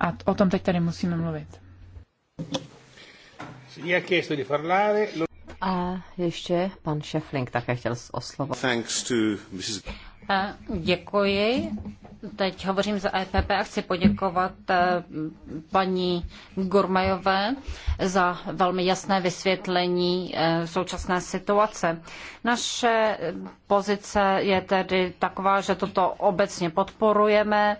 A o tom teď tady musíme mluvit. A ještě pan Šefling také chtěl o slovo. Děkuji. Teď hovořím za EPP a chci poděkovat eh, paní Gurmajové za velmi jasné vysvětlení eh, současné situace. Naše pozice je tedy taková, že toto obecně podporujeme.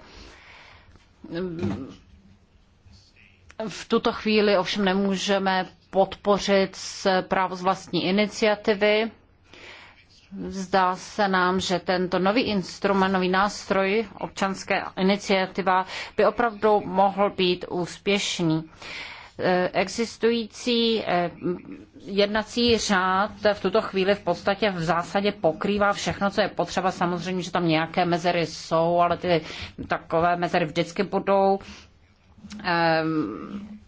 V tuto chvíli ovšem nemůžeme podpořit právo z vlastní iniciativy Zdá se nám, že tento nový instrument, nový nástroj, občanská iniciativa, by opravdu mohl být úspěšný. E, existující e, jednací řád v tuto chvíli v podstatě v zásadě pokrývá všechno, co je potřeba. Samozřejmě, že tam nějaké mezery jsou, ale ty takové mezery vždycky budou. Um,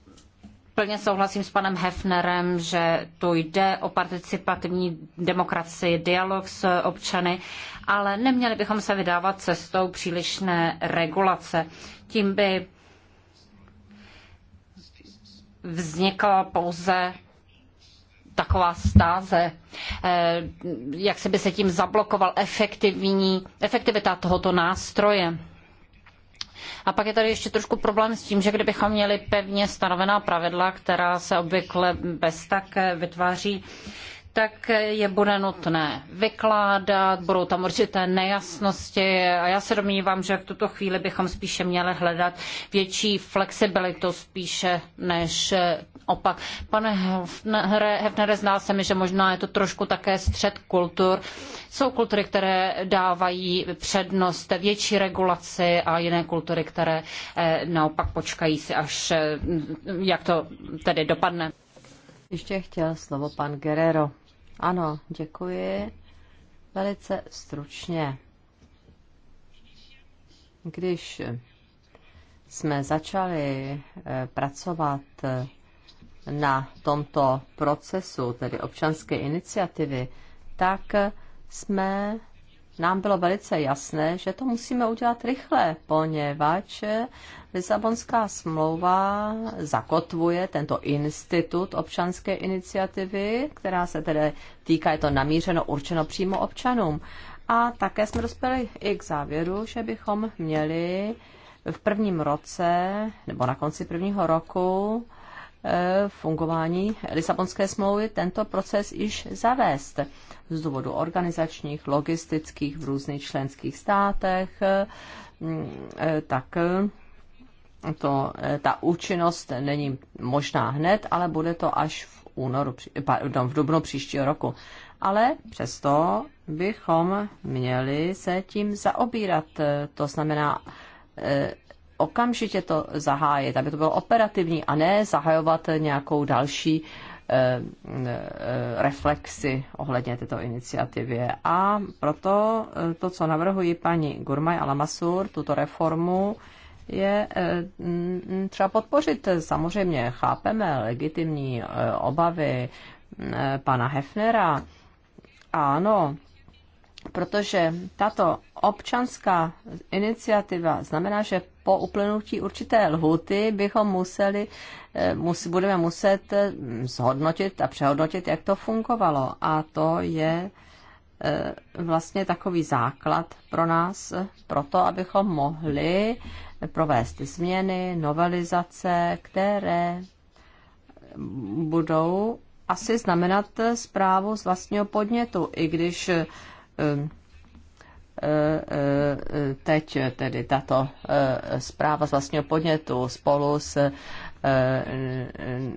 Plně souhlasím s panem Hefnerem, že tu jde o participativní demokracii, dialog s občany, ale neměli bychom se vydávat cestou přílišné regulace. Tím by vznikla pouze taková stáze, eh, jak se by se tím zablokoval efektivní, efektivita tohoto nástroje. A pak je tady ještě trošku problém s tím, že kdybychom měli pevně stanovená pravidla, která se obvykle bez tak vytváří, tak je bude nutné vykládat, budou tam určité nejasnosti a já se domnívám, že v tuto chvíli bychom spíše měli hledat větší flexibilitu spíše než opak. Pane Hefnere, zdá se mi, že možná je to trošku také střed kultur. Jsou kultury, které dávají přednost větší regulaci a jiné kultury, které eh, naopak počkají si, až eh, jak to tedy dopadne. Ještě chtěl slovo pan Guerrero. Ano, děkuji. Velice stručně. Když jsme začali eh, pracovat na tomto procesu, tedy občanské iniciativy, tak jsme, nám bylo velice jasné, že to musíme udělat rychle, poněvadž Lisabonská smlouva zakotvuje tento institut občanské iniciativy, která se tedy týká, je to namířeno, určeno přímo občanům. A také jsme dospěli i k závěru, že bychom měli v prvním roce nebo na konci prvního roku Eh, fungování Lisabonské smlouvy tento proces již zavést z důvodu organizačních, logistických v různých členských státech, mm, eh, tak eh, to, ta účinnost není možná hned, ale bude to až v, únoru, pardon, v dubnu příštího roku. Ale přesto bychom měli se tím zaobírat. To znamená okamžitě to zahájit, aby to bylo operativní a ne zahajovat nějakou další eh, eh, reflexy ohledně této iniciativy. A proto eh, to, co navrhuji paní Gurmaj Alamasur, tuto reformu, je mm, třeba podpořit. Samozřejmě chápeme legitimní obavy pana Hefnera. Ano, protože tato občanská iniciativa znamená, že po uplynutí určité lhuty bychom museli, eh, mus, budeme muset eh, zhodnotit a přehodnotit, jak to fungovalo. A to je eh, vlastně takový základ pro nás, pro to abychom mohli provést změny, novelizace, které budou asi znamenat zprávu z vlastního podnětu, i když teď tedy tato eh, zpráva z vlastního podnětu spolu s eh,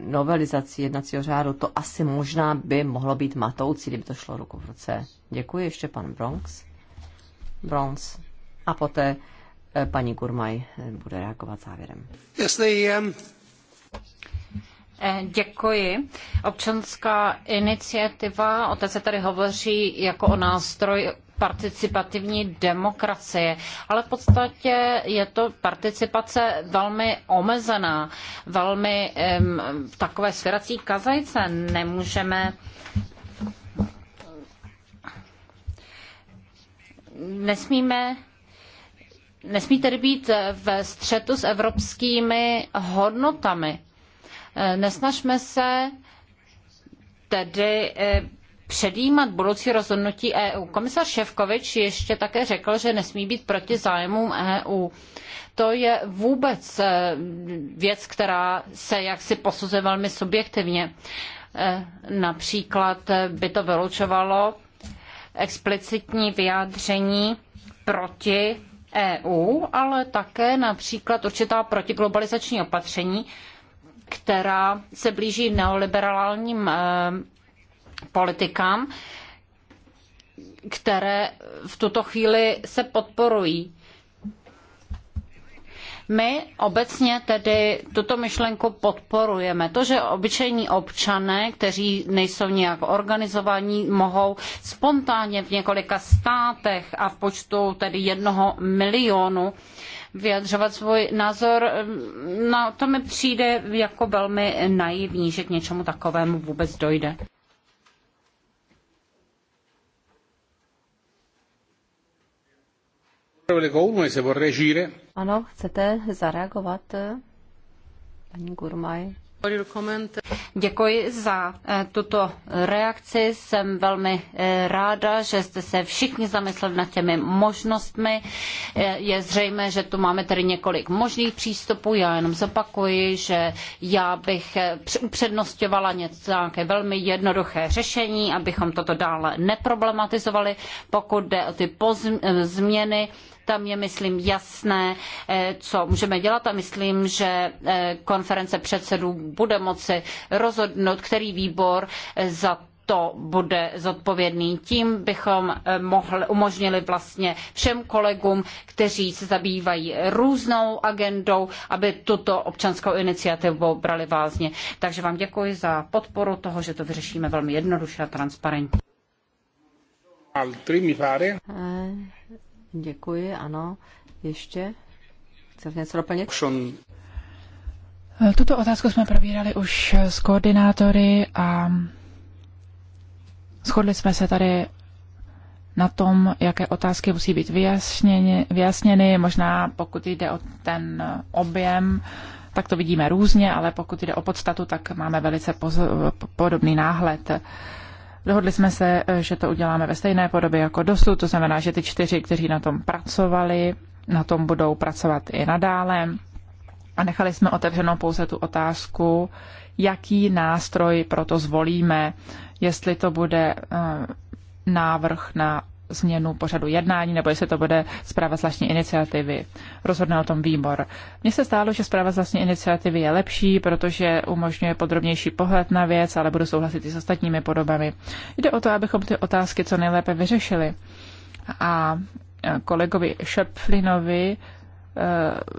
novelizací jednacího řádu, to asi možná by mohlo být matoucí, kdyby to šlo ruku v ruce. Děkuji ještě pan Bronx. Bronx. A poté eh, paní Gurmaj bude reagovat závěrem. Jestli, um... Děkuji. Občanská iniciativa, o té se tady hovoří jako o nástroj participativní demokracie, ale v podstatě je to participace velmi omezená, velmi um, v takové svěrací kazajce. Nemůžeme nesmíme nesmí tedy být ve střetu s evropskými hodnotami. Nesnažme se tedy předjímat budoucí rozhodnutí EU. Komisař Ševkovič ještě také řekl, že nesmí být proti zájmům EU. To je vůbec eh, věc, která se jaksi posuzuje velmi subjektivně. Eh, například eh, by to vylučovalo explicitní vyjádření proti EU, ale také například určitá protiglobalizační opatření, která se blíží neoliberálním politikám, které v tuto chvíli se podporují. My obecně tedy tuto myšlenku podporujeme. To, že obyčejní občané, kteří nejsou nějak organizovaní, mohou spontánně v několika státech a v počtu tedy jednoho milionu vyjadřovat svůj názor, no, to mi přijde jako velmi naivní, že k něčemu takovému vůbec dojde. Ano, chcete zareagovat, eh, paní Gurmaj? Děkuji za eh, tuto reakci. Jsem velmi eh, ráda, že jste se všichni zamysleli nad těmi možnostmi. Je zřejmé, že tu máme tedy několik možných přístupů. Já jenom zopakuji, že já bych upřednostňovala nějaké velmi jednoduché řešení, abychom toto dále neproblematizovali. Pokud jde o ty změny, tam je, myslím, jasné, eh, co můžeme dělat a myslím, že eh, konference předsedů bude moci rozhodnout, který výbor eh, za to bude zodpovědný. Tím bychom mohli, umožnili vlastně všem kolegům, kteří se zabývají různou agendou, aby tuto občanskou iniciativu brali vážně. Takže vám děkuji za podporu toho, že to vyřešíme velmi jednoduše a transparentně. Děkuji, ano. Ještě? Chcete něco doplnit? Tuto otázku jsme probírali už s koordinátory a shodli jsme se tady na tom, jaké otázky musí být vyjasněny, vyjasněny. Možná pokud jde o ten objem, tak to vidíme různě, ale pokud jde o podstatu, tak máme velice podobný náhled. Dohodli jsme se, eh, že to uděláme ve stejné podobě jako dosud, to znamená, že ty čtyři, kteří na tom pracovali, na tom budou pracovat i nadále. A nechali jsme otevřenou pouze tu otázku, jaký nástroj pro to zvolíme, jestli to bude eh, návrh na změnu pořadu jednání, nebo jestli to bude zpráva z vlastní iniciativy. Rozhodne o tom výbor. Mně se stálo, že zpráva z vlastní iniciativy je lepší, protože umožňuje podrobnější pohled na věc, ale budu souhlasit i s ostatními podobami. Jde o to, abychom ty otázky co nejlépe vyřešili. A kolegovi Šepflinovi eh,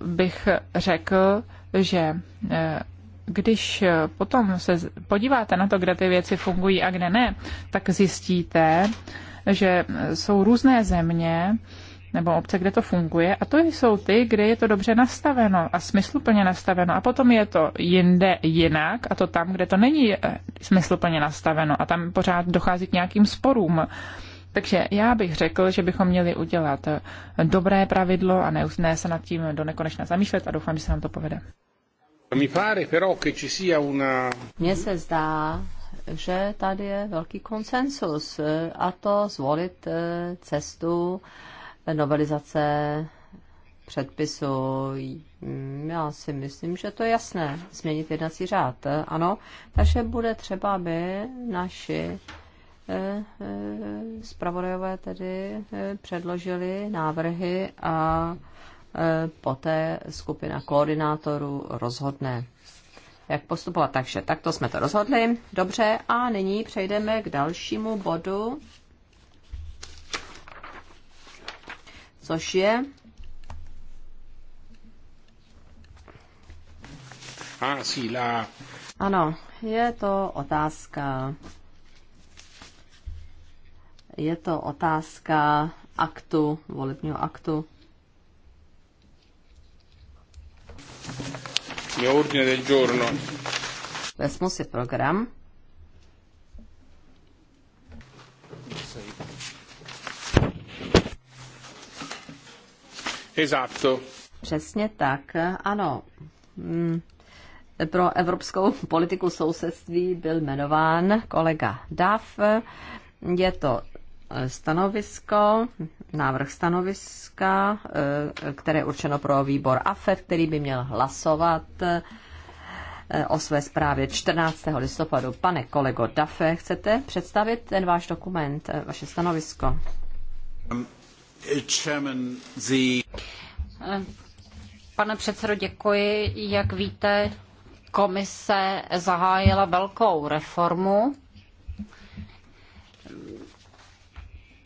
bych řekl, že eh, když potom se podíváte na to, kde ty věci fungují a kde ne, tak zjistíte, že jsou různé země, nebo obce, kde to funguje. A to jsou ty, kde je to dobře nastaveno a smysluplně nastaveno. A potom je to jinde jinak a to tam, kde to není eh, smysluplně nastaveno. A tam pořád dochází k nějakým sporům. Takže já bych řekl, že bychom měli udělat eh, dobré pravidlo a neusné se nad tím do nekonečna zamýšlet a doufám, že se nám to povede. Mně se zdá, že tady je velký konsensus eh, a to zvolit eh, cestu novelizace předpisu. Já si myslím, že to je jasné, změnit jednací řád, eh, ano. Takže bude třeba, aby naši zpravodajové tedy předložili návrhy a poté skupina koordinátorů rozhodne jak postupovat. Takže takto jsme to rozhodli. Dobře, a nyní přejdeme k dalšímu bodu, což je ah, Ano, je to otázka. Je to otázka aktu, volebního aktu mio ordine del giorno. Vezmu si program. Esatto. Přesně tak, ano. Hmm. Pro evropskou politiku sousedství byl jmenován kolega Duff. Je to stanovisko návrh stanoviska, eh, které je určeno pro výbor AFED, který by měl hlasovat eh, o své zprávě 14. listopadu. Pane kolego Dafe, chcete představit ten váš dokument, eh, vaše stanovisko? Um, pane předsedo, děkuji. Jak víte, komise zahájila velkou reformu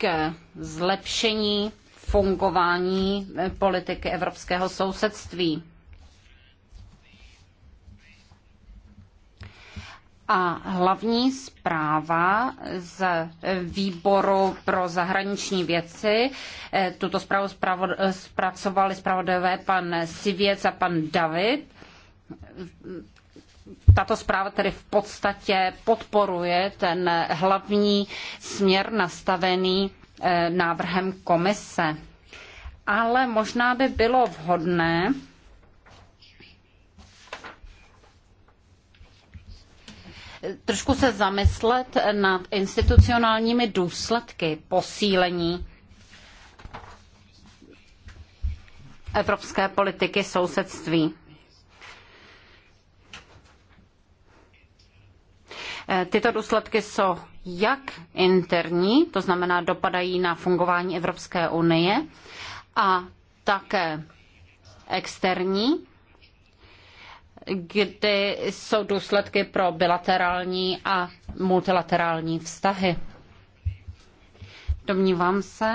k zlepšení fungování eh, politiky evropského sousedství. A hlavní zpráva z eh, výboru pro zahraniční věci. Eh, tuto zprávu zpracovali zpravodajové pan Sivěc a pan David tato zpráva tedy v podstatě podporuje ten hlavní směr nastavený eh, návrhem komise. Ale možná by bylo vhodné, trošku se zamyslet nad institucionálními důsledky posílení evropské politiky sousedství. Eh, tyto důsledky jsou jak interní, to znamená dopadají na fungování Evropské unie, a také externí, kdy jsou důsledky pro bilaterální a multilaterální vztahy. Domnívám se,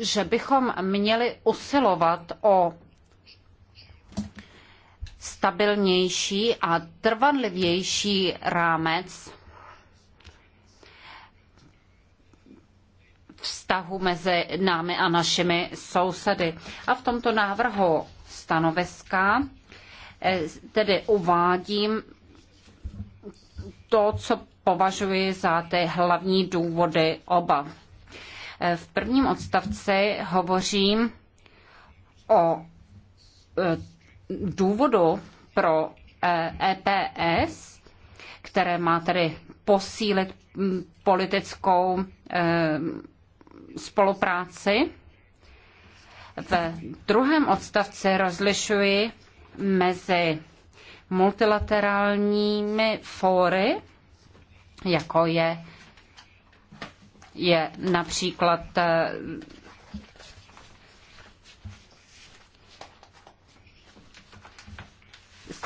že bychom měli usilovat o stabilnější a trvanlivější rámec vztahu mezi námi a našimi sousedy. A v tomto návrhu stanoviska eh, tedy uvádím to, co považuji za ty hlavní důvody oba. Eh, v prvním odstavci hovořím o eh, důvodu pro EPS, eh, e které má tedy posílit mm, politickou eh, spolupráci. V druhém odstavci rozlišuji mezi multilaterálními fóry, jako je, je například eh,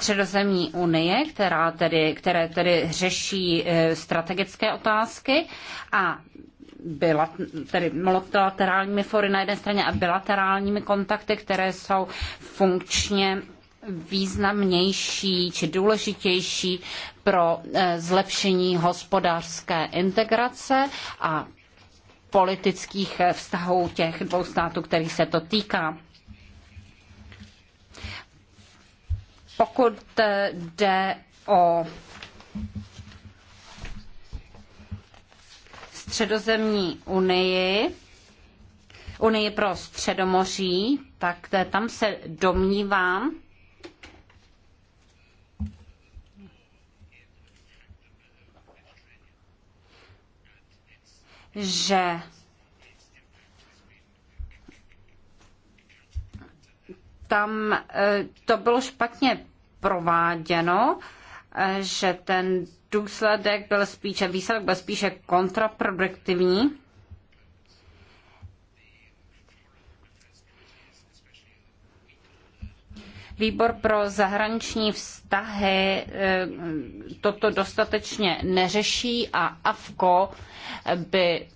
středozemní unie, která tedy, které tedy řeší e, strategické otázky a byla, tedy multilaterálními fory na jedné straně a bilaterálními kontakty, které jsou funkčně významnější či důležitější pro e, zlepšení hospodářské integrace a politických e, vztahů těch dvou států, kterých se to týká. Pokud eh, jde o středozemní unii, unii pro středomoří, tak eh, tam se domnívám, že tam e, to bylo špatně prováděno, e, že ten důsledek byl spíše, výsledek byl spíše kontraproduktivní. Výbor pro zahraniční vztahy e, toto dostatečně neřeší a AFKO by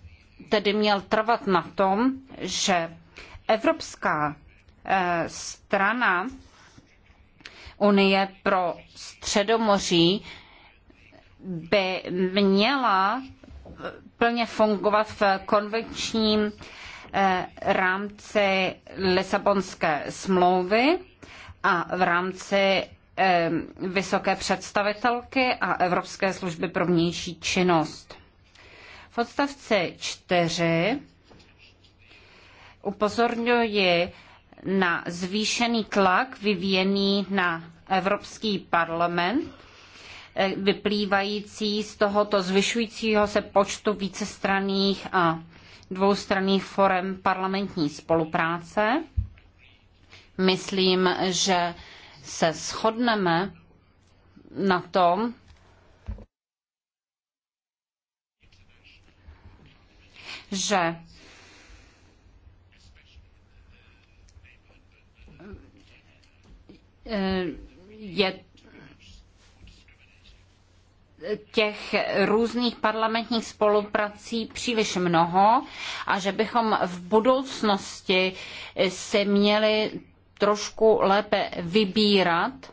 tedy měl trvat na tom, že Evropská Eh, strana Unie pro Středomoří by měla plně fungovat v konvenčním eh, rámci Lisabonské smlouvy a v rámci eh, vysoké představitelky a Evropské služby pro vnější činnost. V odstavci 4 upozorňuji na zvýšený tlak vyvíjený na Evropský parlament, eh, vyplývající z tohoto zvyšujícího se počtu vícestranných a dvoustranných forem parlamentní spolupráce. Myslím, že se shodneme na tom, že Eh, je těch různých parlamentních spoluprací příliš mnoho a že bychom v budoucnosti se měli trošku lépe vybírat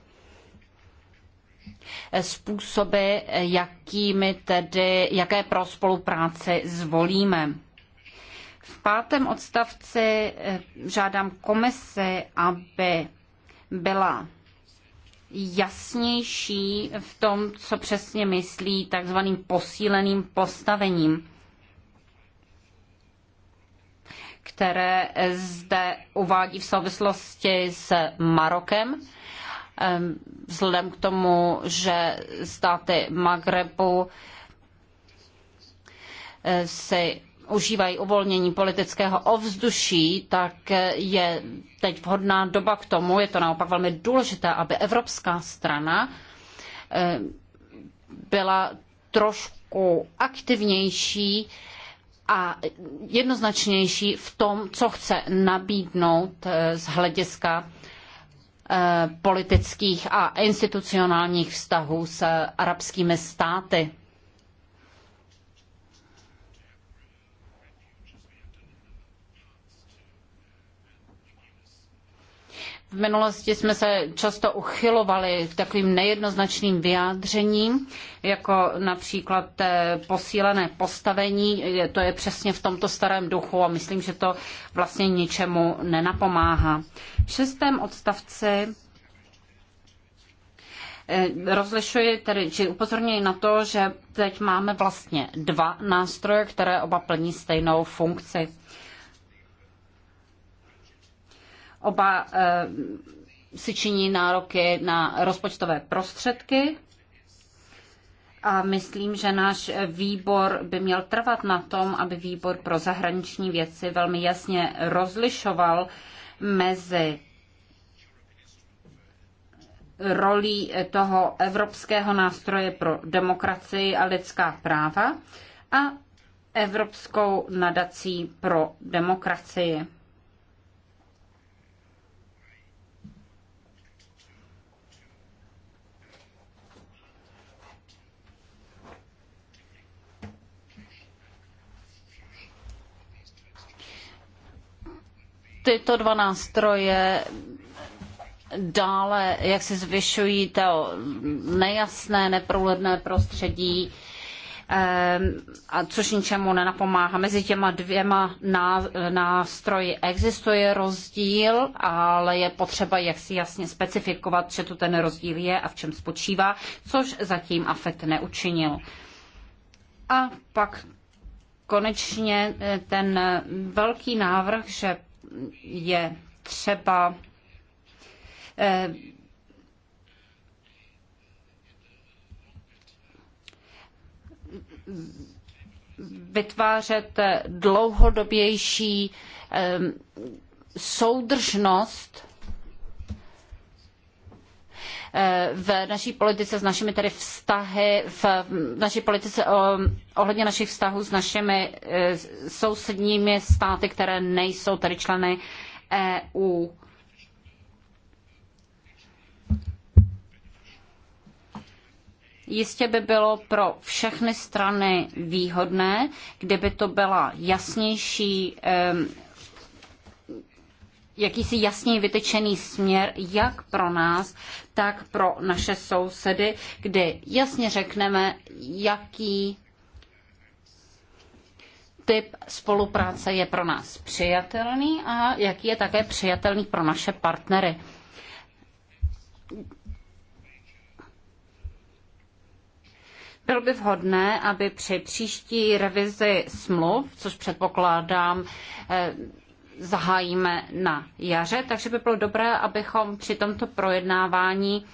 způsoby, jakými tedy, jaké pro spolupráci zvolíme. V pátém odstavci eh, žádám komisi, aby byla jasnější v tom, co přesně myslí takzvaným posíleným postavením, které zde uvádí v souvislosti s Marokem ehm, vzhledem k tomu, že státy Magrebu eh, si užívají uvolnění politického ovzduší, tak je teď vhodná doba k tomu, je to naopak velmi důležité, aby evropská strana eh, byla trošku aktivnější a jednoznačnější v tom, co chce nabídnout eh, z hlediska eh, politických a institucionálních vztahů s arabskými státy. V minulosti jsme se často uchylovali k takovým nejednoznačným vyjádřením, jako například eh, posílené postavení. To je přesně v tomto starém duchu a myslím, že to vlastně ničemu nenapomáhá. V šestém odstavci eh, rozlišuji tedy, či upozorňuji na to, že teď máme vlastně dva nástroje, které oba plní stejnou funkci. Oba eh, si činí nároky na rozpočtové prostředky a myslím, že náš výbor by měl trvat na tom, aby výbor pro zahraniční věci velmi jasně rozlišoval mezi rolí toho Evropského nástroje pro demokracii a lidská práva a Evropskou nadací pro demokracii. tyto dva nástroje dále, jak si zvyšují to nejasné, neprůhledné prostředí, ehm, a což ničemu nenapomáhá. Mezi těma dvěma nástroji existuje rozdíl, ale je potřeba jak si jasně specifikovat, že to ten rozdíl je a v čem spočívá, což zatím AFET neučinil. A pak konečně eh, ten eh, velký návrh, že je třeba eh, vytvářet dlouhodobější eh, soudržnost Eh, v naší politice s našimi tedy vztahy, v naší politice ohledně našich vztahů s našimi eh, sousedními státy, které nejsou tedy členy EU. Jistě by bylo pro všechny strany výhodné, kdyby to byla jasnější jakýsi jasně vytečený směr, jak pro nás, tak pro naše sousedy, kdy jasně řekneme, jaký typ spolupráce je pro nás přijatelný a jaký je také přijatelný pro naše partnery. Bylo by vhodné, aby při příští revizi smluv, což předpokládám, eh, zahájíme na jaře, takže by bylo dobré, abychom při tomto projednávání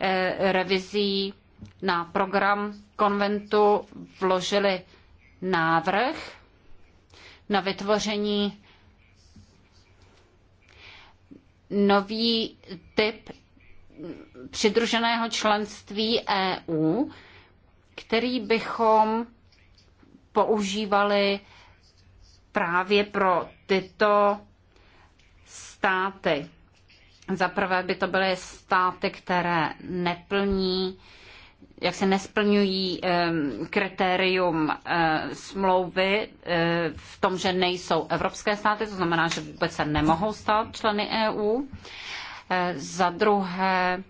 eh, revizí na program konventu vložili návrh na vytvoření nový typ přidruženého členství EU, který bychom používali právě pro tyto státy. Za prvé by to byly státy, které neplní, jak se nesplňují um, kritérium uh, smlouvy uh, v tom, že nejsou evropské státy, to znamená, že vůbec se nemohou stát členy EU. Uh, eh, za druhé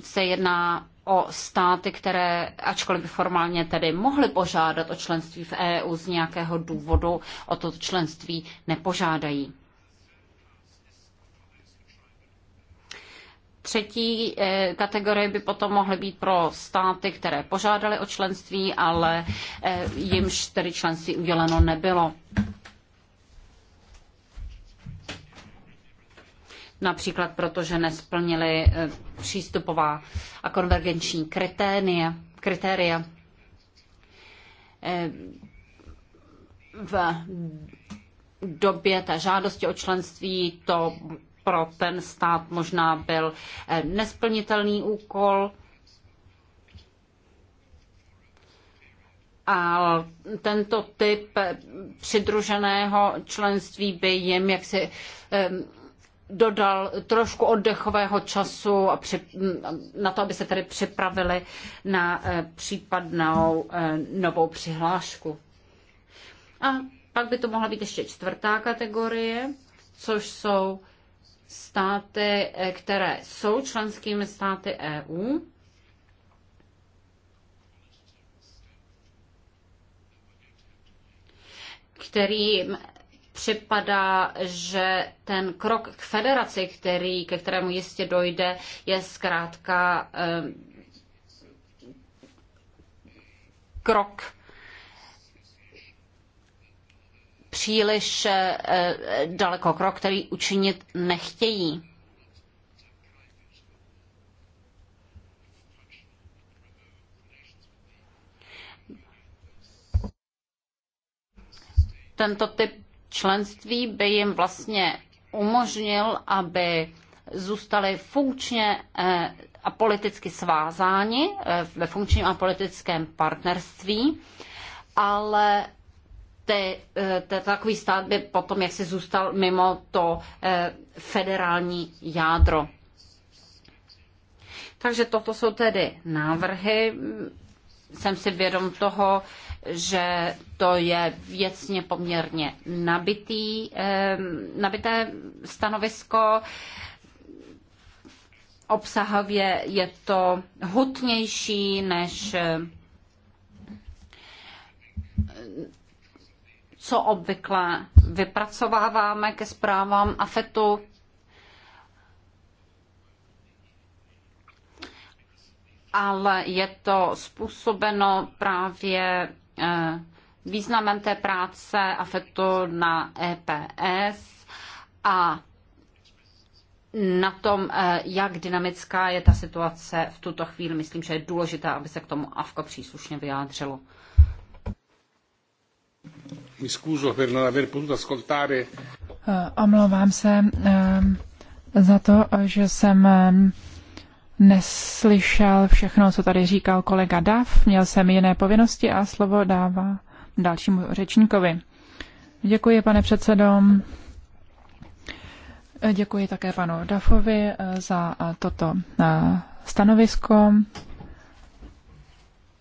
se jedná o státy, které ačkoliv formálně tedy mohly požádat o členství v EU z nějakého důvodu, o to členství nepožádají. Třetí eh, kategorie by potom mohly být pro státy, které požádaly o členství, ale eh, jimž tedy členství uděleno nebylo. například proto, že nesplnili eh, přístupová a konvergenční kritérie kritéria. Eh, v době té žádosti o členství to pro ten stát možná byl eh, nesplnitelný úkol, a tento typ přidruženého členství by jim jaksi dodal trošku oddechového času a při, na to, aby se tedy připravili na eh, případnou eh, novou přihlášku. A pak by to mohla být ještě čtvrtá kategorie, což jsou státy, eh, které jsou členskými státy EU. kterým připadá, že ten krok k federaci, který, ke kterému jistě dojde, je zkrátka ehm, krok příliš eh, eh, daleko, krok, který učinit nechtějí. tento typ členství by jim vlastně umožnil, aby zůstali funkčně eh, a politicky svázáni eh, ve funkčním a politickém partnerství, ale ty, eh, te, takový stát by potom jaksi zůstal mimo to federální jádro. Takže toto jsou tedy návrhy. Jsem si vědom toho, že to je věcně poměrně nabitý, nabité stanovisko. Obsahově je to hutnější než eh, co obvykle vypracováváme ke zprávám AFETu. ale je to způsobeno právě Eh, významem té práce afektu na EPS a na tom, eh, jak dynamická je ta situace v tuto chvíli. Myslím, že je důležité, aby se k tomu AFKO příslušně vyjádřilo. Mi scuso per non aver potuto ascoltare. Eh, omlouvám se za to, že jsem neslyšel všechno, co tady říkal kolega Dav. Měl jsem jiné povinnosti a slovo dává dalšímu řečníkovi. Děkuji, pane předsedo. Děkuji také panu Dafovi eh, za eh, toto eh, stanovisko.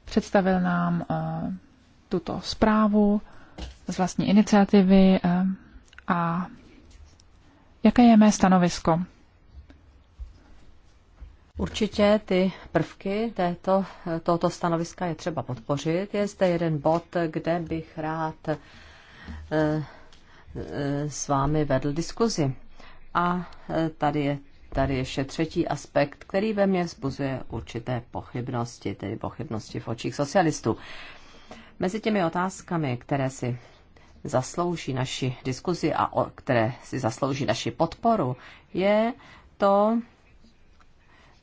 Představil nám tuto zprávu z vlastní iniciativy a jaké je mé stanovisko. Určitě ty prvky této, tohoto stanoviska je třeba podpořit. Je zde jeden bod, kde bych rád eh, eh, s vámi vedl diskuzi. A eh, tady je tady ještě třetí aspekt, který ve mně vzbuzuje určité pochybnosti, tedy pochybnosti v očích socialistů. Mezi těmi otázkami, které si zaslouží naši diskuzi a o, které si zaslouží naši podporu, je to,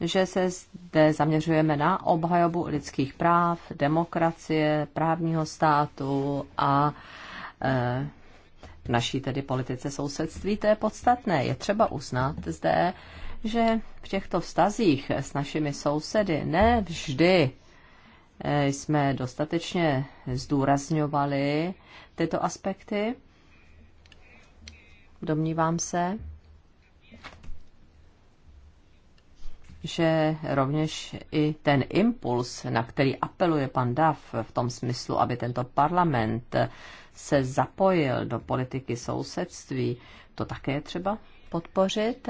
že se zde zaměřujeme na obhajobu lidských práv, demokracie, právního státu a e, v naší tedy politice sousedství. To je podstatné. Je třeba uznat zde, že v těchto vztazích s našimi sousedy ne vždy e, jsme dostatečně zdůrazňovali tyto aspekty. Domnívám se, že rovněž i ten impuls, na který apeluje pan Dav v tom smyslu, aby tento parlament se zapojil do politiky sousedství, to také třeba podpořit.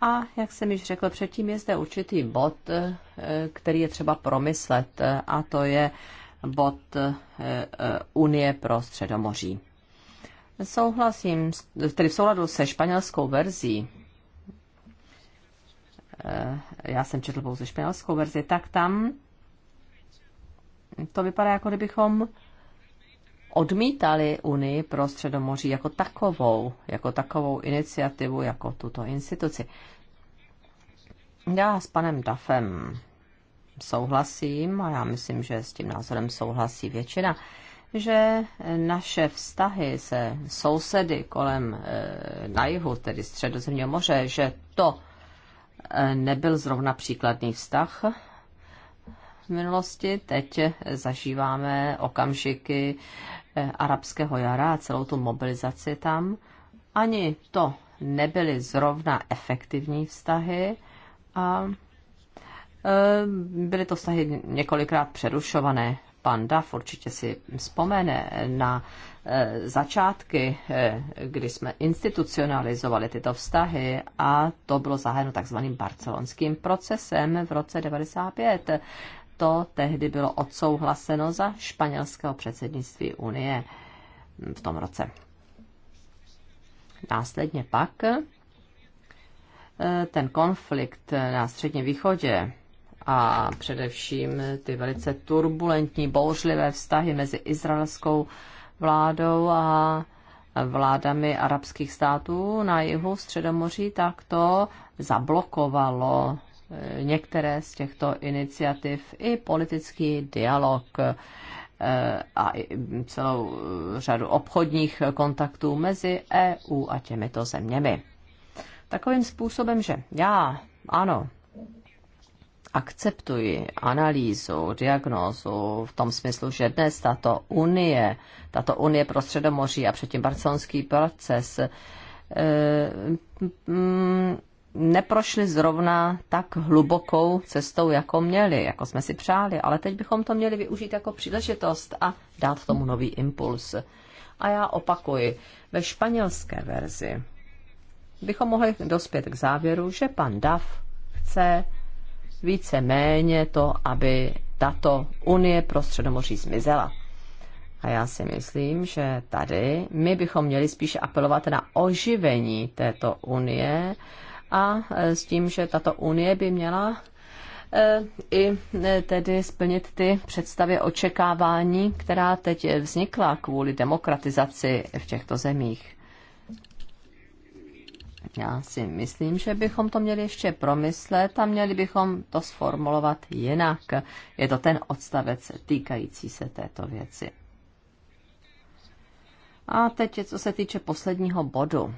A jak jsem již řekl předtím, je zde určitý bod, eh, který je třeba promyslet, eh, a to je bod eh, Unie pro Středomoří. Souhlasím, tedy v souladu se španělskou verzí Eh, já jsem četl pouze španělskou verzi, tak tam to vypadá, jako kdybychom odmítali Unii pro Středomoří jako takovou, jako takovou iniciativu, jako tuto instituci. Já s panem Dafem souhlasím a já myslím, že s tím názorem souhlasí většina, že naše vztahy se sousedy kolem e, na jihu, tedy středozemního moře, že to nebyl zrovna příkladný vztah v minulosti. Teď zažíváme okamžiky eh, arabského jara a celou tu mobilizaci tam. Ani to nebyly zrovna efektivní vztahy a eh, byly to vztahy několikrát přerušované pan Duff určitě si vzpomene na eh, začátky, eh, kdy jsme institucionalizovali tyto vztahy a to bylo zahájeno takzvaným barcelonským procesem v roce 1995. To tehdy bylo odsouhlaseno za španělského předsednictví Unie v tom roce. Následně pak eh, ten konflikt na Středním východě a především ty velice turbulentní, bouřlivé vztahy mezi izraelskou vládou a vládami arabských států na jihu Středomoří, tak to zablokovalo eh, některé z těchto iniciativ i politický dialog eh, a celou řadu obchodních kontaktů mezi EU a těmito zeměmi. Takovým způsobem, že já, ano, akceptuji analýzu, diagnózu v tom smyslu, že dnes tato unie, tato unie pro Středomoří a předtím barcelonský proces e, eh, m, mm, zrovna tak hlubokou cestou, jako měli, jako jsme si přáli, ale teď bychom to měli využít jako příležitost a dát tomu nový impuls. A já opakuji, ve španělské verzi bychom mohli dospět k závěru, že pan Dav chce více méně to, aby tato unie pro Středomoří zmizela. A já si myslím, že tady my bychom měli spíše apelovat na oživení této unie a e, s tím, že tato unie by měla e, i e, tedy splnit ty představy očekávání, která teď vznikla kvůli demokratizaci v těchto zemích. Já si myslím, že bychom to měli ještě promyslet a měli bychom to sformulovat jinak. Je to ten odstavec týkající se této věci. A teď, co se týče posledního bodu.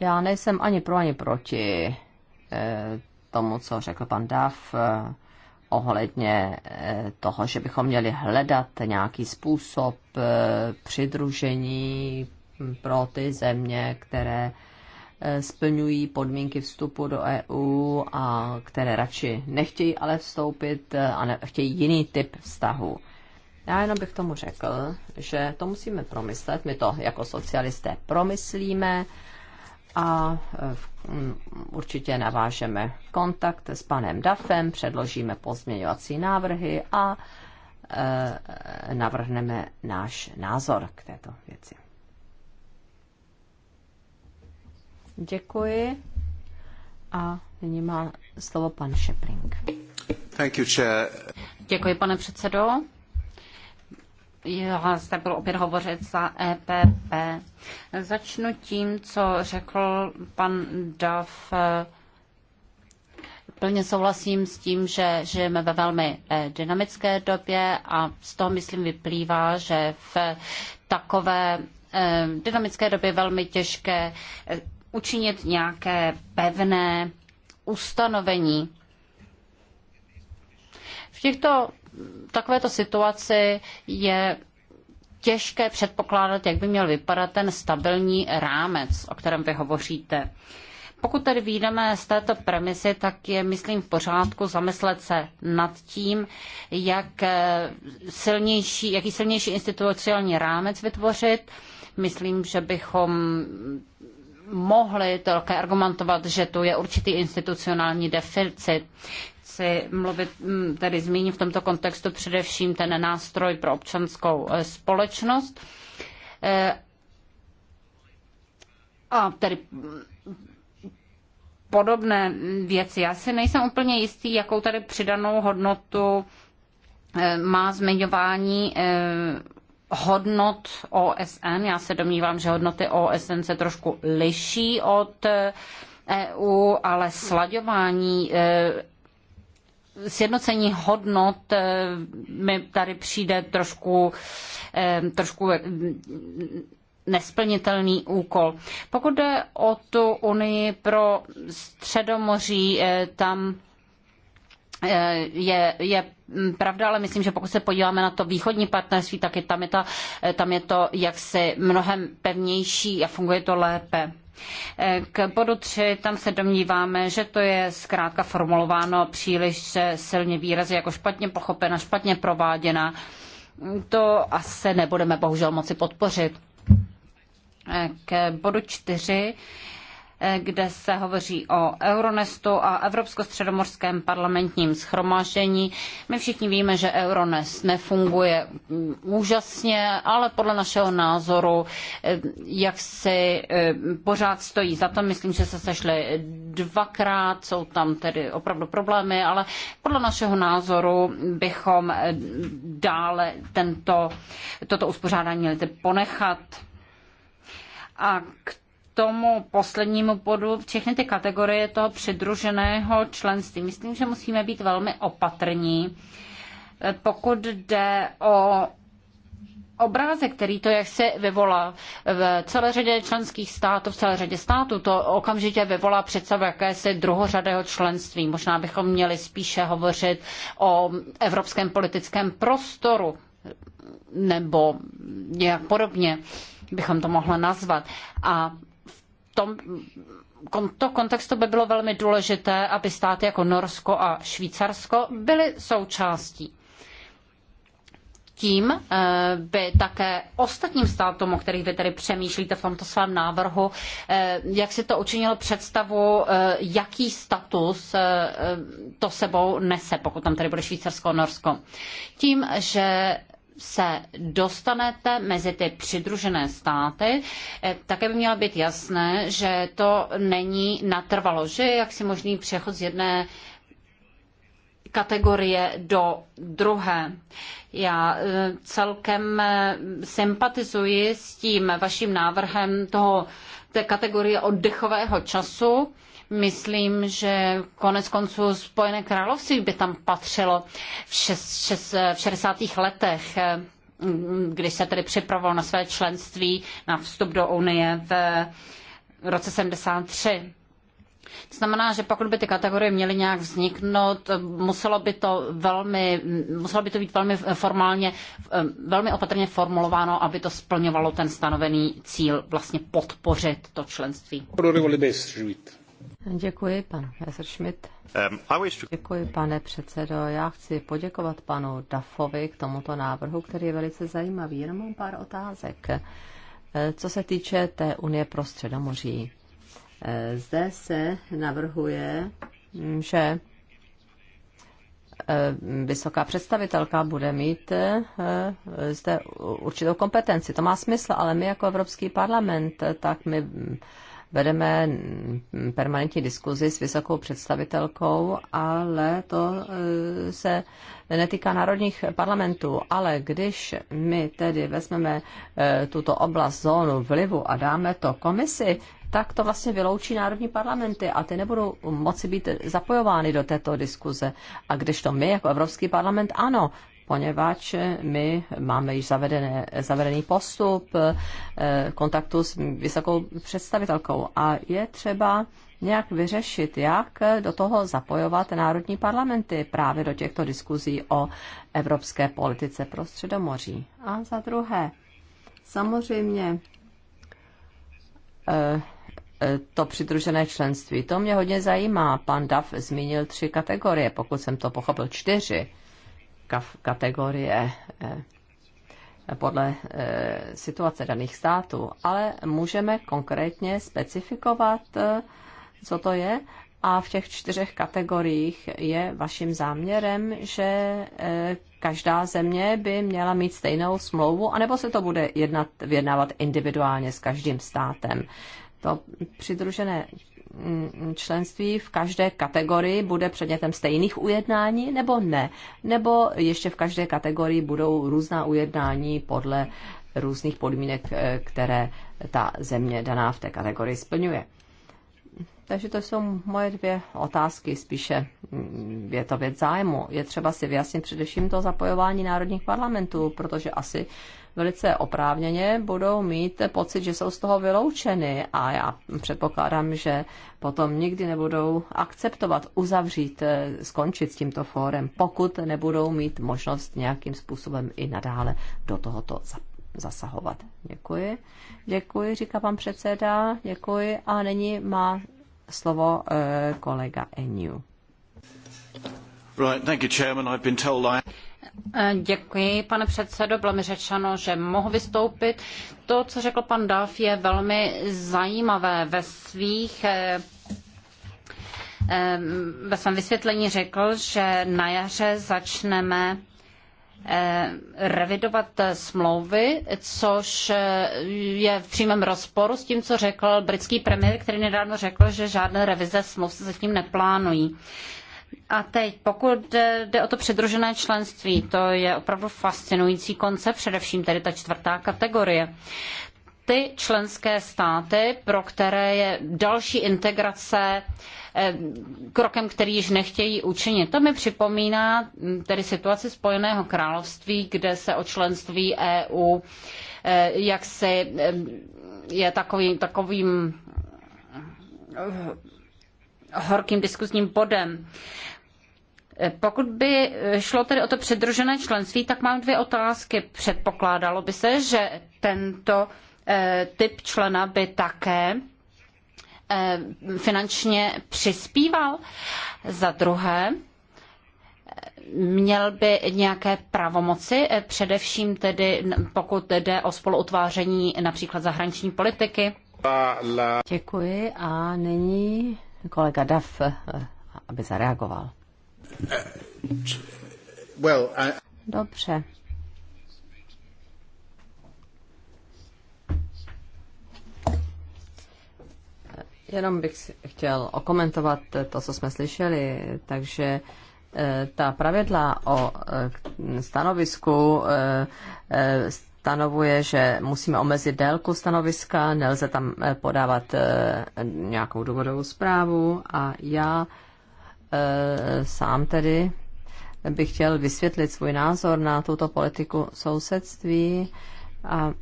Já nejsem ani pro, ani proti eh, tomu, co řekl pan Dav eh, ohledně eh, toho, že bychom měli hledat nějaký způsob přidružení pro ty země, které eh, splňují podmínky vstupu do EU a které radši nechtějí ale vstoupit eh, a ne, chtějí jiný typ vztahu. Já jenom bych tomu řekl, že to musíme promyslet, my to jako socialisté promyslíme a eh, mm, určitě navážeme kontakt s panem Dafem, předložíme pozměňovací návrhy a navrhneme náš názor k této věci. Děkuji. A nyní má slovo pan Šepring. Thank you, chair. Děkuji, pane předsedo. Já zde byl opět hovořit za EPP. Začnu tím, co řekl pan Duff plně souhlasím s tím, že žijeme ve velmi eh, dynamické době a z toho, myslím, vyplývá, že v takové eh, dynamické době velmi těžké eh, učinit nějaké pevné ustanovení. V těchto takovéto situaci je těžké předpokládat, jak by měl vypadat ten stabilní rámec, o kterém vy hovoříte. Pokud tedy výjdeme z této premisy, tak je, myslím, v pořádku zamyslet se nad tím, jak eh, silnější, jaký silnější institucionální rámec vytvořit. Myslím, že bychom mohli také argumentovat, že tu je určitý institucionální deficit. Chci mluvit, mm, tedy zmíním v tomto kontextu především ten nástroj pro občanskou eh, společnost. Eh, a tedy mm, podobné věci. Já si nejsem úplně jistý, jakou tady přidanou hodnotu eh, má zmiňování hodnot OSN. Já se domnívám, že hodnoty OSN se trošku liší od EU, eh, e ale slaďování eh, sjednocení hodnot eh, mi tady přijde trošku, trošku nesplnitelný úkol. Pokud jde o tu Unii pro Středomoří, tam Eh, je, je mm, pravda, ale myslím, že pokud se podíváme na to východní partnerství, tak je tam, je to eh, tam je to jaksi mnohem pevnější a funguje to lépe. Eh, k bodu 3, tam se domníváme, že to je zkrátka formulováno příliš silně výrazy, jako špatně pochopena, špatně prováděna. To asi nebudeme bohužel moci podpořit. K bodu 4 kde se hovoří o Euronestu a Evropsko-středomorském parlamentním schromáždění. My všichni víme, že Euronest nefunguje úžasně, ale podle našeho názoru, eh, jak si eh, pořád stojí za to, myslím, že se sešli dvakrát, jsou tam tedy opravdu problémy, ale podle našeho názoru bychom eh, dále tento, toto uspořádání měli ponechat. A k tomu poslednímu bodu, všechny ty kategorie toho přidruženého členství. Myslím, že musíme být velmi opatrní. Pokud jde o obrázek, který to jak se vyvolá v celé řadě členských států, v celé řadě států, to okamžitě vyvolá představu jakési druhořadého členství. Možná bychom měli spíše hovořit o evropském politickém prostoru nebo nějak podobně bychom to mohla nazvat. A tom to kontextu by bylo velmi důležité, aby státy jako Norsko a Švýcarsko byly součástí. Tím eh, by také ostatním státům, o kterých vy tedy přemýšlíte v tomto svém návrhu, eh, jak si to učinilo představu, eh, jaký status to sebou nese, pokud tam tedy bude Švýcarsko a Norsko. Tím, že se dostanete mezi ty přidružené státy, eh, také by mělo být jasné, že to není natrvalo, že je jaksi možný přechod z jedné kategorie do druhé. Já eh, celkem eh, sympatizuji s tím vaším návrhem toho, té kategorie oddechového času, Myslím, že konec konců Spojené království by tam patřilo v, šest, šest, v 60. letech, když se tedy připravoval na své členství na vstup do Unie v roce 73. To znamená, že pokud by ty kategorie měly nějak vzniknout, muselo by to, velmi, muselo by to být velmi formálně, velmi opatrně formulováno, aby to splňovalo ten stanovený cíl vlastně podpořit to členství. Děkuji, pan Messerschmidt. Um, Děkuji, pane předsedo. Já chci poděkovat panu Dafovi k tomuto návrhu, který je velice zajímavý. Jenom mám pár otázek. Eh, co se týče té Unie pro středomoří, eh, zde se navrhuje, mm, že eh, vysoká představitelka bude mít zde určitou kompetenci. To má smysl, ale my jako Evropský parlament, tak my mm, vedeme permanentní diskuzi s vysokou představitelkou, ale to eh, se netýká národních parlamentů. Ale když my tedy vezmeme eh, tuto oblast zónu vlivu a dáme to komisi, tak to vlastně vyloučí národní parlamenty a ty nebudou moci být zapojovány do této diskuze. A když to my jako Evropský parlament, ano, poněvadž my máme již zavedené, zavedený postup eh, kontaktu s vysokou představitelkou a je třeba nějak vyřešit, jak do toho zapojovat národní parlamenty právě do těchto diskuzí o evropské politice pro Středomoří. A za druhé, samozřejmě eh, eh, to přidružené členství. To mě hodně zajímá. Pan Duff zmínil tři kategorie, pokud jsem to pochopil, čtyři kategorie eh, podle eh, situace daných států, ale můžeme konkrétně specifikovat, eh, co to je. A v těch čtyřech kategoriích je vaším záměrem, že každá země by měla mít stejnou smlouvu, anebo se to bude jednat, vyjednávat individuálně s každým státem. To přidružené Mm, členství v každé kategorii bude předmětem stejných ujednání nebo ne? Nebo ještě v každé kategorii budou různá ujednání podle různých podmínek, eh, které ta země daná v té kategorii splňuje? Takže to jsou moje dvě otázky, spíše mm, je to věc zájmu. Je třeba si vyjasnit především to zapojování národních parlamentů, protože asi velice oprávněně budou mít pocit, že jsou z toho vyloučeny a já předpokládám, že potom nikdy nebudou akceptovat, uzavřít, eh, skončit s tímto fórem, pokud nebudou mít možnost nějakým způsobem i nadále do tohoto zasahovat. Děkuji. Děkuji, říká pan předseda. Děkuji. A nyní má slovo eh, kolega Eniu. Right, thank you, Chairman. I've been told I... Eh, děkuji, pane předsedo. Bylo mi řečeno, že mohu vystoupit. To, co řekl pan Dav, je velmi zajímavé. Ve svých eh, eh, ve svém vysvětlení řekl, že na jaře začneme revidovat smlouvy, což je v přímém rozporu s tím, co řekl britský premiér, který nedávno řekl, že žádné revize smluv se zatím neplánují. A teď, pokud jde o to předružené členství, to je opravdu fascinující koncept, především tedy ta čtvrtá kategorie ty členské státy, pro které je další integrace eh, krokem, který již nechtějí učinit. To mi připomíná hm, tedy situaci Spojeného království, kde se o členství EU eh, jaksi hm, je takový, takovým eh, horkým diskuzním bodem. Eh, pokud by eh, šlo tedy o to předružené členství, tak mám dvě otázky. Předpokládalo by se, že tento eh, typ člena by také finančně přispíval. Za druhé, měl by nějaké pravomoci, především tedy pokud jde o spoluutváření například zahraniční politiky. Děkuji a nyní kolega Duff, eh, aby zareagoval. Dobře. Jenom bych chtěl okomentovat to, co jsme slyšeli. Takže eh, ta pravidla o eh, stanovisku stanovuje, že musíme omezit délku stanoviska, nelze tam eh, podávat eh, nějakou důvodovou zprávu a já eh, sám tedy bych chtěl vysvětlit svůj názor na tuto politiku sousedství a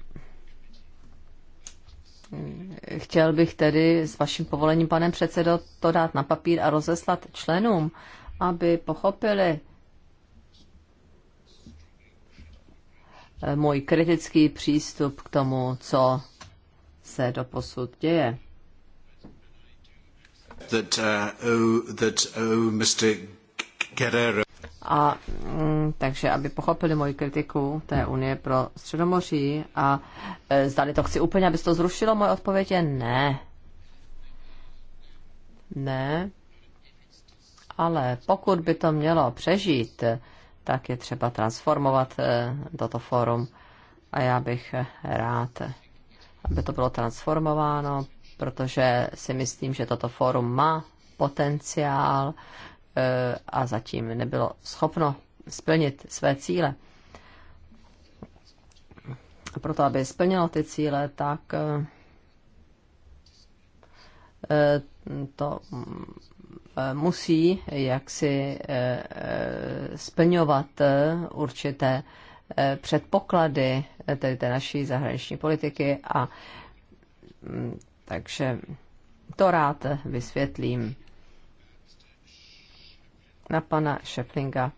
chtěl bych tedy s vaším povolením, pane předsedo, to dát na papír a rozeslat členům, aby pochopili, můj kritický přístup k tomu, co se do posud děje. That, uh, oh, that, oh, Mr. Guerrero. A mm, takže, aby pochopili moji kritiku té Unie pro Středomoří a e, zdali to chci úplně, aby to zrušilo, moje odpověď je ne. Ne. Ale pokud by to mělo přežít, tak je třeba transformovat eh, toto forum a já bych eh, rád, aby to bylo transformováno, protože si myslím, že toto forum má potenciál eh, a zatím nebylo schopno splnit své cíle. A proto, aby splnilo ty cíle, tak to musí jaksi eh, eh, splňovat eh, určité předpoklady tedy té naší zahraniční politiky a mm, takže to rád vysvětlím na pana Šeplinga.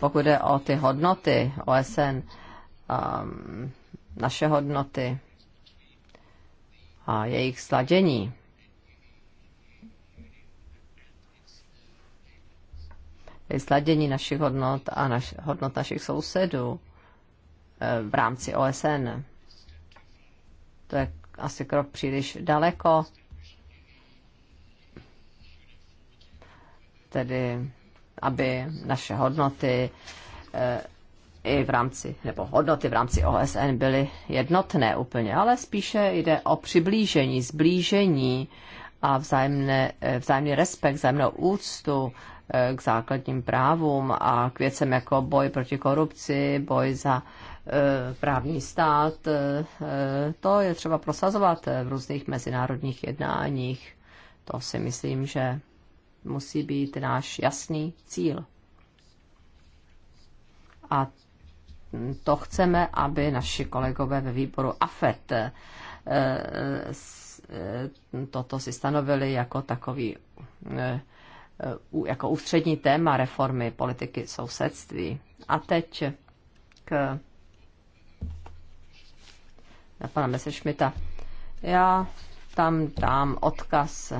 Pokud jde o ty hodnoty OSN, ehm, naše hodnoty, a jejich sladění. Sladění našich hodnot a naš, hodnot našich sousedů eh, v rámci OSN. To je asi krok příliš daleko. Tedy, aby naše hodnoty eh, i v rámci, nebo hodnoty v rámci OSN byly jednotné úplně, ale spíše jde o přiblížení, zblížení a vzájemné, eh, vzájemný respekt, vzájemnou úctu eh, k základním právům a k věcem jako boj proti korupci, boj za eh, právní stát. To je třeba prosazovat v různých mezinárodních jednáních. To si myslím, že musí být náš jasný cíl. A to chceme, aby naši kolegové ve výboru AFET eh, eh, toto si stanovili jako takový eh, jako ústřední téma reformy politiky sousedství. A teď k na pana Messerschmitta. Já tam dám odkaz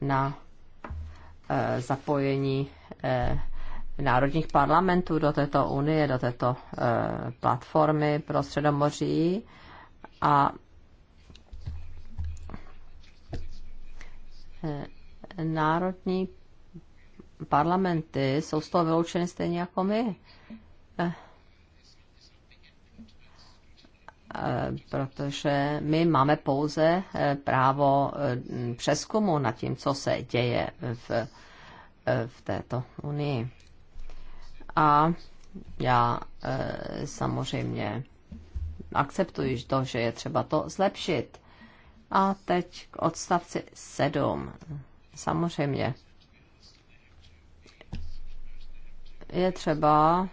na zapojení národních parlamentů do této unie, do této eh, platformy pro Středomoří a eh, národní parlamenty jsou z toho vyloučeny stejně jako my. Eh, protože my máme pouze právo přeskumu nad tím, co se děje v, v této unii. A já e, samozřejmě akceptuji to, že je třeba to zlepšit. A teď k odstavci 7. Samozřejmě je třeba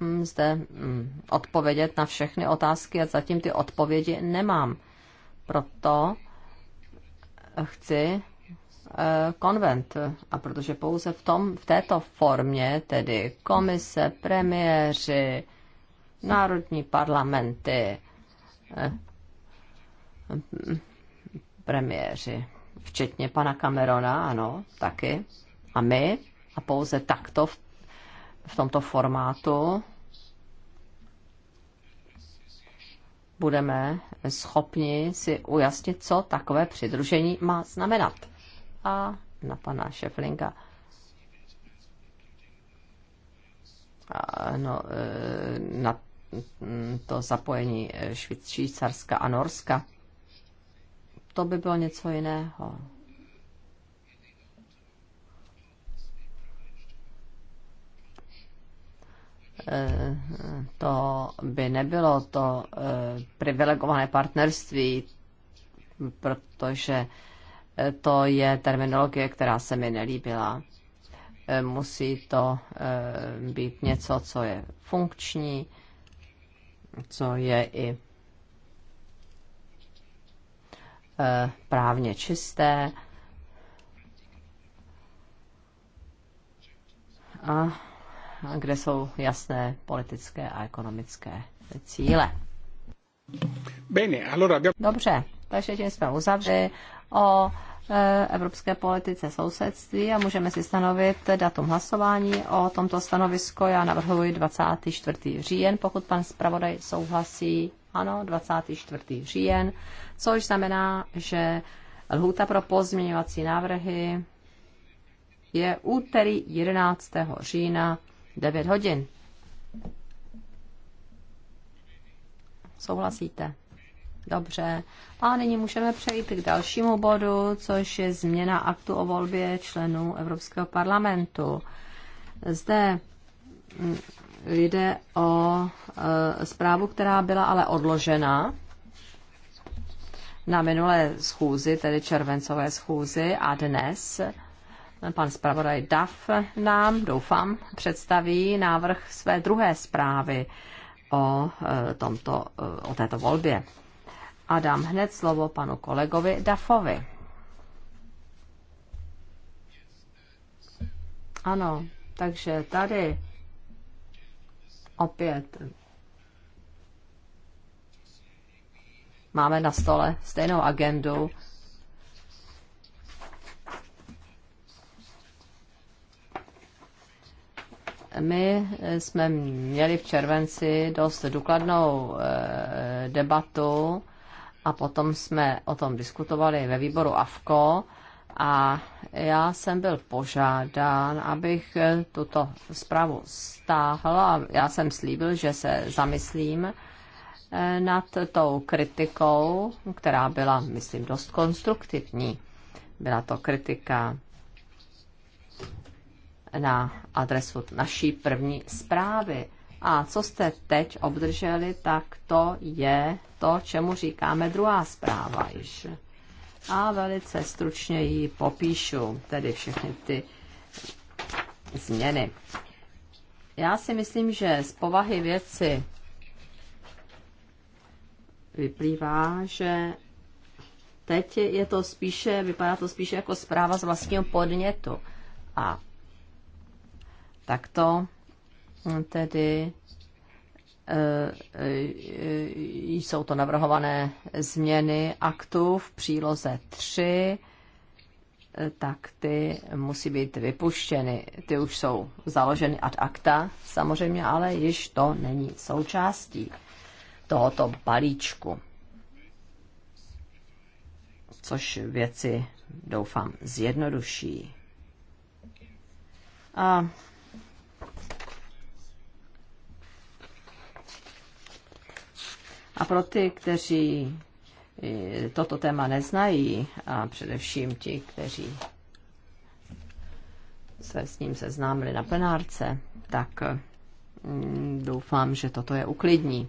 mm, zde mm, odpovědět na všechny otázky a zatím ty odpovědi nemám. Proto chci Eh, konvent. A protože pouze v, tom, v této formě, tedy komise, premiéři, národní parlamenty, eh, premiéři, včetně pana Camerona, ano, taky, a my, a pouze takto v, v tomto formátu budeme schopni si ujasnit, co takové přidružení má znamenat a na pana Šeflinga. no, na to zapojení Švýcarska a Norska. To by bylo něco jiného. E, to by nebylo to e, privilegované partnerství, protože to je terminologie, která se mi nelíbila. E, musí to e, být něco, co je funkční, co je i e, právně čisté. A kde jsou jasné politické a ekonomické cíle. Dobře, takže tím jsme uzavřeli o e, evropské politice sousedství a můžeme si stanovit datum hlasování o tomto stanovisko. Já navrhuji 24. říjen, pokud pan zpravodaj souhlasí. Ano, 24. říjen, což znamená, že lhůta pro pozměňovací návrhy je úterý 11. října 9 hodin. Souhlasíte? Dobře. A nyní můžeme přejít k dalšímu bodu, což je změna aktu o volbě členů Evropského parlamentu. Zde mm, jde o e, zprávu, která byla ale odložena na minulé schůzi, tedy červencové schůzi a dnes pan zpravodaj Daf nám, doufám, představí návrh své druhé zprávy o, e, tomto, e, o této volbě a dám hned slovo panu kolegovi Dafovi. Ano, takže tady opět máme na stole stejnou agendu. My jsme měli v červenci dost důkladnou eh, debatu a potom jsme o tom diskutovali ve výboru AFKO a já jsem byl požádán, abych tuto zprávu stáhla. Já jsem slíbil, že se zamyslím eh, nad tou kritikou, která byla, myslím, dost konstruktivní. Byla to kritika na adresu naší první zprávy. A co jste teď obdrželi, tak to je to, čemu říkáme druhá zpráva již. A velice stručně ji popíšu, tedy všechny ty změny. Já si myslím, že z povahy věci vyplývá, že teď je to spíše, vypadá to spíše jako zpráva z vlastního podnětu. A tak to tedy eh, eh, jsou to navrhované změny aktů v příloze 3, eh, tak ty musí být vypuštěny. Ty už jsou založeny ad acta, samozřejmě, ale již to není součástí tohoto balíčku. Což věci, doufám, zjednoduší. A A pro ty, kteří eh, toto téma neznají, a především ti, kteří se s ním seznámili na plenárce, tak mm, doufám, že toto je uklidní.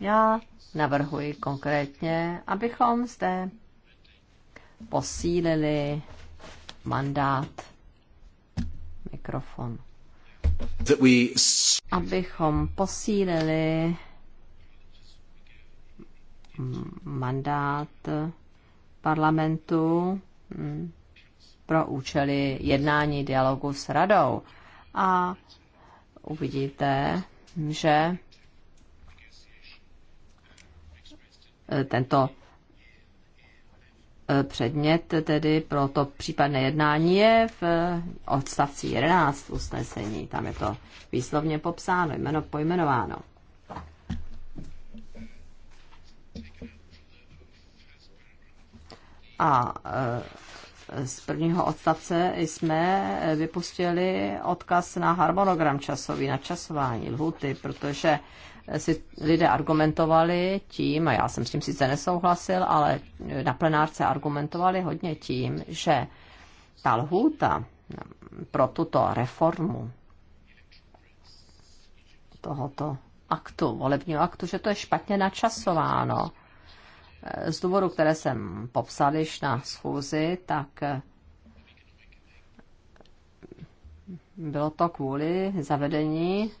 Já navrhuji konkrétně, abychom zde posílili mandát mikrofon. Abychom posílili mandát parlamentu mm, pro účely jednání dialogu s radou. A uvidíte, že tento eh, předmět tedy pro to případné jednání je v eh, odstavci 11 usnesení. Tam je to výslovně popsáno, jméno pojmenováno. A e, z prvního odstavce jsme vypustili odkaz na harmonogram časový, na časování lhuty, protože si lidé argumentovali tím, a já jsem s tím sice nesouhlasil, ale na plenárce argumentovali hodně tím, že ta lhůta pro tuto reformu tohoto aktu, volebního aktu, že to je špatně načasováno. Z důvodu, které jsem popsal již na schůzi, tak eh, bylo to kvůli zavedení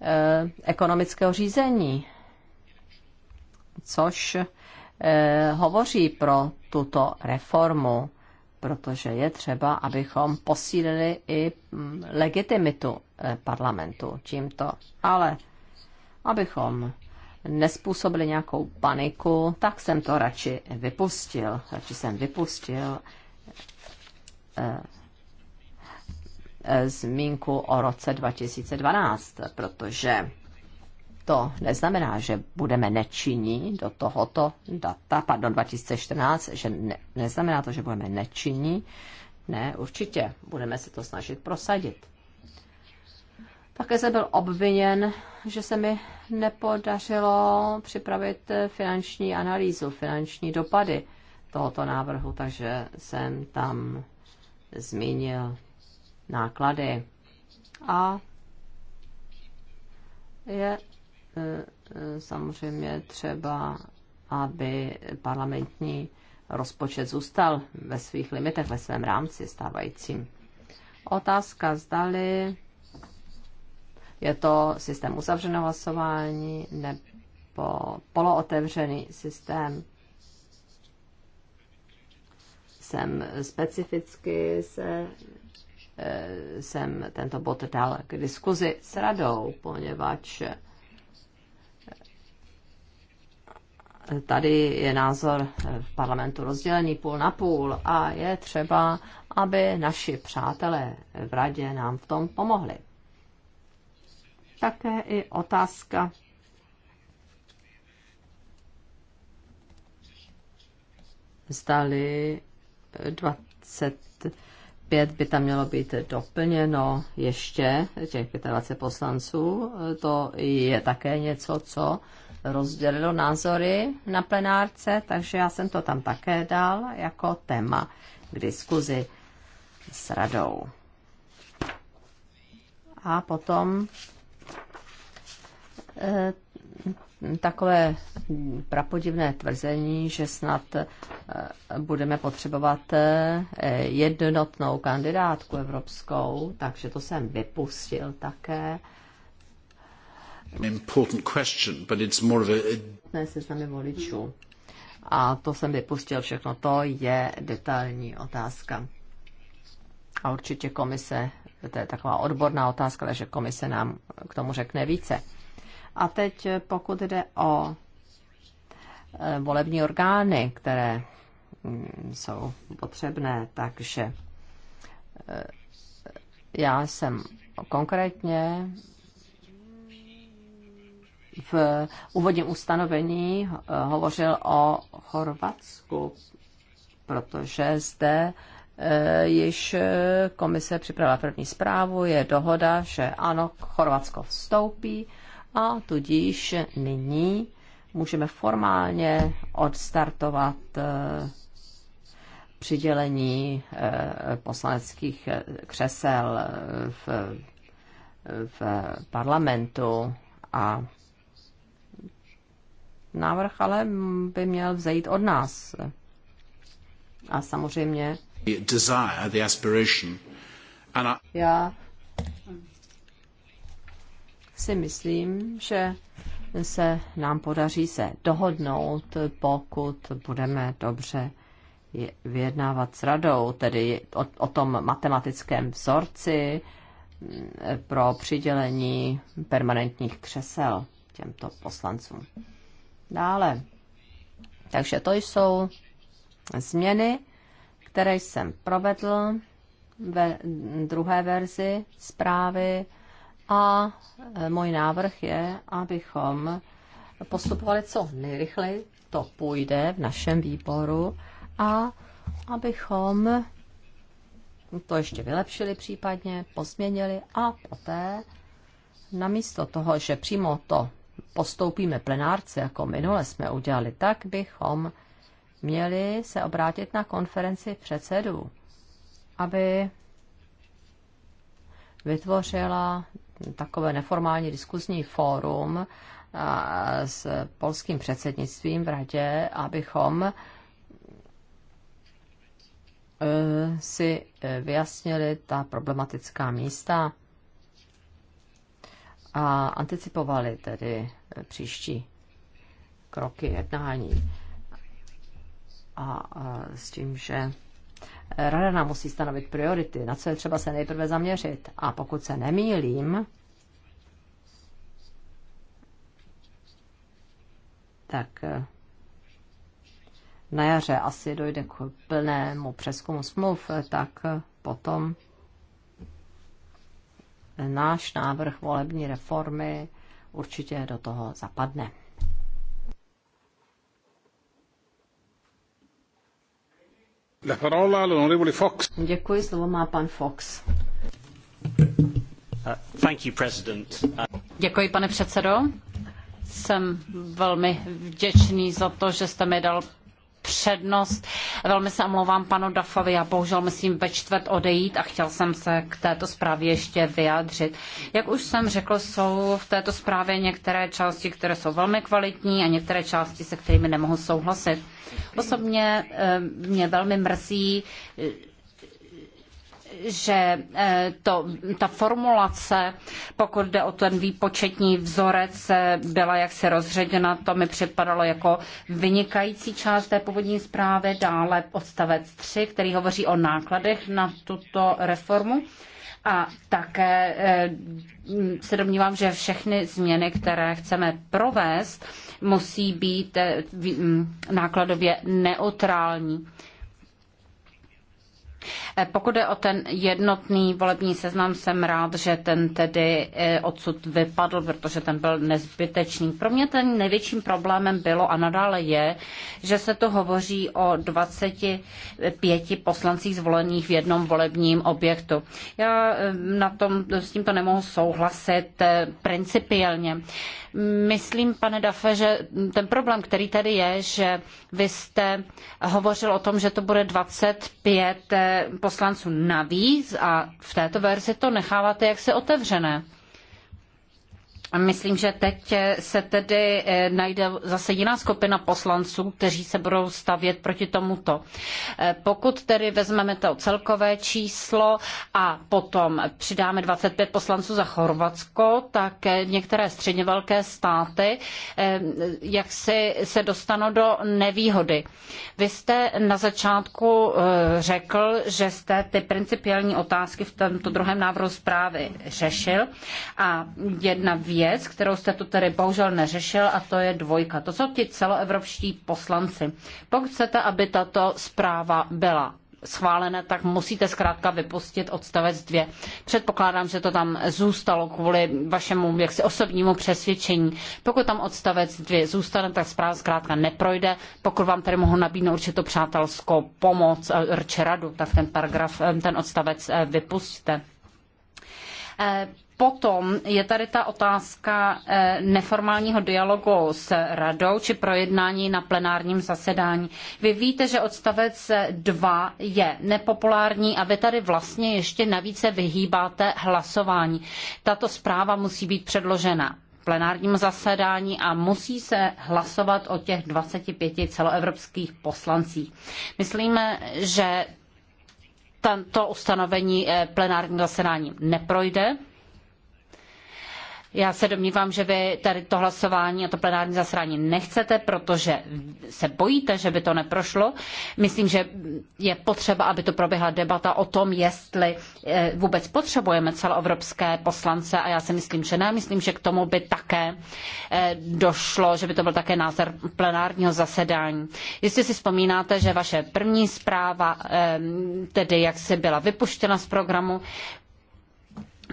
eh, ekonomického řízení, což eh, hovoří pro tuto reformu, protože je třeba, abychom posílili i mm, legitimitu parlamentu tímto. Ale abychom nespůsobili nějakou paniku, tak jsem to radši vypustil. Radši jsem vypustil eh, eh, zmínku o roce 2012, protože to neznamená, že budeme nečinní do tohoto data, pardon, 2014, že ne, neznamená to, že budeme nečinní. Ne, určitě, budeme se to snažit prosadit. Také jsem byl obviněn, že se mi nepodařilo připravit finanční analýzu, finanční dopady tohoto návrhu, takže jsem tam zmínil náklady. A je eh, samozřejmě třeba, aby parlamentní rozpočet zůstal ve svých limitech, ve svém rámci stávajícím. Otázka zdali je to systém uzavřeného hlasování nebo polootevřený systém. Jsem specificky se e, jsem tento bod dal k diskuzi s radou, poněvadž tady je názor v parlamentu rozdělený půl na půl a je třeba, aby naši přátelé v radě nám v tom pomohli také i otázka zdali 25 by tam mělo být doplněno ještě těch 25 poslanců. To je také něco, co rozdělilo názory na plenárce, takže já jsem to tam také dal jako téma k diskuzi s radou. A potom Eh, takové prapodivné tvrzení, že snad eh, budeme potřebovat eh, jednotnou kandidátku evropskou, takže to jsem vypustil také. Important question, but it's more of a... voličů. A to jsem vypustil všechno, to je detailní otázka. A určitě komise, to je taková odborná otázka, takže komise nám k tomu řekne více. A teď eh, pokud jde o eh, volební orgány, které mm, jsou potřebné, takže eh, já jsem konkrétně v úvodním ustanovení hovořil o Chorvatsku, protože zde již komise připravila první zprávu, je dohoda, že ano, Chorvatsko vstoupí a tudíž nyní můžeme formálně odstartovat eh, přidělení eh, poslaneckých eh, křesel v, v parlamentu a návrh ale by měl vzejít od nás. A samozřejmě já si myslím, že se nám podaří se dohodnout, pokud budeme dobře vyjednávat s radou, tedy o, o tom matematickém vzorci mm, pro přidělení permanentních křesel těmto poslancům. Dále. Takže to jsou změny, které jsem provedl ve druhé verzi zprávy a e, můj návrh je, abychom postupovali co nejrychleji, to půjde v našem výboru, a abychom to ještě vylepšili případně, posměnili a poté namísto toho, že přímo to postoupíme plenárce, jako minule jsme udělali, tak bychom měli se obrátit na konferenci předsedů, aby vytvořila takové neformální diskuzní fórum s polským předsednictvím v radě, abychom e, si e, vyjasnili ta problematická místa a anticipovali tedy e, příští kroky jednání. A s tím, že Rada nám musí stanovit priority, na co je třeba se nejprve zaměřit. A pokud se nemýlím, tak eh, na jaře asi dojde k plnému přeskumu smluv, tak eh, potom náš návrh volební reformy určitě do toho zapadne. La parola Děkuji, slovo má pan Fox. Uh, uh, Děkuji, pane předsedo. Jsem velmi vděčný za to, že jste mi dal přednost. Velmi se omlouvám panu Dafovi, já bohužel musím ve čtvrt odejít a chtěl jsem se k této zprávě ještě vyjádřit. Jak už jsem řekl, jsou v této zprávě některé části, které jsou velmi kvalitní a některé části, se kterými nemohu souhlasit. Osobně eh, mě velmi mrzí, že eh, to, ta formulace, pokud jde o ten výpočetní vzorec, eh, byla jaksi rozředěna, to mi připadalo jako vynikající část té původní zprávy, dále odstavec 3, který hovoří o nákladech na tuto reformu. A také eh, se domnívám, že všechny změny, které chceme provést, musí být mm, nákladově neutrální. Eh, pokud je o ten jednotný volební seznam, jsem rád, že ten tedy eh, odsud vypadl, protože ten byl nezbytečný. Pro mě ten největším problémem bylo a nadále je, že se to hovoří o 25 poslancích zvolených v jednom volebním objektu. Já eh, na tom, s tímto nemohu souhlasit principiálně. Myslím, pane Dafe, že ten problém, který tady je, že vy jste hovořil o tom, že to bude 25 eh, poslanců navíc a v této verzi to necháváte jaksi otevřené. Myslím, že teď eh, se tedy eh, najde zase jiná skupina poslanců, kteří se budou stavět proti tomuto. Eh, pokud tedy vezmeme to celkové číslo a potom přidáme 25 poslanců za Chorvatsko, tak některé středně velké státy jak si se dostanou do nevýhody. Vy jste na začátku řekl, že jste ty principiální otázky v tomto druhém návrhu zprávy řešil a jedna věc, věc, kterou jste tu tedy bohužel neřešil, a to je dvojka. To jsou ti celoevropští poslanci. Pokud chcete, aby tato zpráva byla schválena, tak musíte zkrátka vypustit odstavec dvě. Předpokládám, že to tam zůstalo kvůli vašemu jaksi osobnímu přesvědčení. Pokud tam odstavec dvě zůstane, tak zpráva zkrátka neprojde. Pokud vám tady mohu nabídnout určitou přátelskou pomoc, eh, rče radu, tak ten paragraf, eh, ten odstavec eh, vypustíte. Potom je tady ta otázka eh, neformálního dialogu s radou či projednání na plenárním zasedání. Vy víte, že odstavec 2 je nepopulární a vy tady vlastně ještě navíc se vyhýbáte hlasování. Tato zpráva musí být předložena plenárním zasedání a musí se hlasovat o těch 25 celoevropských poslancích. Myslíme, že tento ustanovení eh, plenárního zasedání neprojde, já se domnívám, že vy tady to hlasování a to plenární zasedání nechcete, protože se bojíte, že by to neprošlo. Myslím, že je potřeba, aby tu proběhla debata o tom, jestli eh, vůbec potřebujeme celoevropské poslance a já si myslím, že ne. Myslím, že k tomu by také eh, došlo, že by to byl také názor plenárního zasedání. Jestli si vzpomínáte, že vaše první zpráva eh, tedy jak se byla vypuštěna z programu,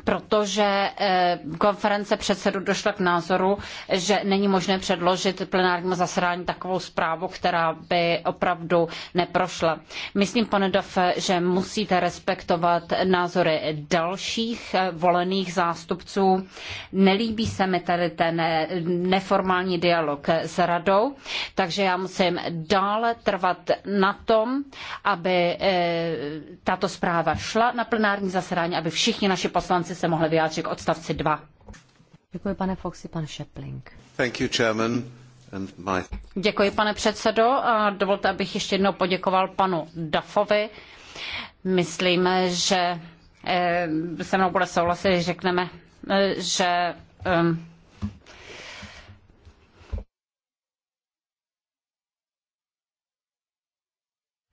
protože eh, konference předsedů došla k názoru, že není možné předložit plenárnímu zasedání takovou zprávu, která by opravdu neprošla. Myslím, pane Dafe, že musíte respektovat názory dalších eh, volených zástupců. Nelíbí se mi tady ten eh, neformální dialog s radou, takže já musím dále trvat na tom, aby tato zpráva šla na plenární zasedání, aby všichni naši poslanci poslanci se mohli vyjádřit k odstavci 2. Děkuji, pane Foxy, pan Shepling. Thank you, Chairman. Děkuji, pane předsedo. A dovolte, abych ještě jednou poděkoval panu Dafovi. Myslím, že eh, se mnou bude souhlasit, řekneme, eh, že ehm,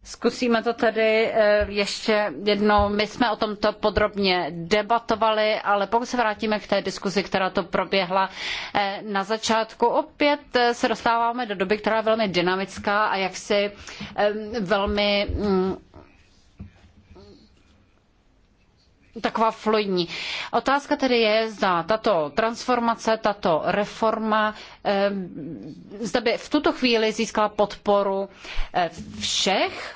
Zkusíme to tedy eh, ještě jednou. My jsme o tomto podrobně debatovali, ale pokud se vrátíme k té diskuzi, která to proběhla eh, na začátku, opět eh, se dostáváme do doby, která je velmi dynamická a jaksi velmi mm, taková fluidní. Otázka tedy je, zda tato transformace, tato reforma, eh, zda by v tuto chvíli získala podporu eh, všech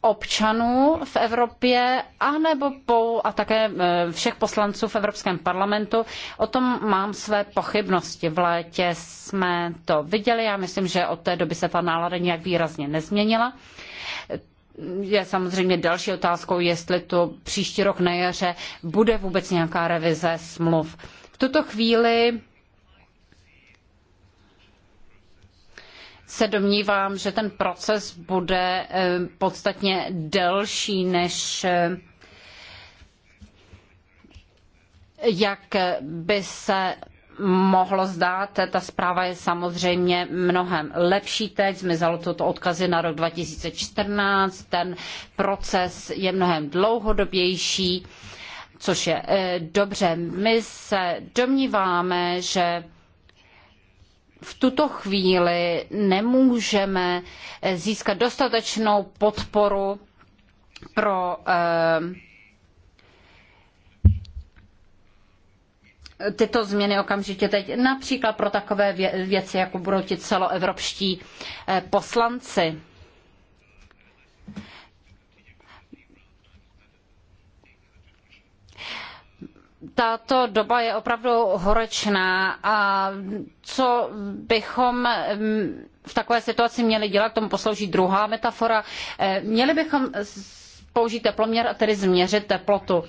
občanů v Evropě a nebo pou a také eh, všech poslanců v Evropském parlamentu. O tom mám své pochybnosti. V létě jsme to viděli. Já myslím, že od té doby se ta nálada nějak výrazně nezměnila je samozřejmě další otázkou, jestli to příští rok na jaře bude vůbec nějaká revize smluv. V tuto chvíli se domnívám, že ten proces bude eh, podstatně delší, než eh, jak by se mohlo zdát, ta zpráva je samozřejmě mnohem lepší teď, zmizelo to odkazy na rok 2014, ten proces je mnohem dlouhodobější, což je eh, dobře. My se domníváme, že v tuto chvíli nemůžeme eh, získat dostatečnou podporu pro eh, tyto změny okamžitě teď, například pro takové věci, jako budou ti celoevropští eh, poslanci. Tato doba je opravdu horečná a co bychom mm, v takové situaci měli dělat, k tomu poslouží druhá metafora. Eh, měli bychom použít teploměr a tedy změřit teplotu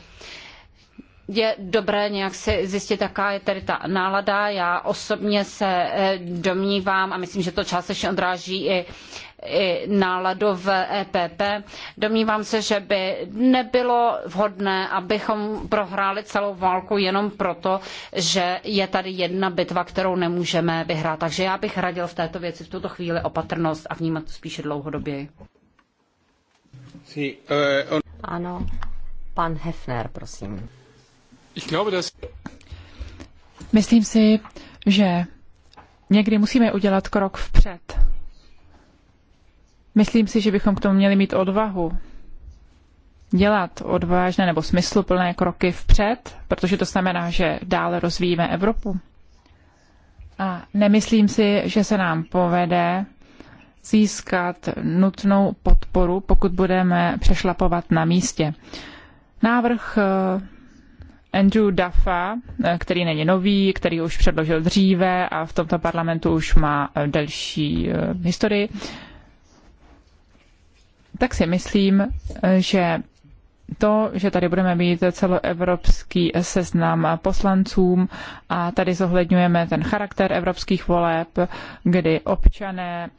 je dobré nějak si zjistit, jaká je tedy ta nálada. Já osobně se eh, domnívám, a myslím, že to částečně odráží i i náladu v EPP. Domnívám se, že by nebylo vhodné, abychom prohráli celou válku jenom proto, že je tady jedna bitva, kterou nemůžeme vyhrát. Takže já bych radil v této věci v tuto chvíli opatrnost a vnímat to spíše dlouhodoběji. Eh, ano, pan Hefner, prosím. Myslím si, že někdy musíme udělat krok vpřed. Myslím si, že bychom k tomu měli mít odvahu dělat odvážné nebo smysluplné kroky vpřed, protože to znamená, že dále rozvíjíme Evropu. A nemyslím si, že se nám povede získat nutnou podporu, pokud budeme přešlapovat na místě. Návrh eh, Andrew Duffa, eh, který není nový, který už předložil dříve a v tomto parlamentu už má eh, delší eh, historii, tak si myslím, že to, že tady budeme mít celoevropský seznam poslancům a tady zohledňujeme ten charakter evropských voleb, kdy občané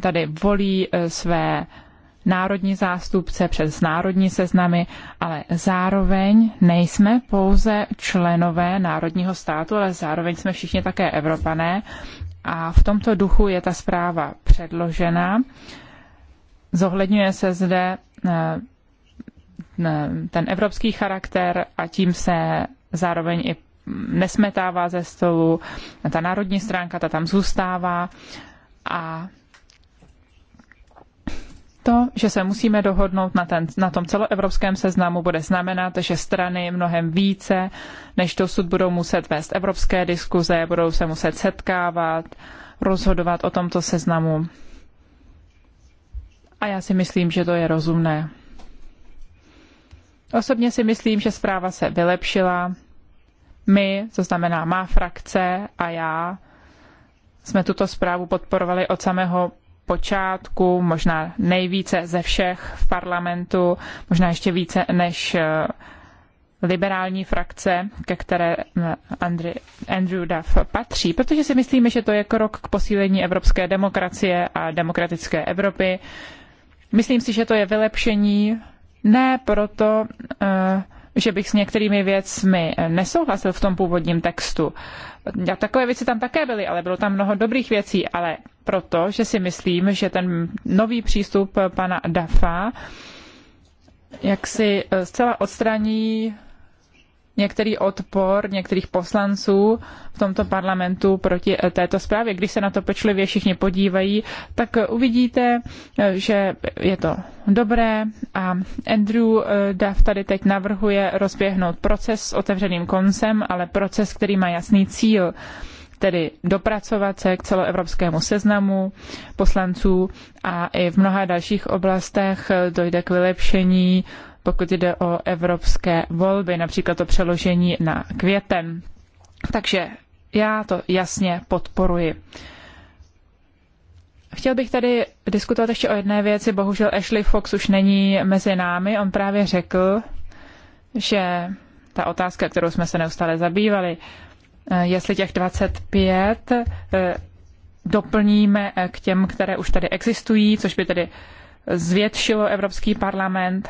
tady volí své národní zástupce přes národní seznamy, ale zároveň nejsme pouze členové národního státu, ale zároveň jsme všichni také Evropané. A v tomto duchu je ta zpráva předložena. Zohledňuje se zde eh, eh, ten evropský charakter a tím se zároveň i nesmetává ze stolu. Ta národní stránka, ta tam zůstává a to, že se musíme dohodnout na, ten, na tom celoevropském seznamu, bude znamenat, že strany mnohem více než dosud budou muset vést evropské diskuze, budou se muset setkávat, rozhodovat o tomto seznamu. A já si myslím, že to je rozumné. Osobně si myslím, že zpráva se vylepšila. My, to znamená má frakce a já, jsme tuto zprávu podporovali od samého počátku, možná nejvíce ze všech v parlamentu, možná ještě více než eh, liberální frakce, ke které eh, Andrew, Andrew Duff patří, protože si myslíme, že to je krok k posílení evropské demokracie a demokratické Evropy. Myslím si, že to je vylepšení ne proto, eh, že bych s některými věcmi nesouhlasil v tom původním textu, a takové věci tam také byly, ale bylo tam mnoho dobrých věcí, ale proto, že si myslím, že ten nový přístup pana Dafa jak si eh, zcela odstraní některý odpor některých poslanců v tomto parlamentu proti eh, této zprávě. Když se na to pečlivě všichni podívají, tak uvidíte, eh, že je to dobré a Andrew eh, Duff tady teď navrhuje rozběhnout proces s otevřeným koncem, ale proces, který má jasný cíl tedy dopracovat se k celoevropskému seznamu poslanců a i v mnoha dalších oblastech dojde k vylepšení pokud jde o evropské volby, například to přeložení na květen. Takže já to jasně podporuji. Chtěl bych tady diskutovat ještě o jedné věci. Bohužel Ashley Fox už není mezi námi. On právě řekl, že ta otázka, kterou jsme se neustále zabývali, eh, jestli těch 25 eh, doplníme eh, k těm, které už tady existují, což by tedy zvětšilo Evropský parlament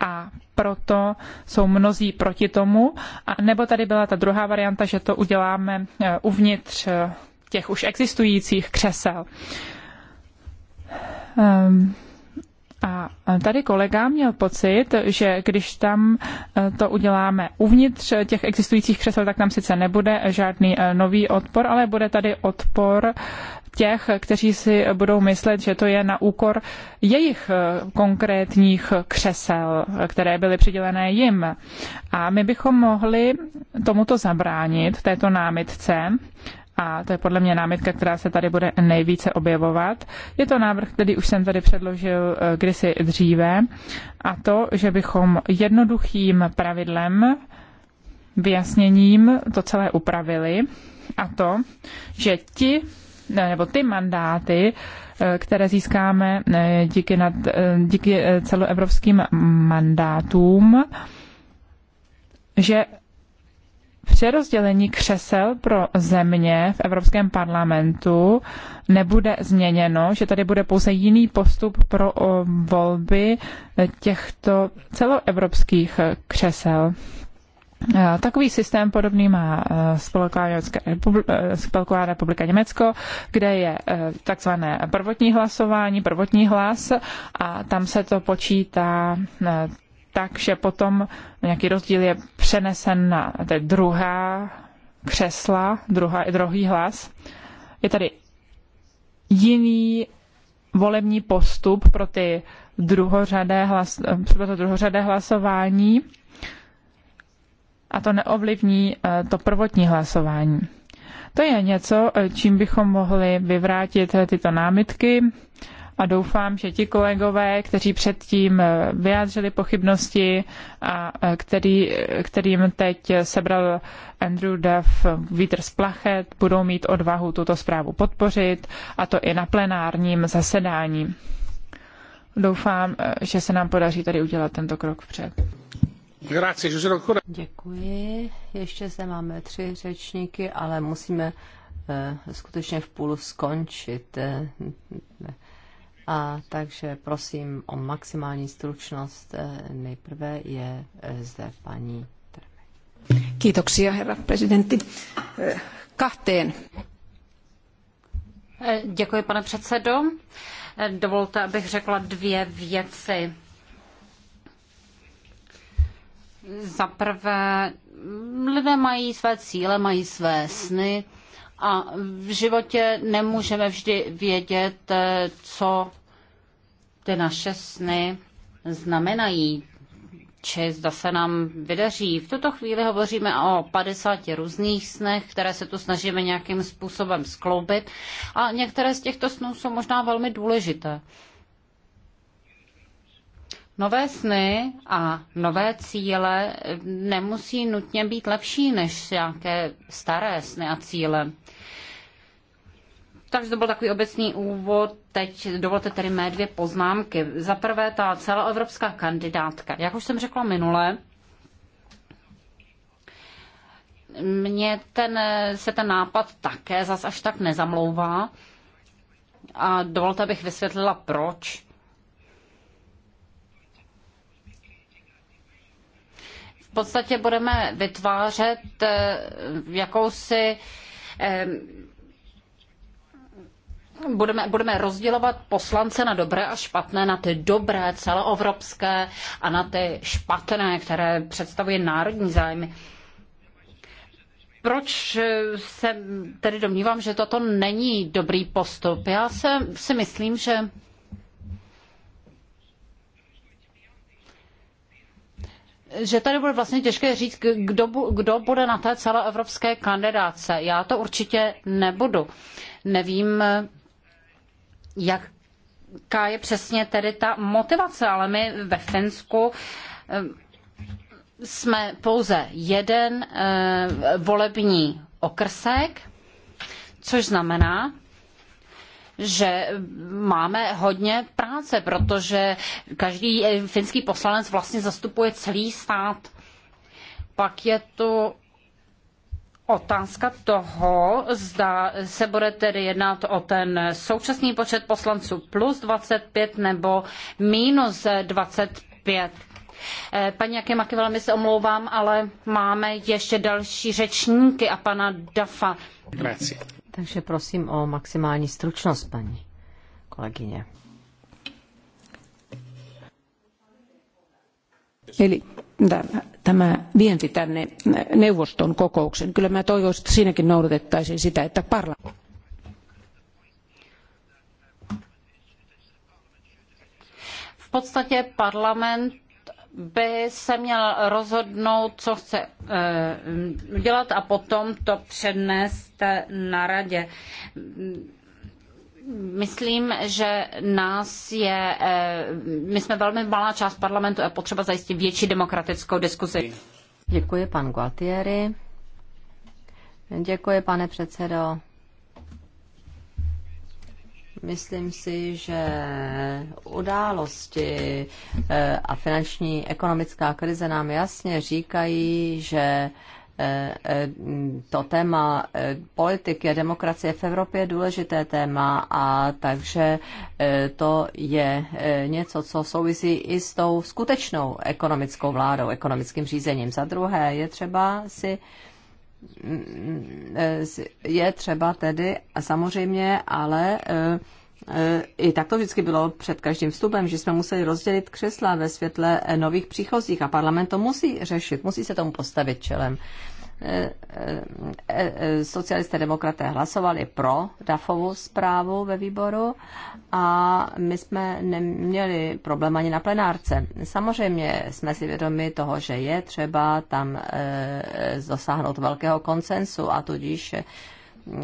a proto jsou mnozí proti tomu. A nebo tady byla ta druhá varianta, že to uděláme eh, uvnitř eh, těch už existujících křesel. Um, a tady kolega měl pocit, že když tam e, to uděláme uvnitř těch existujících křesel, tak tam sice nebude žádný e, nový odpor, ale bude tady odpor těch, kteří si budou myslet, že to je na úkor jejich e, konkrétních křesel, které byly přidělené jim. A my bychom mohli tomuto zabránit, této námitce, a to je podle mě námitka, která se tady bude nejvíce objevovat. Je to návrh, který už jsem tady předložil eh, kdysi dříve, a to, že bychom jednoduchým pravidlem, vyjasněním to celé upravili, a to, že ti nebo ty mandáty, eh, které získáme eh, díky, nad, díky celoevropským mandátům, že přerozdělení křesel pro země v Evropském parlamentu nebude změněno, že tady bude pouze jiný postup pro volby těchto celoevropských křesel. Takový systém podobný má e, e, Spolková republika Německo, kde je e, takzvané prvotní hlasování, prvotní hlas a tam se to počítá tak, že potom nějaký rozdíl je přenesen na druhá křesla, druhá, druhý hlas. Je tady jiný volební postup pro ty druhořadé, hlas, pro to druhořadé hlasování a to neovlivní eh, to prvotní hlasování. To je něco, eh, čím bychom mohli vyvrátit eh, tyto námitky a doufám, že ti kolegové, kteří předtím eh, vyjádřili pochybnosti a eh, který, eh, kterým teď sebral Andrew Duff vítr z plachet, budou mít odvahu tuto zprávu podpořit a to i na plenárním zasedání. Doufám, že se nám podaří tady udělat tento krok vpřed. Děkuji. Ještě se máme tři řečníky, ale musíme skutečně v půl skončit. A takže prosím o maximální stručnost. Eh, nejprve je eh, zde paní Trme. Kiitoksia, herra eh, Kahteen. Děkuji, pane předsedo. Dovolte, abych řekla dvě věci. Za prvé, lidé mají své cíle, mají své sny a v životě nemůžeme vždy vědět, co ty naše sny znamenají, či zda se nám vydaří. V tuto chvíli hovoříme o 50 různých snech, které se tu snažíme nějakým způsobem skloubit a některé z těchto snů jsou možná velmi důležité. Nové sny a nové cíle nemusí nutně být lepší než nějaké staré sny a cíle. Takže to byl takový obecný úvod. Teď dovolte tedy mé dvě poznámky. Za prvé ta celoevropská kandidátka. Jak už jsem řekla minule, mně ten, se ten nápad také zas až tak nezamlouvá. A dovolte, abych vysvětlila, proč. V podstatě budeme vytvářet eh, jakousi eh, budeme, budeme rozdělovat poslance na dobré a špatné, na ty dobré celoevropské a na ty špatné, které představují národní zájmy. Proč se tedy domnívám, že toto není dobrý postup? Já se, si myslím, že že tady bude vlastně těžké říct, kdo, kdo bude na té celoevropské kandidáce. Já to určitě nebudu. Nevím, jaká je přesně tedy ta motivace, ale my ve Finsku eh, jsme pouze jeden eh, volební okrsek, což znamená, že máme hodně práce, protože každý eh, finský poslanec vlastně zastupuje celý stát. Pak je tu otázka toho, zda se bude tedy jednat o ten současný počet poslanců plus 25 nebo minus 25. Eh, paní Jakimaky, velmi se omlouvám, ale máme ještě další řečníky a pana Dafa. Grazie. Takže prosím o maximální stručnost, paní kolegyně. Eli tämä vienti tänne neuvoston kokoukseen. Kyllä mä toivoisin, että siinäkin noudatettaisiin sitä, että parlamentti... V podstatě parlament by se měl rozhodnout, co chce eh, dělat a potom to přednést na radě. Myslím, že nás je, eh, my jsme velmi malá část parlamentu a potřeba zajistit větší demokratickou diskuzi. Děkuji, pan Gualtieri. Děkuji, pane předsedo. Myslím si, že události eh, a finanční ekonomická krize nám jasně říkají, že Eh, eh, to téma eh, politiky a demokracie v Evropě je důležité téma a takže to je něco, co souvisí i s tou skutečnou ekonomickou vládou, ekonomickým řízením. Za druhé je třeba si mm, je třeba tedy samozřejmě, ale i tak to vždycky bylo před každým vstupem, že jsme museli rozdělit křesla ve světle nových příchozích a parlament to musí řešit, musí se tomu postavit čelem socialisté demokraté hlasovali pro DAFovu zprávu ve výboru a my jsme neměli problém ani na plenárce. Samozřejmě jsme si vědomi toho, že je třeba tam eh, dosáhnout velkého konsensu a tudíž eh,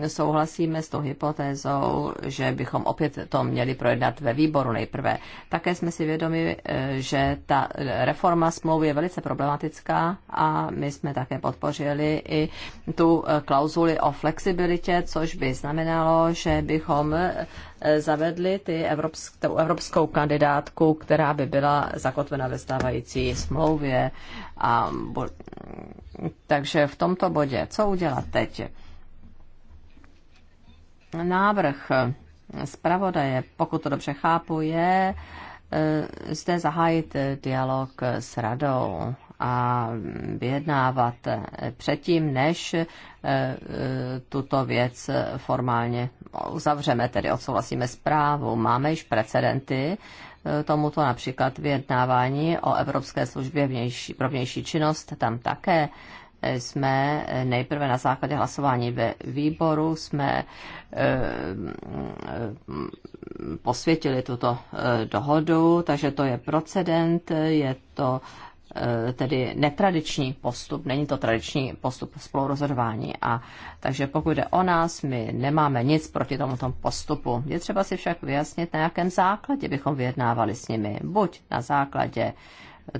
souhlasíme s tou hypotézou, že bychom opět to měli projednat ve výboru nejprve. Také jsme si vědomi, eh, že ta reforma smlouvy je velice problematická a my jsme také podpořili i tu eh, klauzuli o flexibilitě, což by znamenalo, že bychom eh, zavedli ty evropskou, tu evropskou kandidátku, která by byla zakotvena ve stávající smlouvě. A, takže v tomto bodě, co udělat teď? návrh zpravodaje, pokud to dobře chápu, je eh, zde zahájit dialog s radou a vyjednávat předtím, než eh, tuto věc formálně uzavřeme, tedy odsouhlasíme zprávu. Máme již precedenty eh, tomuto například vyjednávání o Evropské službě vnější, pro vnější činnost. Tam také jsme nejprve na základě hlasování ve výboru jsme eh, eh, posvětili tuto eh, dohodu, takže to je procedent, je to tedy netradiční postup, není to tradiční postup spolurozhodování. A takže pokud jde o nás, my nemáme nic proti tomu postupu. Je třeba si však vyjasnit, na jakém základě bychom vyjednávali s nimi. Buď na základě uh,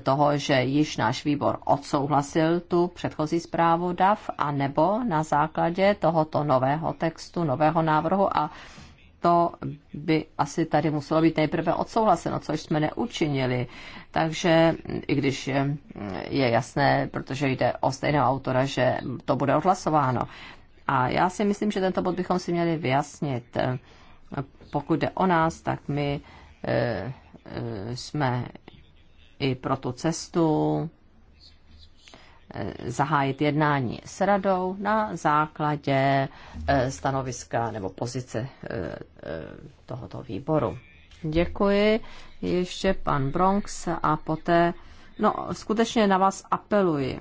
toho, že již náš výbor odsouhlasil tu předchozí zprávu DAF, anebo na základě tohoto nového textu, nového návrhu a to by asi tady muselo být nejprve odsouhlaseno, což jsme neučinili. Takže i když je jasné, protože jde o stejného autora, že to bude odhlasováno. A já si myslím, že tento bod bychom si měli vyjasnit. Pokud jde o nás, tak my eh, eh, jsme i pro tu cestu eh, zahájit jednání s radou na základě eh, stanoviska nebo pozice eh, tohoto výboru. Děkuji. Ještě pan Bronx a poté. No, skutečně na vás apeluji.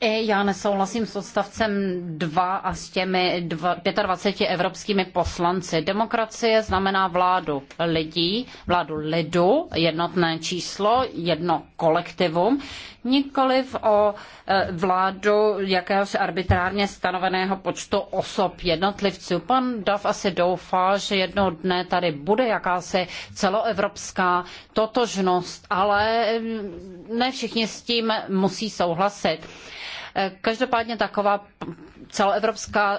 I já nesouhlasím s odstavcem 2 a s těmi 25 evropskými poslanci. Demokracie znamená vládu lidí, vládu lidu, jednotné číslo, jedno kolektivum, nikoliv o e, vládu jakéhosi arbitrárně stanoveného počtu osob jednotlivců. Pan Dav asi doufá, že jednoho dne tady bude jakási celoevropská totožnost, ale mm, ne všichni s tím musí souhlasit. Eh, každopádně taková celoevropská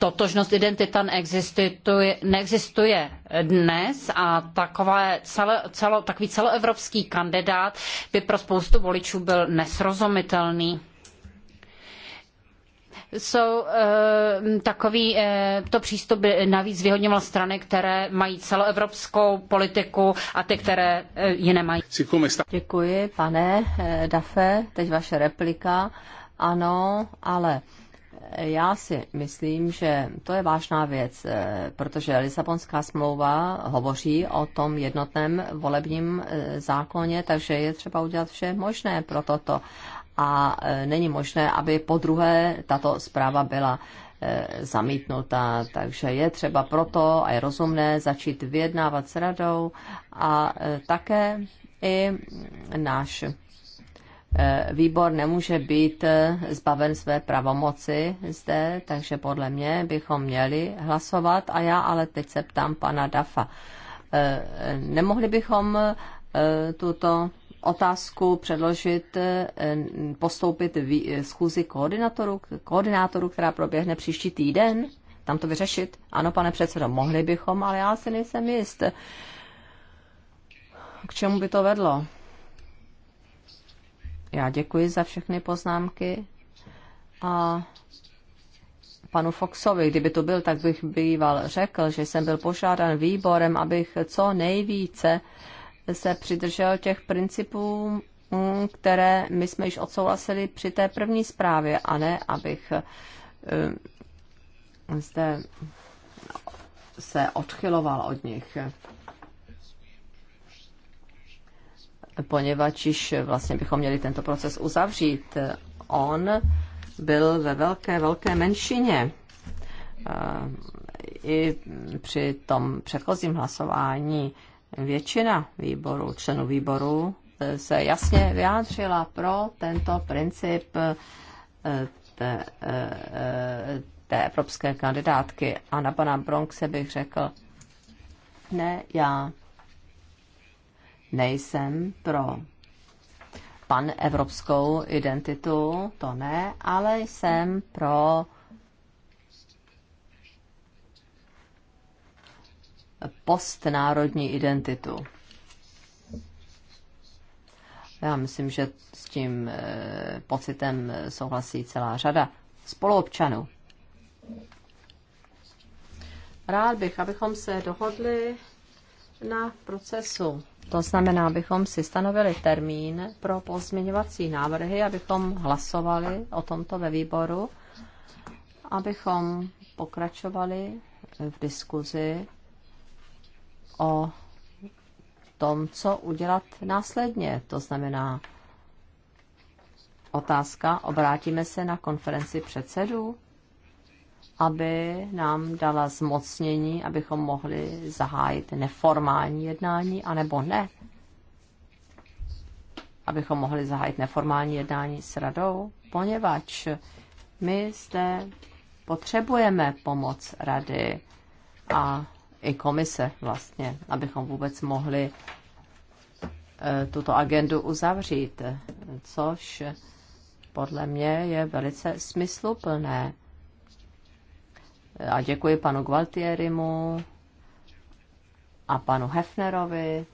totožnost, identita neexistuje, neexistuje dnes a takové celo, celo, takový celoevropský kandidát by pro spoustu voličů byl nesrozumitelný jsou eh, takový, eh, to přístup by navíc vyhodňoval strany, které mají celoevropskou politiku a ty, které ji nemají. Děkuji, pane Dafe. Teď vaše replika ano, ale já si myslím, že to je vážná věc, eh, protože Lisabonská smlouva hovoří o tom jednotném volebním eh, zákoně, takže je třeba udělat vše možné pro toto. A eh, není možné, aby po druhé tato zpráva byla zamítnutá, Takže je třeba proto a je rozumné začít vyjednávat s radou a také i náš E, výbor nemůže být e, zbaven své pravomoci zde, takže podle mě bychom měli hlasovat. A já ale teď se ptám pana Dafa. E, nemohli bychom tuto otázku předložit, postoupit schůzi koordinátoru, koordinátoru, která proběhne příští týden? Tam to vyřešit? Ano, pane předsedo, mohli bychom, ale já si nejsem jist. K čemu by to vedlo? Já děkuji za všechny poznámky a panu Foxovi, kdyby to byl, tak bych býval řekl, že jsem byl požádán výborem, abych co nejvíce se přidržel těch principů, mm, které my jsme již odsouhlasili při té první zprávě, a ne abych mm, zde se odchyloval od nich. poněvadž již vlastně bychom měli tento proces uzavřít. On byl ve velké, velké menšině. Eh, I při tom předchozím hlasování většina výboru, členů výboru eh, se jasně vyjádřila pro tento princip eh, té, té evropské kandidátky. A na pana Bronx bych řekl, ne, já nejsem pro pan evropskou identitu, to ne, ale jsem pro postnárodní identitu. Já myslím, že s tím eh, pocitem souhlasí celá řada spoluobčanů. Rád bych, abychom se dohodli na procesu to znamená, abychom si stanovili termín pro pozměňovací návrhy, abychom hlasovali o tomto ve výboru, abychom pokračovali v diskuzi o tom, co udělat následně. To znamená, otázka, obrátíme se na konferenci předsedů? aby nám dala zmocnění, abychom mohli zahájit neformální jednání, anebo ne. Abychom mohli zahájit neformální jednání s radou, poněvadž my zde potřebujeme pomoc rady a i komise vlastně, abychom vůbec mohli eh, tuto agendu uzavřít, což podle mě je velice smysluplné a děkuji panu Gualtierimu a panu Hefnerovi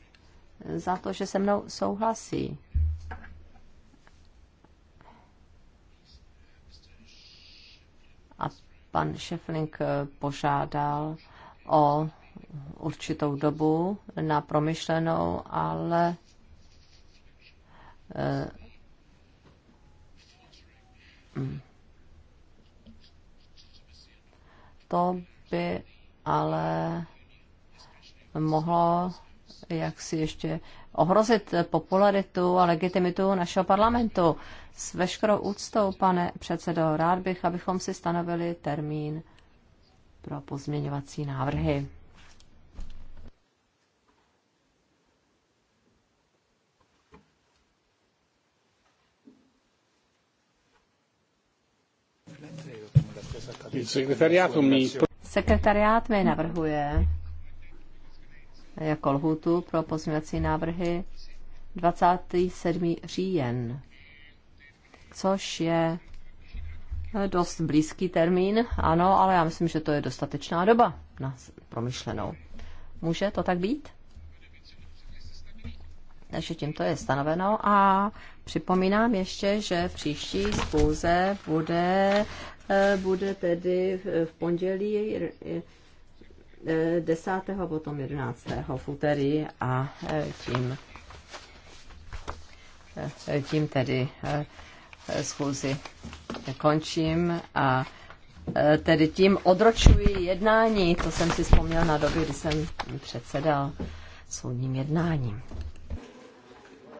za to, že se mnou souhlasí. A pan Šeflink požádal o určitou dobu na promyšlenou, ale eh, To by ale mohlo jak si ještě ohrozit popularitu a legitimitu našeho parlamentu. S veškerou úctou, pane předsedo, rád bych, abychom si stanovili termín pro pozměňovací návrhy. Sekretariát mi navrhuje jako lhutu pro pozměňovací návrhy 27. říjen, což je dost blízký termín, ano, ale já myslím, že to je dostatečná doba na promyšlenou. Může to tak být? Takže tímto je stanoveno a připomínám ještě, že příští schůze bude Eh, bude tedy v pondělí 10. Eh, a potom 11. v úterý a eh, tím, tím tedy schůzi končím a tedy tím odročuji jednání, to jsem si vzpomněl na dobu, kdy jsem předsedal soudním jednáním.